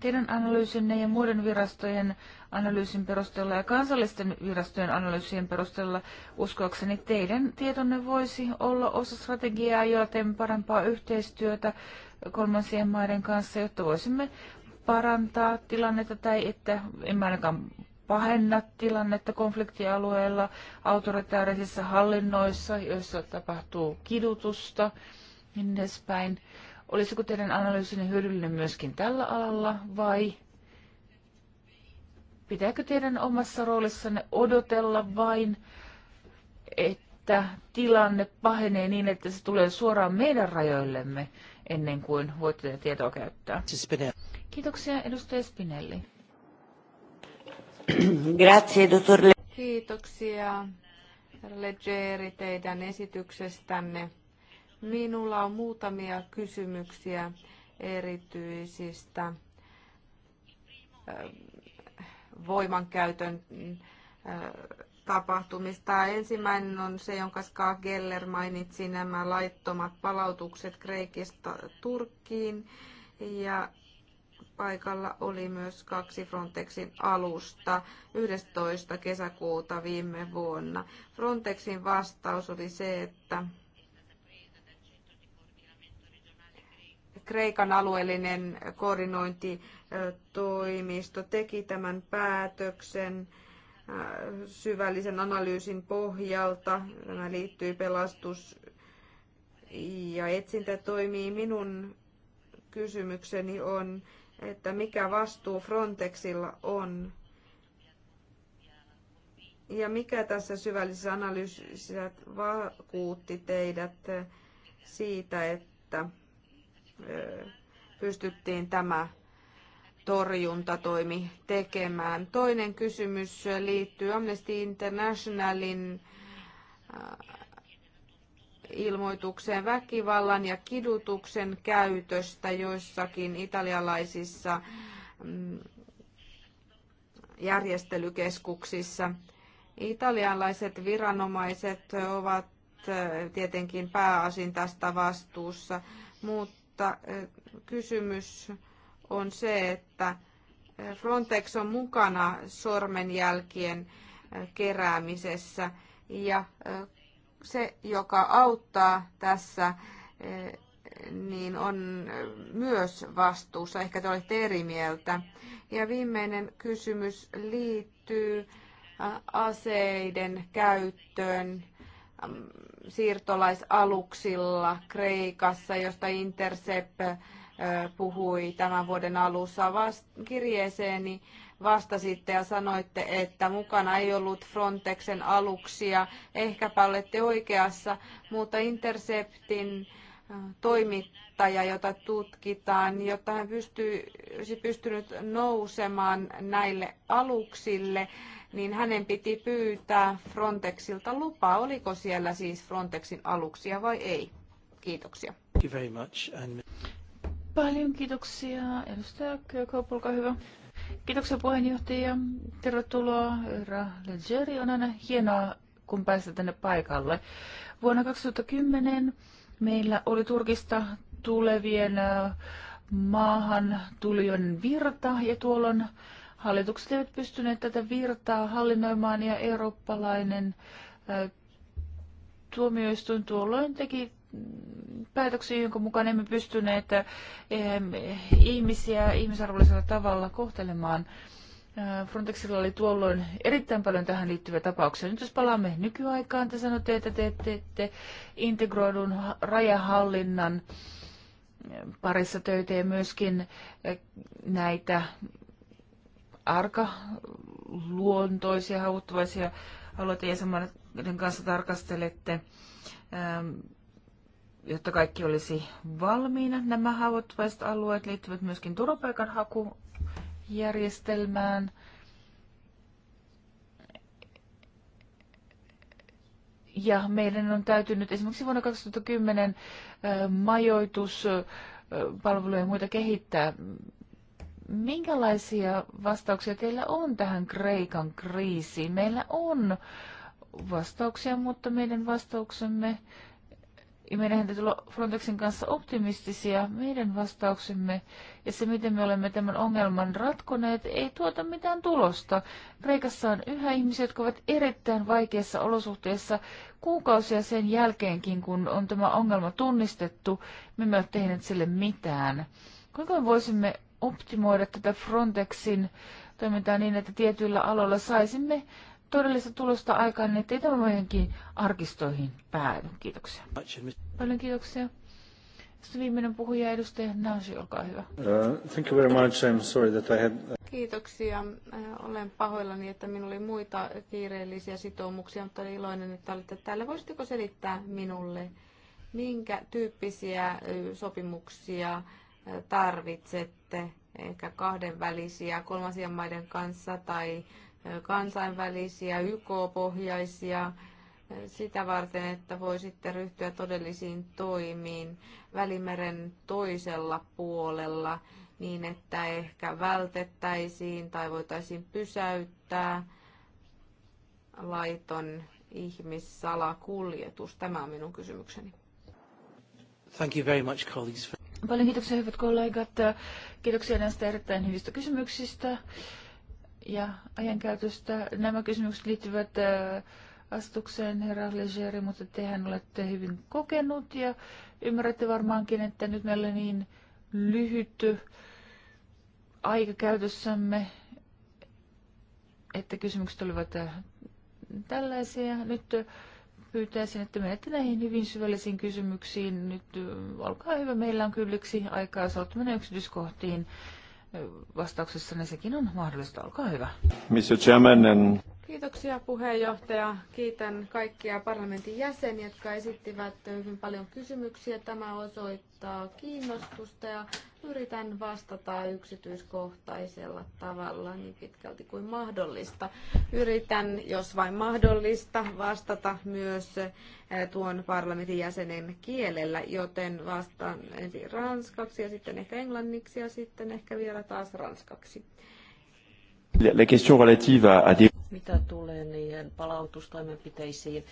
Teidän analyysinne ja muiden virastojen analyysin perusteella ja kansallisten virastojen analyysien perusteella uskoakseni teidän tietonne voisi olla osa strategiaa, jolla teemme parempaa yhteistyötä kolmansien maiden kanssa, jotta voisimme parantaa tilannetta tai että emme ainakaan pahenna tilannetta konfliktialueella, autoritaarisissa hallinnoissa, joissa tapahtuu kidutusta ja niin edespäin. Olisiko teidän analyysinne hyödyllinen myöskin tällä alalla vai pitääkö teidän omassa roolissanne odotella vain, että tilanne pahenee niin, että se tulee suoraan meidän rajoillemme? ennen kuin voit tätä tietoa käyttää. Kiitoksia, edustaja Spinelli. Grazie, dottor Le- Kiitoksia, herra Leggeri, teidän esityksestänne. Minulla on muutamia kysymyksiä erityisistä ähm, voimankäytön äh, tapahtumista. Ensimmäinen on se, jonka Ska Geller mainitsi, nämä laittomat palautukset Kreikista Turkkiin. Ja paikalla oli myös kaksi Frontexin alusta 11. kesäkuuta viime vuonna. Frontexin vastaus oli se, että Kreikan alueellinen koordinointitoimisto teki tämän päätöksen – Äh, syvällisen analyysin pohjalta. Tämä liittyy pelastus- ja etsintätoimiin. Minun kysymykseni on, että mikä vastuu Frontexilla on ja mikä tässä syvällisessä analyysissä vakuutti teidät siitä, että äh, pystyttiin tämä torjuntatoimi tekemään. Toinen kysymys liittyy Amnesty Internationalin äh, ilmoitukseen väkivallan ja kidutuksen käytöstä joissakin italialaisissa mm, järjestelykeskuksissa. Italialaiset viranomaiset ovat äh, tietenkin pääasin tästä vastuussa, mutta äh, kysymys on se, että Frontex on mukana sormenjälkien äh, keräämisessä ja äh, se, joka auttaa tässä, äh, niin on myös vastuussa. Ehkä te olette eri mieltä. Ja viimeinen kysymys liittyy aseiden käyttöön ähm, siirtolaisaluksilla Kreikassa, josta Intercept puhui tämän vuoden alussa vast- kirjeeseeni vastasitte ja sanoitte, että mukana ei ollut Frontexen aluksia. Ehkäpä olette oikeassa, mutta Interceptin toimittaja, jota tutkitaan, jotta hän pystyisi pystynyt nousemaan näille aluksille, niin hänen piti pyytää Frontexilta lupaa, Oliko siellä siis Frontexin aluksia vai ei? Kiitoksia. Paljon kiitoksia. Edustaja Kökop, olkaa hyvä. Kiitoksia puheenjohtaja. Tervetuloa. Herra Legeri on aina hienoa, kun pääsee tänne paikalle. Vuonna 2010 meillä oli Turkista tulevien äh, maahan tulijoiden virta ja tuolloin hallitukset eivät pystyneet tätä virtaa hallinnoimaan ja eurooppalainen äh, tuomioistuin tuolloin teki päätöksiä, jonka mukaan emme pystyneet eh, ihmisiä ihmisarvollisella tavalla kohtelemaan. Eh, Frontexilla oli tuolloin erittäin paljon tähän liittyviä tapauksia. Nyt jos palaamme nykyaikaan, te sanotte, että te teette integroidun rajahallinnan eh, parissa töitä ja myöskin näitä arkaluontoisia, haavoittuvaisia alueita jäsenmaiden kanssa tarkastelette jotta kaikki olisi valmiina. Nämä haavoittuvaiset alueet liittyvät myöskin turvapaikanhakujärjestelmään. Ja meidän on täytynyt esimerkiksi vuonna 2010 majoituspalveluja ja muita kehittää. Minkälaisia vastauksia teillä on tähän Kreikan kriisiin? Meillä on vastauksia, mutta meidän vastauksemme ja meidän täytyy olla Frontexin kanssa optimistisia. Meidän vastauksemme ja se, miten me olemme tämän ongelman ratkoneet, ei tuota mitään tulosta. Kreikassa on yhä ihmisiä, jotka ovat erittäin vaikeissa olosuhteissa kuukausia sen jälkeenkin, kun on tämä ongelma tunnistettu. Me emme ole tehneet sille mitään. Kuinka me voisimme optimoida tätä Frontexin toimintaa niin, että tietyillä aloilla saisimme todellista tulosta aikaan, niin ettei tämä arkistoihin päädy. Kiitoksia. Paljon kiitoksia. Sitten viimeinen puhuja, edustaja Nausi, olkaa hyvä. Uh, thank you very much. I'm sorry that I had... Uh, kiitoksia. Uh, olen pahoillani, että minulla oli muita kiireellisiä sitoumuksia, mutta olen iloinen, että olette täällä. Voisitteko selittää minulle, minkä tyyppisiä sopimuksia tarvitsette, ehkä kahdenvälisiä kolmansien maiden kanssa tai kansainvälisiä, YK-pohjaisia, sitä varten, että voi sitten ryhtyä todellisiin toimiin Välimeren toisella puolella niin, että ehkä vältettäisiin tai voitaisiin pysäyttää laiton ihmissalakuljetus. Tämä on minun kysymykseni. Thank you very much, colleagues. Paljon kiitoksia hyvät kollegat. Kiitoksia näistä erittäin hyvistä kysymyksistä ja ajankäytöstä. Nämä kysymykset liittyvät äh, astukseen, herra Legeri, mutta tehän olette hyvin kokenut ja ymmärrätte varmaankin, että nyt meillä on niin lyhyt aika käytössämme, että kysymykset olivat äh, tällaisia. Nyt äh, pyytäisin, että menette näihin hyvin syvällisiin kysymyksiin. Nyt olkaa hyvä, meillä on kylliksi aikaa, mennä yksityiskohtiin vastauksessanne sekin on mahdollista. Olkaa hyvä. Mr. Chairman and... Kiitoksia puheenjohtaja. Kiitän kaikkia parlamentin jäseniä, jotka esittivät hyvin paljon kysymyksiä. Tämä osoittaa kiinnostusta ja yritän vastata yksityiskohtaisella tavalla niin pitkälti kuin mahdollista. Yritän, jos vain mahdollista, vastata myös eh, tuon parlamentin jäsenen kielellä, joten vastaan ensin ranskaksi ja sitten ehkä englanniksi ja sitten ehkä vielä taas ranskaksi. La question relative à mitä tulee niihin palautustoimenpiteisiin,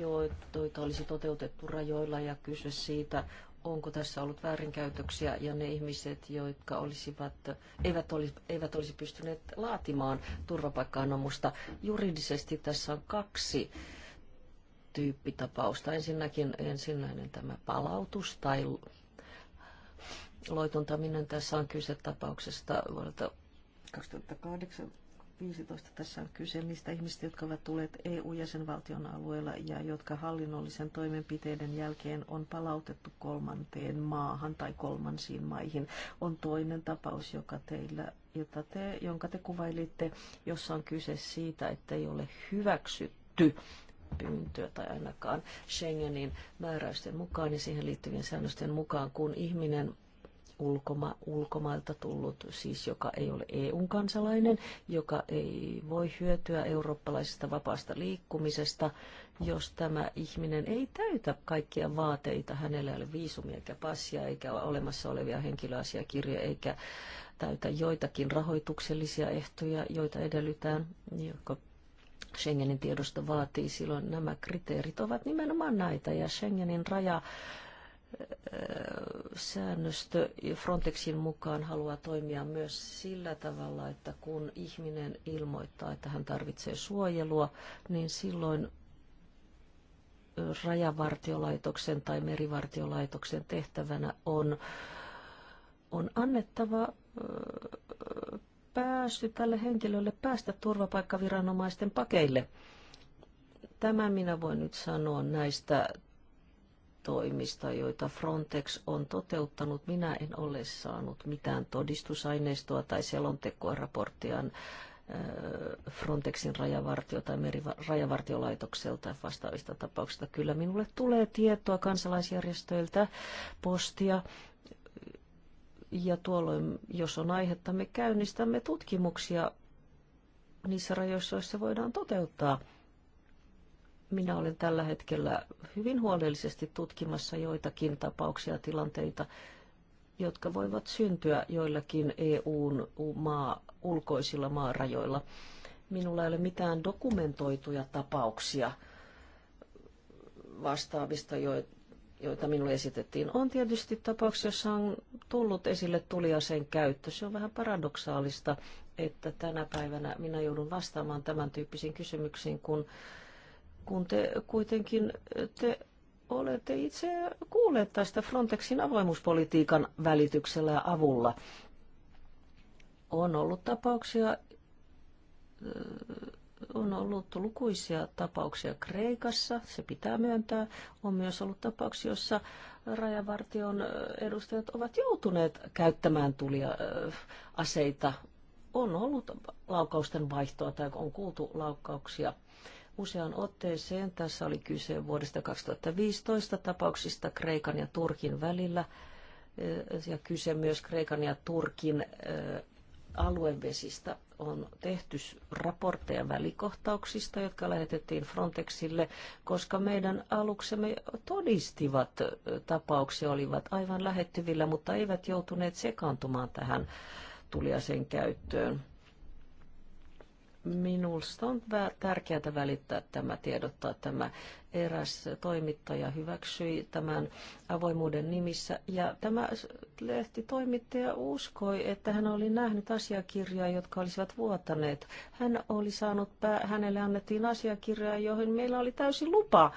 joita olisi toteutettu rajoilla ja kyse siitä, onko tässä ollut väärinkäytöksiä ja ne ihmiset, jotka olisivat, eivät, olisi, eivät olisi pystyneet laatimaan turvapaikkaanomusta. Juridisesti tässä on kaksi tyyppitapausta. Ensinnäkin ensinnäinen tämä palautus tai loitontaminen. Tässä on kyse tapauksesta vuodelta 2008 15 tässä on kyse niistä ihmistä, jotka ovat tulleet EU-jäsenvaltion alueella ja jotka hallinnollisen toimenpiteiden jälkeen on palautettu kolmanteen maahan tai kolmansiin maihin. On toinen tapaus, joka teillä, jota te, jonka te kuvailitte, jossa on kyse siitä, että ei ole hyväksytty pyyntöä tai ainakaan Schengenin määräysten mukaan ja siihen liittyvien säännösten mukaan, kun ihminen ulkoma, ulkomailta tullut, siis joka ei ole EU-kansalainen, joka ei voi hyötyä eurooppalaisesta vapaasta liikkumisesta, jos tämä ihminen ei täytä kaikkia vaateita. Hänellä ei ole viisumia eikä passia eikä ole olemassa olevia henkilöasiakirjoja eikä täytä joitakin rahoituksellisia ehtoja, joita edellytään, joka Schengenin tiedosto vaatii silloin nämä kriteerit ovat nimenomaan näitä ja Schengenin raja säännöstö Frontexin mukaan haluaa toimia myös sillä tavalla, että kun ihminen ilmoittaa, että hän tarvitsee suojelua, niin silloin rajavartiolaitoksen tai merivartiolaitoksen tehtävänä on, on annettava pääsy tälle henkilölle päästä turvapaikkaviranomaisten pakeille. Tämän minä voin nyt sanoa näistä toimista, joita Frontex on toteuttanut. Minä en ole saanut mitään todistusaineistoa tai selontekoa raporttia äh, Frontexin rajavartio- tai merirajavartiolaitokselta vastaavista tapauksista. Kyllä minulle tulee tietoa kansalaisjärjestöiltä, postia, ja tuolloin, jos on aihetta, me käynnistämme tutkimuksia niissä rajoissa, joissa voidaan toteuttaa – minä olen tällä hetkellä hyvin huolellisesti tutkimassa joitakin tapauksia ja tilanteita, jotka voivat syntyä joillakin EUn maa, ulkoisilla maarajoilla. Minulla ei ole mitään dokumentoituja tapauksia vastaavista, joita minulle esitettiin. On tietysti tapauksia, joissa on tullut esille tuliaseen käyttö. Se on vähän paradoksaalista, että tänä päivänä minä joudun vastaamaan tämän tyyppisiin kysymyksiin, kun kun te kuitenkin te olette itse kuulleet tästä Frontexin avoimuuspolitiikan välityksellä ja avulla. On ollut tapauksia, on ollut lukuisia tapauksia Kreikassa, se pitää myöntää. On myös ollut tapauksia, joissa rajavartion edustajat ovat joutuneet käyttämään tulia aseita. On ollut laukausten vaihtoa tai on kuultu laukauksia – useaan otteeseen. Tässä oli kyse vuodesta 2015 tapauksista Kreikan ja Turkin välillä ja kyse myös Kreikan ja Turkin aluevesistä on tehty raportteja välikohtauksista, jotka lähetettiin Frontexille, koska meidän aluksemme todistivat tapauksia, olivat aivan lähettyvillä, mutta eivät joutuneet sekaantumaan tähän tuliaseen käyttöön. Minusta on tärkeää välittää tämä, tiedottaa tämä. Eräs toimittaja hyväksyi tämän avoimuuden nimissä ja tämä lehtitoimittaja uskoi, että hän oli nähnyt asiakirjaa, jotka olisivat vuotaneet. Hän oli saanut, pää, hänelle annettiin asiakirjaa, johon meillä oli täysi lupa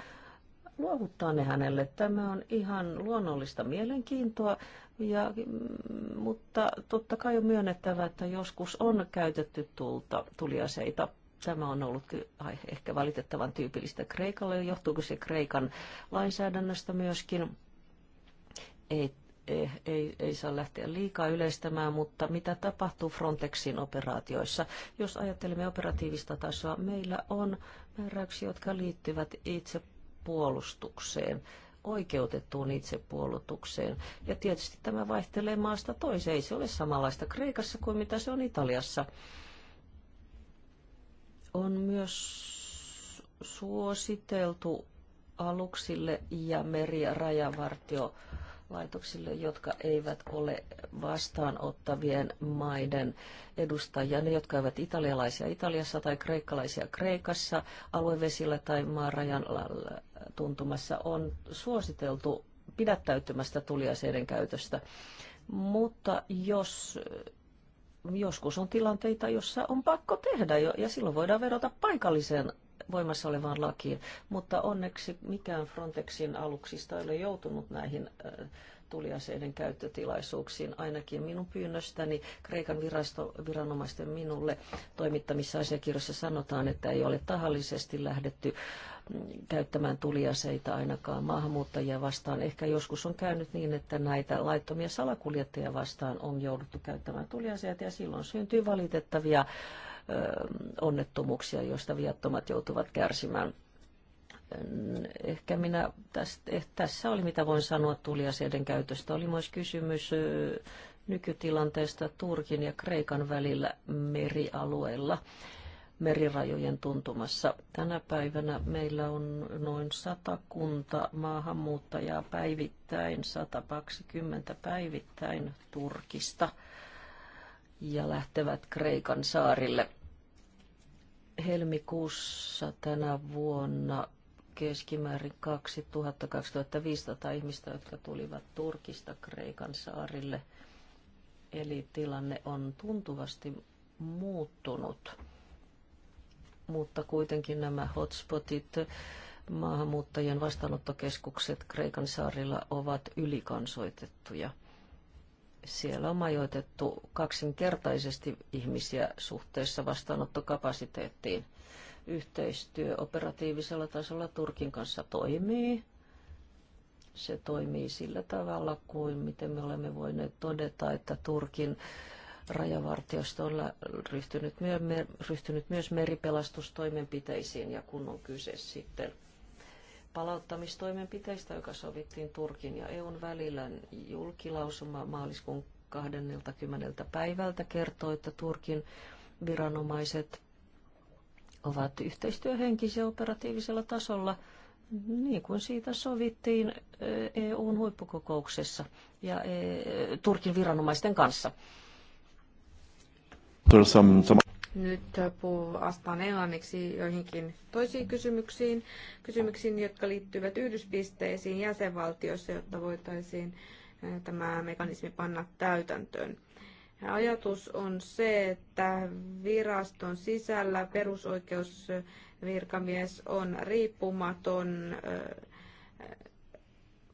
luovuttaa ne hänelle. Tämä on ihan luonnollista mielenkiintoa. Ja, mm, mutta totta kai on myönnettävä, että joskus on käytetty tulta, tuliaseita. Tämä on ollut ehkä valitettavan tyypillistä Kreikalle. Johtuuko se Kreikan lainsäädännöstä myöskin? Ei, ei, eh, ei, ei saa lähteä liikaa yleistämään, mutta mitä tapahtuu Frontexin operaatioissa? Jos ajattelemme operatiivista tasoa, meillä on määräyksiä, jotka liittyvät itse puolustukseen oikeutettuun itsepuolutukseen. Ja tietysti tämä vaihtelee maasta toiseen. Ei se ole samanlaista Kreikassa kuin mitä se on Italiassa. On myös suositeltu aluksille ja meri- ja rajavartio laitoksille, jotka eivät ole vastaanottavien maiden edustajia, ne jotka ovat italialaisia Italiassa tai kreikkalaisia Kreikassa, aluevesillä tai maarajan tuntumassa, on suositeltu pidättäytymästä tuliaseiden käytöstä. Mutta jos joskus on tilanteita, jossa on pakko tehdä jo, ja silloin voidaan vedota paikalliseen voimassa olevaan lakiin. Mutta onneksi mikään Frontexin aluksista ei ole joutunut näihin tuliaseiden käyttötilaisuuksiin, ainakin minun pyynnöstäni. Kreikan virasto, viranomaisten minulle toimittamissa asiakirjoissa sanotaan, että ei ole tahallisesti lähdetty mm, käyttämään tuliaseita ainakaan maahanmuuttajia vastaan. Ehkä joskus on käynyt niin, että näitä laittomia salakuljettajia vastaan on jouduttu käyttämään tuliaseita ja silloin syntyy valitettavia onnettomuuksia, joista viattomat joutuvat kärsimään. Ehkä minä, tästä, eh, tässä oli mitä voin sanoa tuliaseiden käytöstä. Oli myös kysymys nykytilanteesta Turkin ja Kreikan välillä merialueilla merirajojen tuntumassa. Tänä päivänä meillä on noin kunta maahanmuuttajaa päivittäin, 120 päivittäin Turkista ja lähtevät Kreikan saarille helmikuussa tänä vuonna keskimäärin 2000-2500 ihmistä, jotka tulivat Turkista Kreikan saarille. Eli tilanne on tuntuvasti muuttunut. Mutta kuitenkin nämä hotspotit, maahanmuuttajien vastaanottokeskukset Kreikan saarilla ovat ylikansoitettuja – siellä on majoitettu kaksinkertaisesti ihmisiä suhteessa vastaanottokapasiteettiin. Yhteistyö operatiivisella tasolla Turkin kanssa toimii. Se toimii sillä tavalla kuin miten me olemme voineet todeta, että Turkin rajavartiosto on ryhtynyt, ryhtynyt myös meripelastustoimenpiteisiin ja kun on kyse sitten palauttamistoimenpiteistä, joka sovittiin Turkin ja EUn välillä. Julkilausuma maaliskuun 20. päivältä kertoo, että Turkin viranomaiset ovat yhteistyöhenkisiä operatiivisella tasolla, niin kuin siitä sovittiin eh, EUn huippukokouksessa ja eh, Turkin viranomaisten kanssa. Nyt vastaan englanniksi joihinkin toisiin kysymyksiin, kysymyksiin, jotka liittyvät yhdyspisteisiin jäsenvaltioissa, jotta voitaisiin eh, tämä mekanismi panna täytäntöön. Ajatus on se, että viraston sisällä perusoikeusvirkamies on riippumaton, eh,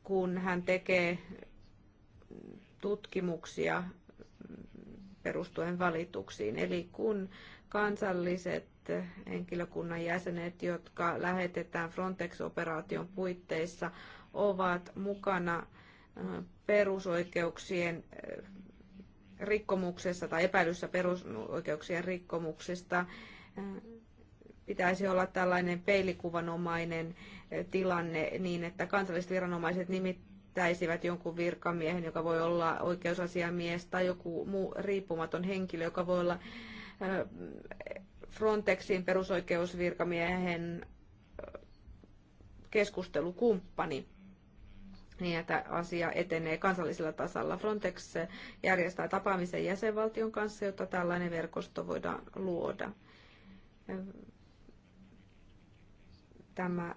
kun hän tekee tutkimuksia perustuen valituksiin. Eli kun kansalliset henkilökunnan jäsenet, jotka lähetetään Frontex-operaation puitteissa, ovat mukana perusoikeuksien rikkomuksessa tai epäilyssä perusoikeuksien rikkomuksesta, pitäisi olla tällainen peilikuvanomainen tilanne niin, että kansalliset viranomaiset nimittävät nimittäisivät jonkun virkamiehen, joka voi olla oikeusasiamies tai joku muu riippumaton henkilö, joka voi olla Frontexin perusoikeusvirkamiehen keskustelukumppani niin, että asia etenee kansallisella tasalla. Frontex järjestää tapaamisen jäsenvaltion kanssa, jotta tällainen verkosto voidaan luoda. Tämä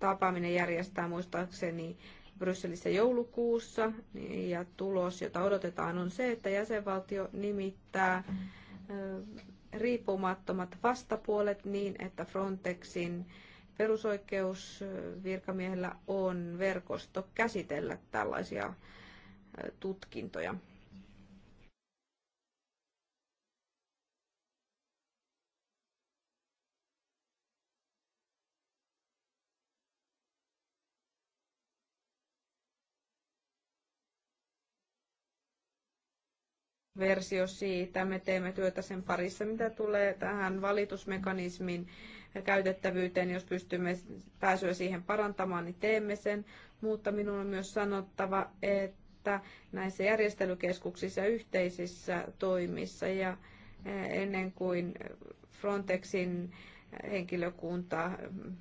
tapaaminen järjestää muistaakseni Brysselissä joulukuussa ja tulos, jota odotetaan, on se, että jäsenvaltio nimittää riippumattomat vastapuolet niin, että Frontexin perusoikeusvirkamiehellä on verkosto käsitellä tällaisia tutkintoja. versio siitä. Me teemme työtä sen parissa, mitä tulee tähän valitusmekanismin käytettävyyteen. Jos pystymme pääsyä siihen parantamaan, niin teemme sen. Mutta minun on myös sanottava, että näissä järjestelykeskuksissa yhteisissä toimissa ja eh, ennen kuin Frontexin henkilökunta mm,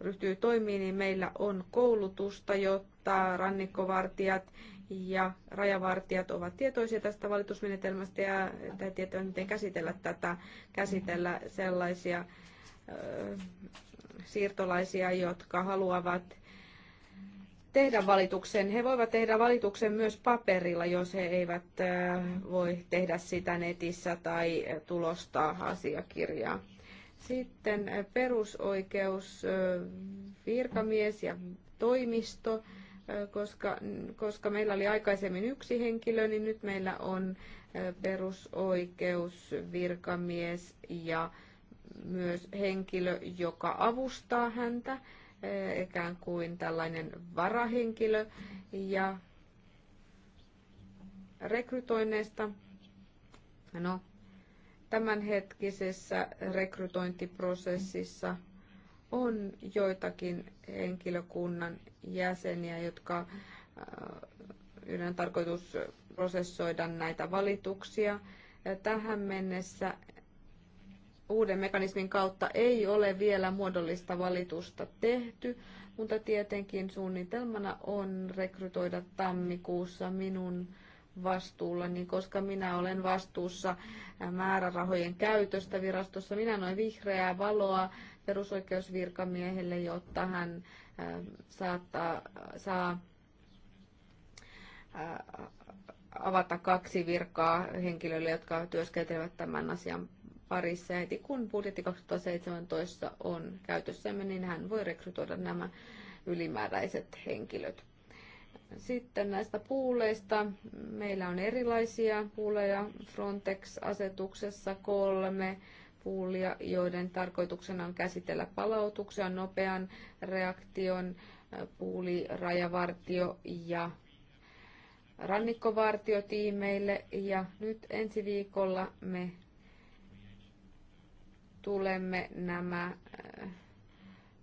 ryhtyy toimiin, niin meillä on koulutusta, jotta rannikkovartijat ja rajavartijat ovat tietoisia tästä valitusmenetelmästä ja tietää, miten käsitellä tätä, käsitellä sellaisia ö, siirtolaisia, jotka haluavat tehdä valituksen. He voivat tehdä valituksen myös paperilla, jos he eivät voi tehdä sitä netissä tai tulostaa asiakirjaa. Sitten perusoikeus, virkamies ja toimisto koska, koska meillä oli aikaisemmin yksi henkilö, niin nyt meillä on perusoikeus, virkamies ja myös henkilö, joka avustaa häntä, ikään kuin tällainen varahenkilö. Ja rekrytoinneista, no tämänhetkisessä rekrytointiprosessissa – on joitakin henkilökunnan jäseniä, jotka äh, yhden tarkoitus prosessoida näitä valituksia. Tähän mennessä uuden mekanismin kautta ei ole vielä muodollista valitusta tehty, mutta tietenkin suunnitelmana on rekrytoida tammikuussa minun vastuullani, koska minä olen vastuussa määrärahojen käytöstä virastossa. Minä noin vihreää valoa perusoikeusvirkamiehelle, jotta hän saattaa, saa avata kaksi virkaa henkilöille, jotka työskentelevät tämän asian parissa. Ja heti kun budjetti 2017 on käytössämme, niin hän voi rekrytoida nämä ylimääräiset henkilöt. Sitten näistä puuleista. Meillä on erilaisia puuleja Frontex-asetuksessa kolme, poolia, joiden tarkoituksena on käsitellä palautuksia, nopean reaktion puuli, rajavartio ja rannikkovartiotiimeille. Ja nyt ensi viikolla me tulemme nämä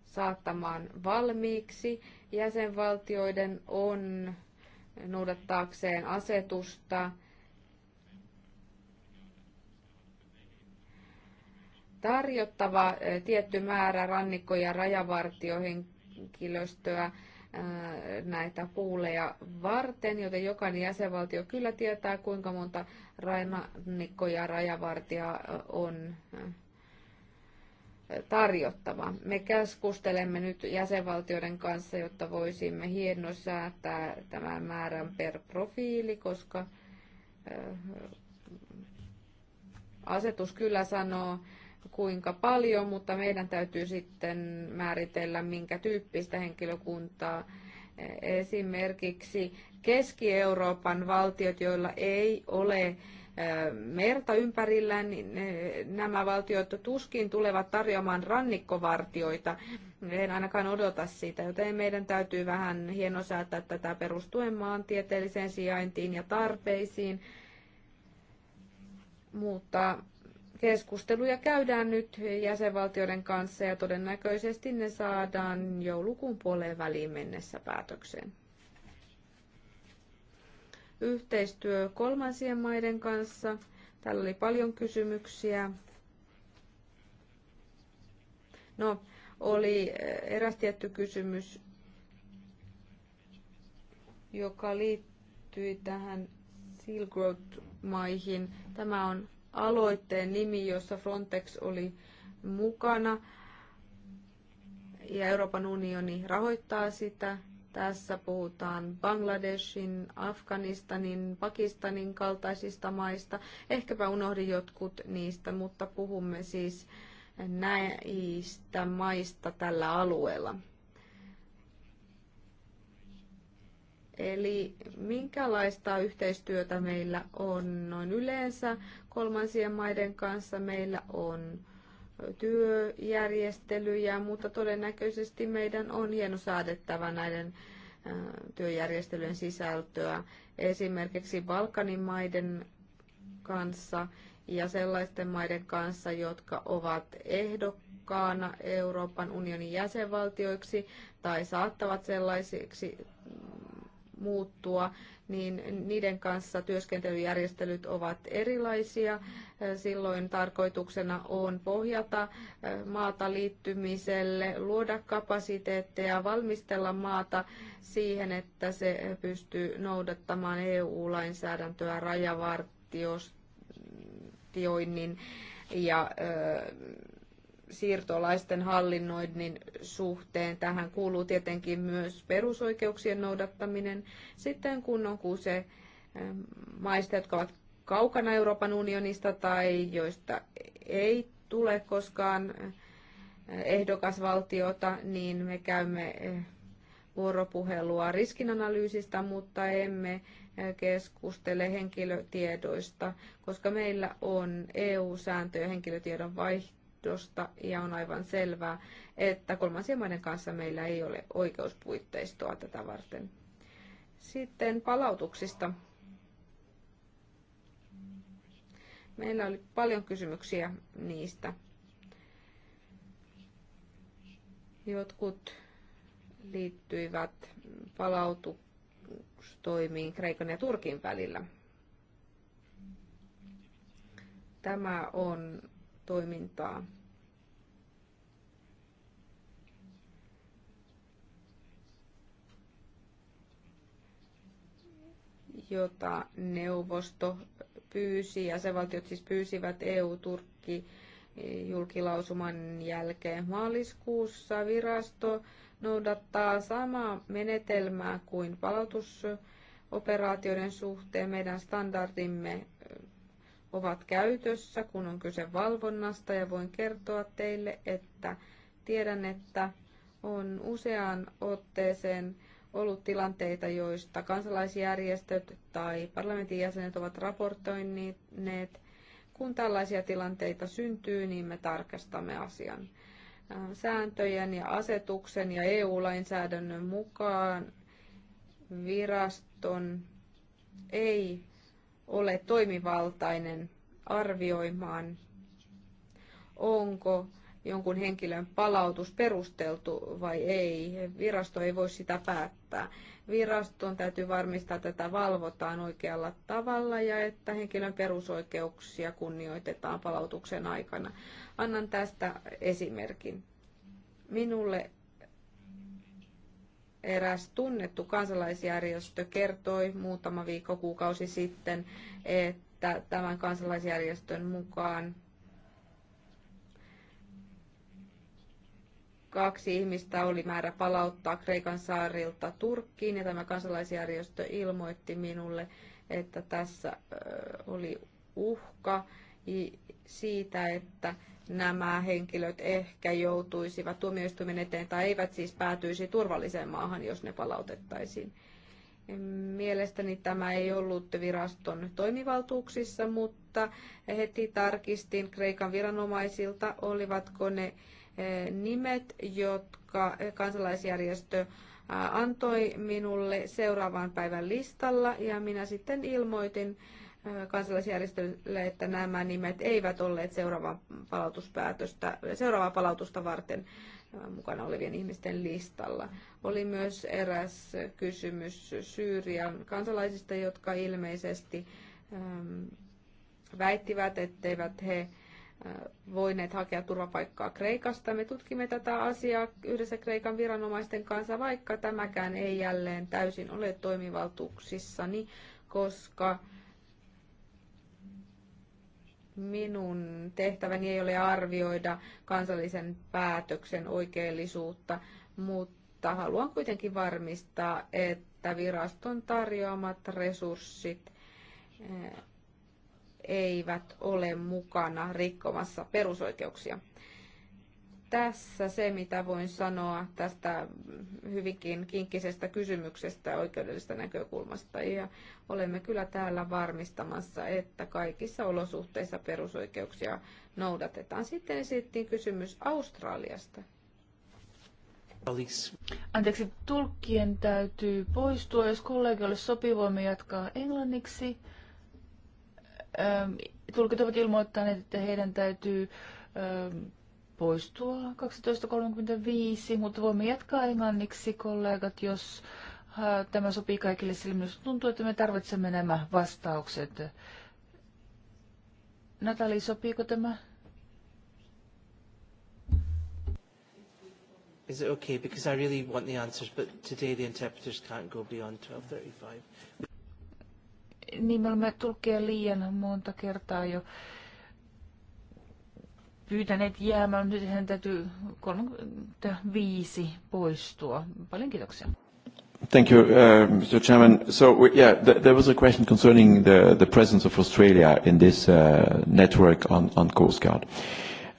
saattamaan valmiiksi. Jäsenvaltioiden on noudattaakseen asetusta tarjottava eh, tietty määrä rannikko- ja rajavartiohenkilöstöä eh, näitä puuleja varten, joten jokainen jäsenvaltio kyllä tietää, kuinka monta rannikko- ja rajavartia eh, on tarjottava. Me keskustelemme nyt jäsenvaltioiden kanssa, jotta voisimme hienosäätää tämän määrän per profiili, koska asetus kyllä sanoo, kuinka paljon, mutta meidän täytyy sitten määritellä, minkä tyyppistä henkilökuntaa esimerkiksi Keski-Euroopan valtiot, joilla ei ole merta ympärillään, niin nämä valtiot tuskin tulevat tarjoamaan rannikkovartioita. En ainakaan odota sitä, joten meidän täytyy vähän hienosäätää tätä perustuen maantieteelliseen sijaintiin ja tarpeisiin. Mutta Keskusteluja käydään nyt jäsenvaltioiden kanssa ja todennäköisesti ne saadaan joulukuun puoleen väliin mennessä päätökseen. Yhteistyö kolmansien maiden kanssa. Täällä oli paljon kysymyksiä. No, oli eh, eräs tietty kysymys, joka liittyi tähän Silk Road-maihin. Tämä on aloitteen nimi, jossa Frontex oli mukana ja Euroopan unioni rahoittaa sitä. Tässä puhutaan Bangladeshin, Afganistanin, Pakistanin kaltaisista maista. Ehkäpä unohdin jotkut niistä, mutta puhumme siis näistä maista tällä alueella. Eli minkälaista yhteistyötä meillä on noin yleensä, kolmansien maiden kanssa. Meillä on työjärjestelyjä, mutta todennäköisesti meidän on hieno saadettava näiden työjärjestelyjen sisältöä esimerkiksi Balkanin maiden kanssa ja sellaisten maiden kanssa, jotka ovat ehdokkaana Euroopan unionin jäsenvaltioiksi tai saattavat sellaisiksi muuttua, niin niiden kanssa työskentelyjärjestelyt ovat erilaisia. Silloin tarkoituksena on pohjata eh, maata liittymiselle, luoda kapasiteetteja, valmistella maata siihen, että se pystyy noudattamaan EU-lainsäädäntöä rajavartioinnin ja eh, siirtolaisten hallinnoinnin suhteen. Tähän kuuluu tietenkin myös perusoikeuksien noudattaminen. Sitten kun on kuuse ähm, maista, jotka ovat kaukana Euroopan unionista tai joista ei tule koskaan äh, ehdokasvaltiota, niin me käymme äh, vuoropuhelua riskinanalyysistä, mutta emme äh, keskustele henkilötiedoista, koska meillä on EU-sääntöjä henkilötiedon vaihtoehtoja johdosta ja on aivan selvää, että kolmansien maiden kanssa meillä ei ole oikeuspuitteistoa tätä varten. Sitten palautuksista. Meillä oli paljon kysymyksiä niistä. Jotkut liittyivät palautustoimiin Kreikan ja Turkin välillä. Tämä on toimintaa. jota neuvosto pyysi, ja se valtiot siis pyysivät EU-Turkki julkilausuman jälkeen maaliskuussa. Virasto noudattaa samaa menetelmää kuin palautusoperaatioiden suhteen. Meidän standardimme ovat käytössä, kun on kyse valvonnasta ja voin kertoa teille, että tiedän, että on useaan otteeseen ollut tilanteita, joista kansalaisjärjestöt tai parlamentin jäsenet ovat raportoineet. Kun tällaisia tilanteita syntyy, niin me tarkastamme asian. Sääntöjen ja asetuksen ja EU-lainsäädännön mukaan viraston ei ole toimivaltainen arvioimaan, onko jonkun henkilön palautus perusteltu vai ei. Virasto ei voi sitä päättää. Viraston täytyy varmistaa, että tätä valvotaan oikealla tavalla ja että henkilön perusoikeuksia kunnioitetaan palautuksen aikana. Annan tästä esimerkin. Minulle eräs tunnettu kansalaisjärjestö kertoi muutama viikko kuukausi sitten, että tämän kansalaisjärjestön mukaan kaksi ihmistä oli määrä palauttaa Kreikan saarilta Turkkiin ja tämä kansalaisjärjestö ilmoitti minulle, että tässä oli uhka siitä, että nämä henkilöt ehkä joutuisivat tuomioistuimen eteen tai eivät siis päätyisi turvalliseen maahan, jos ne palautettaisiin. Mielestäni tämä ei ollut viraston toimivaltuuksissa, mutta heti tarkistin Kreikan viranomaisilta, olivatko ne eh, nimet, jotka kansalaisjärjestö eh, antoi minulle seuraavan päivän listalla ja minä sitten ilmoitin kansalaisjärjestölle, että nämä nimet eivät olleet seuraavaa palautuspäätöstä, seuraavaa palautusta varten mukana olevien ihmisten listalla. Oli myös eräs kysymys Syyrian kansalaisista, jotka ilmeisesti ähm, väittivät, etteivät he äh, voineet hakea turvapaikkaa Kreikasta. Me tutkimme tätä asiaa yhdessä Kreikan viranomaisten kanssa, vaikka tämäkään ei jälleen täysin ole toimivaltuuksissani, koska minun tehtäväni ei ole arvioida kansallisen päätöksen oikeellisuutta, mutta haluan kuitenkin varmistaa, että viraston tarjoamat resurssit eh, eivät ole mukana rikkomassa perusoikeuksia tässä se, mitä voin sanoa tästä hyvinkin kinkkisestä kysymyksestä oikeudellisesta näkökulmasta. Ja olemme kyllä täällä varmistamassa, että kaikissa olosuhteissa perusoikeuksia noudatetaan. Sitten esittiin kysymys Australiasta. Anteeksi, tulkkien täytyy poistua. Jos kollegalle sopii, voimme jatkaa englanniksi. Tulkit ovat ilmoittaneet, että heidän täytyy poistua 12.35, mutta voimme jatkaa englanniksi, kollegat, jos äh, tämä sopii kaikille, sillä minusta tuntuu, että me tarvitsemme nämä vastaukset. Natali, sopiiko tämä? Is it okay? Because I really want the answers, but today the interpreters can't go beyond 12.35. Niin, me olemme tulkkeja liian monta kertaa jo pyytäneet jäämään, nyt hän täytyy 35 poistua. Paljon kiitoksia. Thank you, uh, Mr. Chairman. So yeah, th there was a question concerning the, the presence of Australia in this uh, network on, on Coast Guard.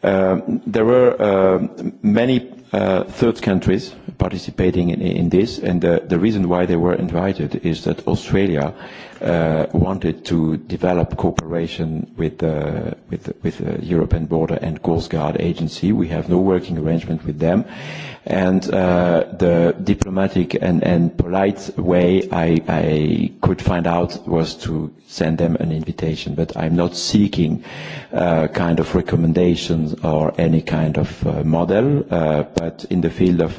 Uh, there were uh, many uh, third countries participating in, in this, and the, the reason why they were invited is that Australia Uh, wanted to develop cooperation with uh, with with the uh, European Border and Coast Guard Agency. We have no working arrangement with them, and uh, the diplomatic and, and polite way I, I could find out was to send them an invitation. But I'm not seeking uh, kind of recommendations or any kind of uh, model. Uh, but in the field of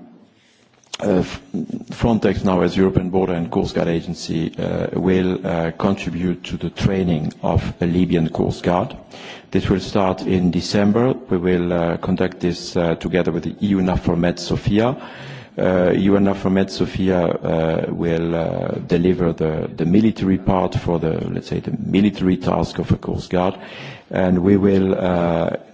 Uh, Frontex now as European Border and Coast Guard Agency uh, will uh, contribute to the training of a Libyan Coast Guard. This will start in December. We will conduct this together with the EU Med Sofia. EUNAVFOR Med Sofia will deliver the, military part for the, let's say, the military task of a Coast Guard, and we will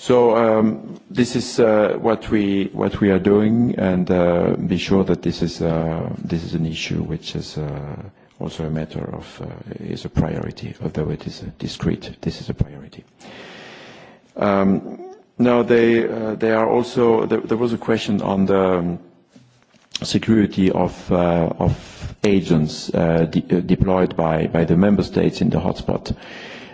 So um, this is uh, what we what we are doing, and uh, be sure that this is uh, this is an issue which is also a matter of is a priority, although it is discrete. This is a priority. Um, now they they are also there, was a question on the um, security of of agents deployed by by the member states in the hotspot.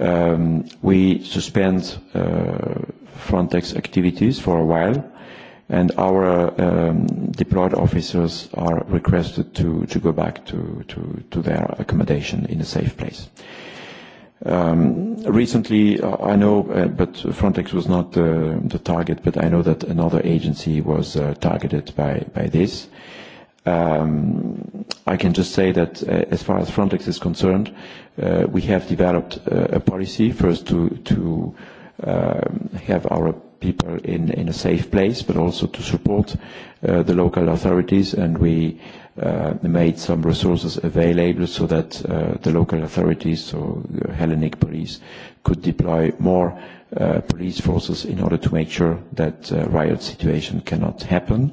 Um, we suspend uh, Frontex activities for a while, and our um, deployed officers are requested to, to go back to, to, their accommodation in a safe place. Um, recently, I know, uh, but Frontex was not uh, the target, but I know that another agency was targeted by, by this. Um, I can just say that uh, as far as Frontex is concerned, uh, we have developed uh, a policy first to, um, have our people in, a safe place, but also to support the local authorities. And we made some resources available so that the local authorities, so the Hellenic police, could deploy more police forces in order to make sure that riot situation cannot happen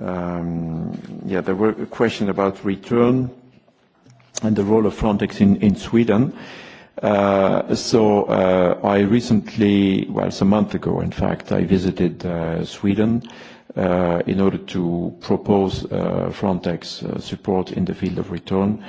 Um, yeah, there were a question about return and the role of Frontex in, in Sweden. Uh, so uh, I recently, well, some month ago, in fact, I visited uh, Sweden uh, in order to propose uh, Frontex uh, support in the field of return. Uh,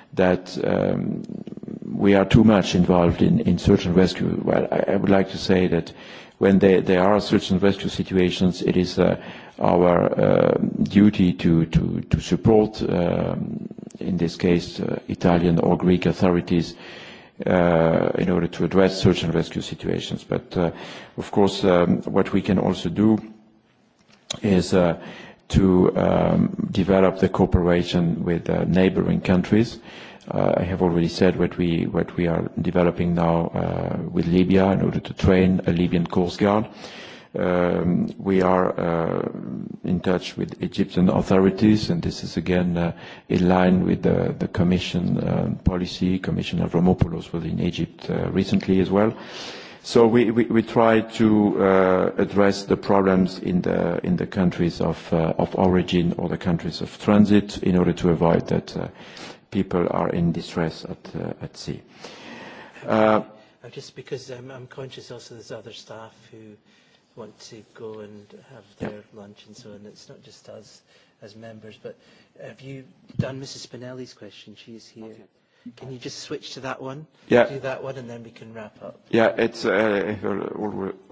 that um, we are too much involved in, in search and rescue. Well, I, I would like to say that when there, there are search and rescue situations, it is uh, our uh, duty to, to, to support, um, in this case, uh, Italian or Greek authorities uh, in order to address search and rescue situations. But, uh, of course, um, what we can also do is uh, to um, develop the cooperation with uh, neighboring countries. Uh, I have already said what we what we are developing now uh, with Libya in order to train a Libyan Coast Guard. Um, we are uh, in touch with Egyptian authorities, and this is again in line with the, Commission policy. Commissioner Avramopoulos was in Egypt recently as well. So we, we, we try to uh, address the problems in the, in the countries of, uh, of origin or the countries of transit in order to avoid that uh, people are in distress at, uh, at sea. Uh, uh Just because I'm, I'm conscious also there's other staff who want to go and have their yeah. lunch and so on. It's not just us as members, but have you done Mrs. Spinelli's question? She is here. Okay. Can you just switch to that one? Yeah. Do that one, and then we can wrap up. Yeah, it's uh,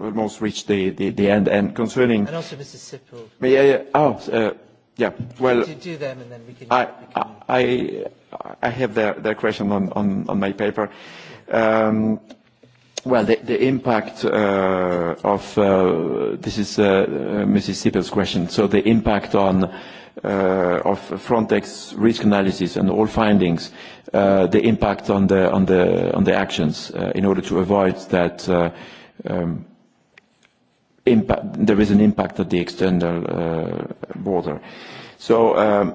almost reached the, the, the end. And concerning- And also Mrs. Sippel. Yeah, uh, yeah. Oh, uh, yeah. Well- Do, do them, and then we can- I, we can... I, I have their, their question on, on, on my paper. Um, well, the, the impact uh, of... Uh, this is uh, Mrs. Sippel's question. So the impact on uh, of Frontex risk analysis and all findings, uh, the impact on the on the on the actions uh, in order to avoid that uh, um, impact. There is an impact at the external uh, border. So. Um,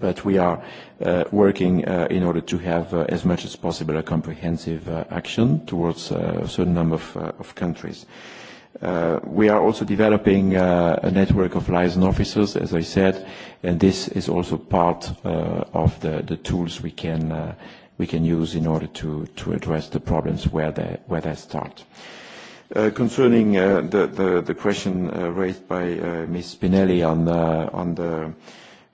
but we are uh, working uh, in order to have, uh, as much as possible, a comprehensive action towards a certain number of, countries. We are also developing a network of liaison officers, as I said, and this is also part of the, tools we can, use in order to, address the problems where they, start. concerning the, question raised by Ms. Spinelli on the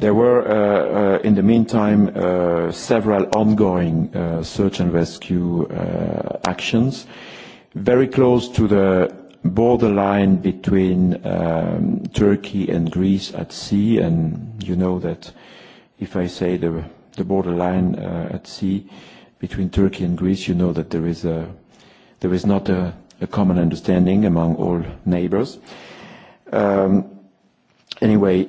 There were, uh, uh, in the meantime, uh, several ongoing search and rescue actions, very close to the borderline between um, Turkey and Greece at sea, and you know that if I say the, borderline at sea between Turkey and Greece, you know that there is, not a, common understanding among all neighbors. Um, anyway,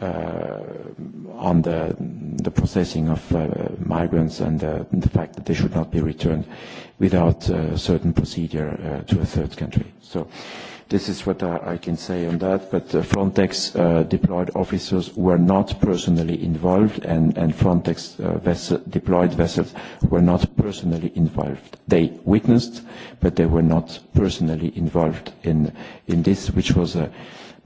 Uh, on the, the processing of uh, migrants and uh, the fact that they should not be returned without a certain procedure to a third country. So This is what I, I can say on that, but Frontex uh, deployed officers were not personally involved, and, and Frontex uh, vessel, deployed vessels were not personally involved. They witnessed, but they were not personally involved in, in this, which was a,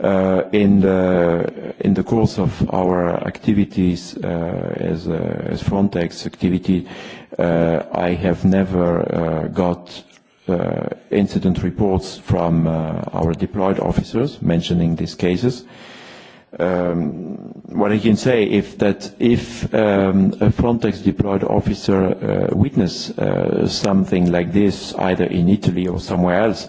Uh, in the course of our activities uh, uh, as Frontex activity, I have never got incident reports from our deployed officers mentioning these cases. Um, what I can say is that if um, a Frontex deployed officer witness something like this, either in Italy or somewhere else,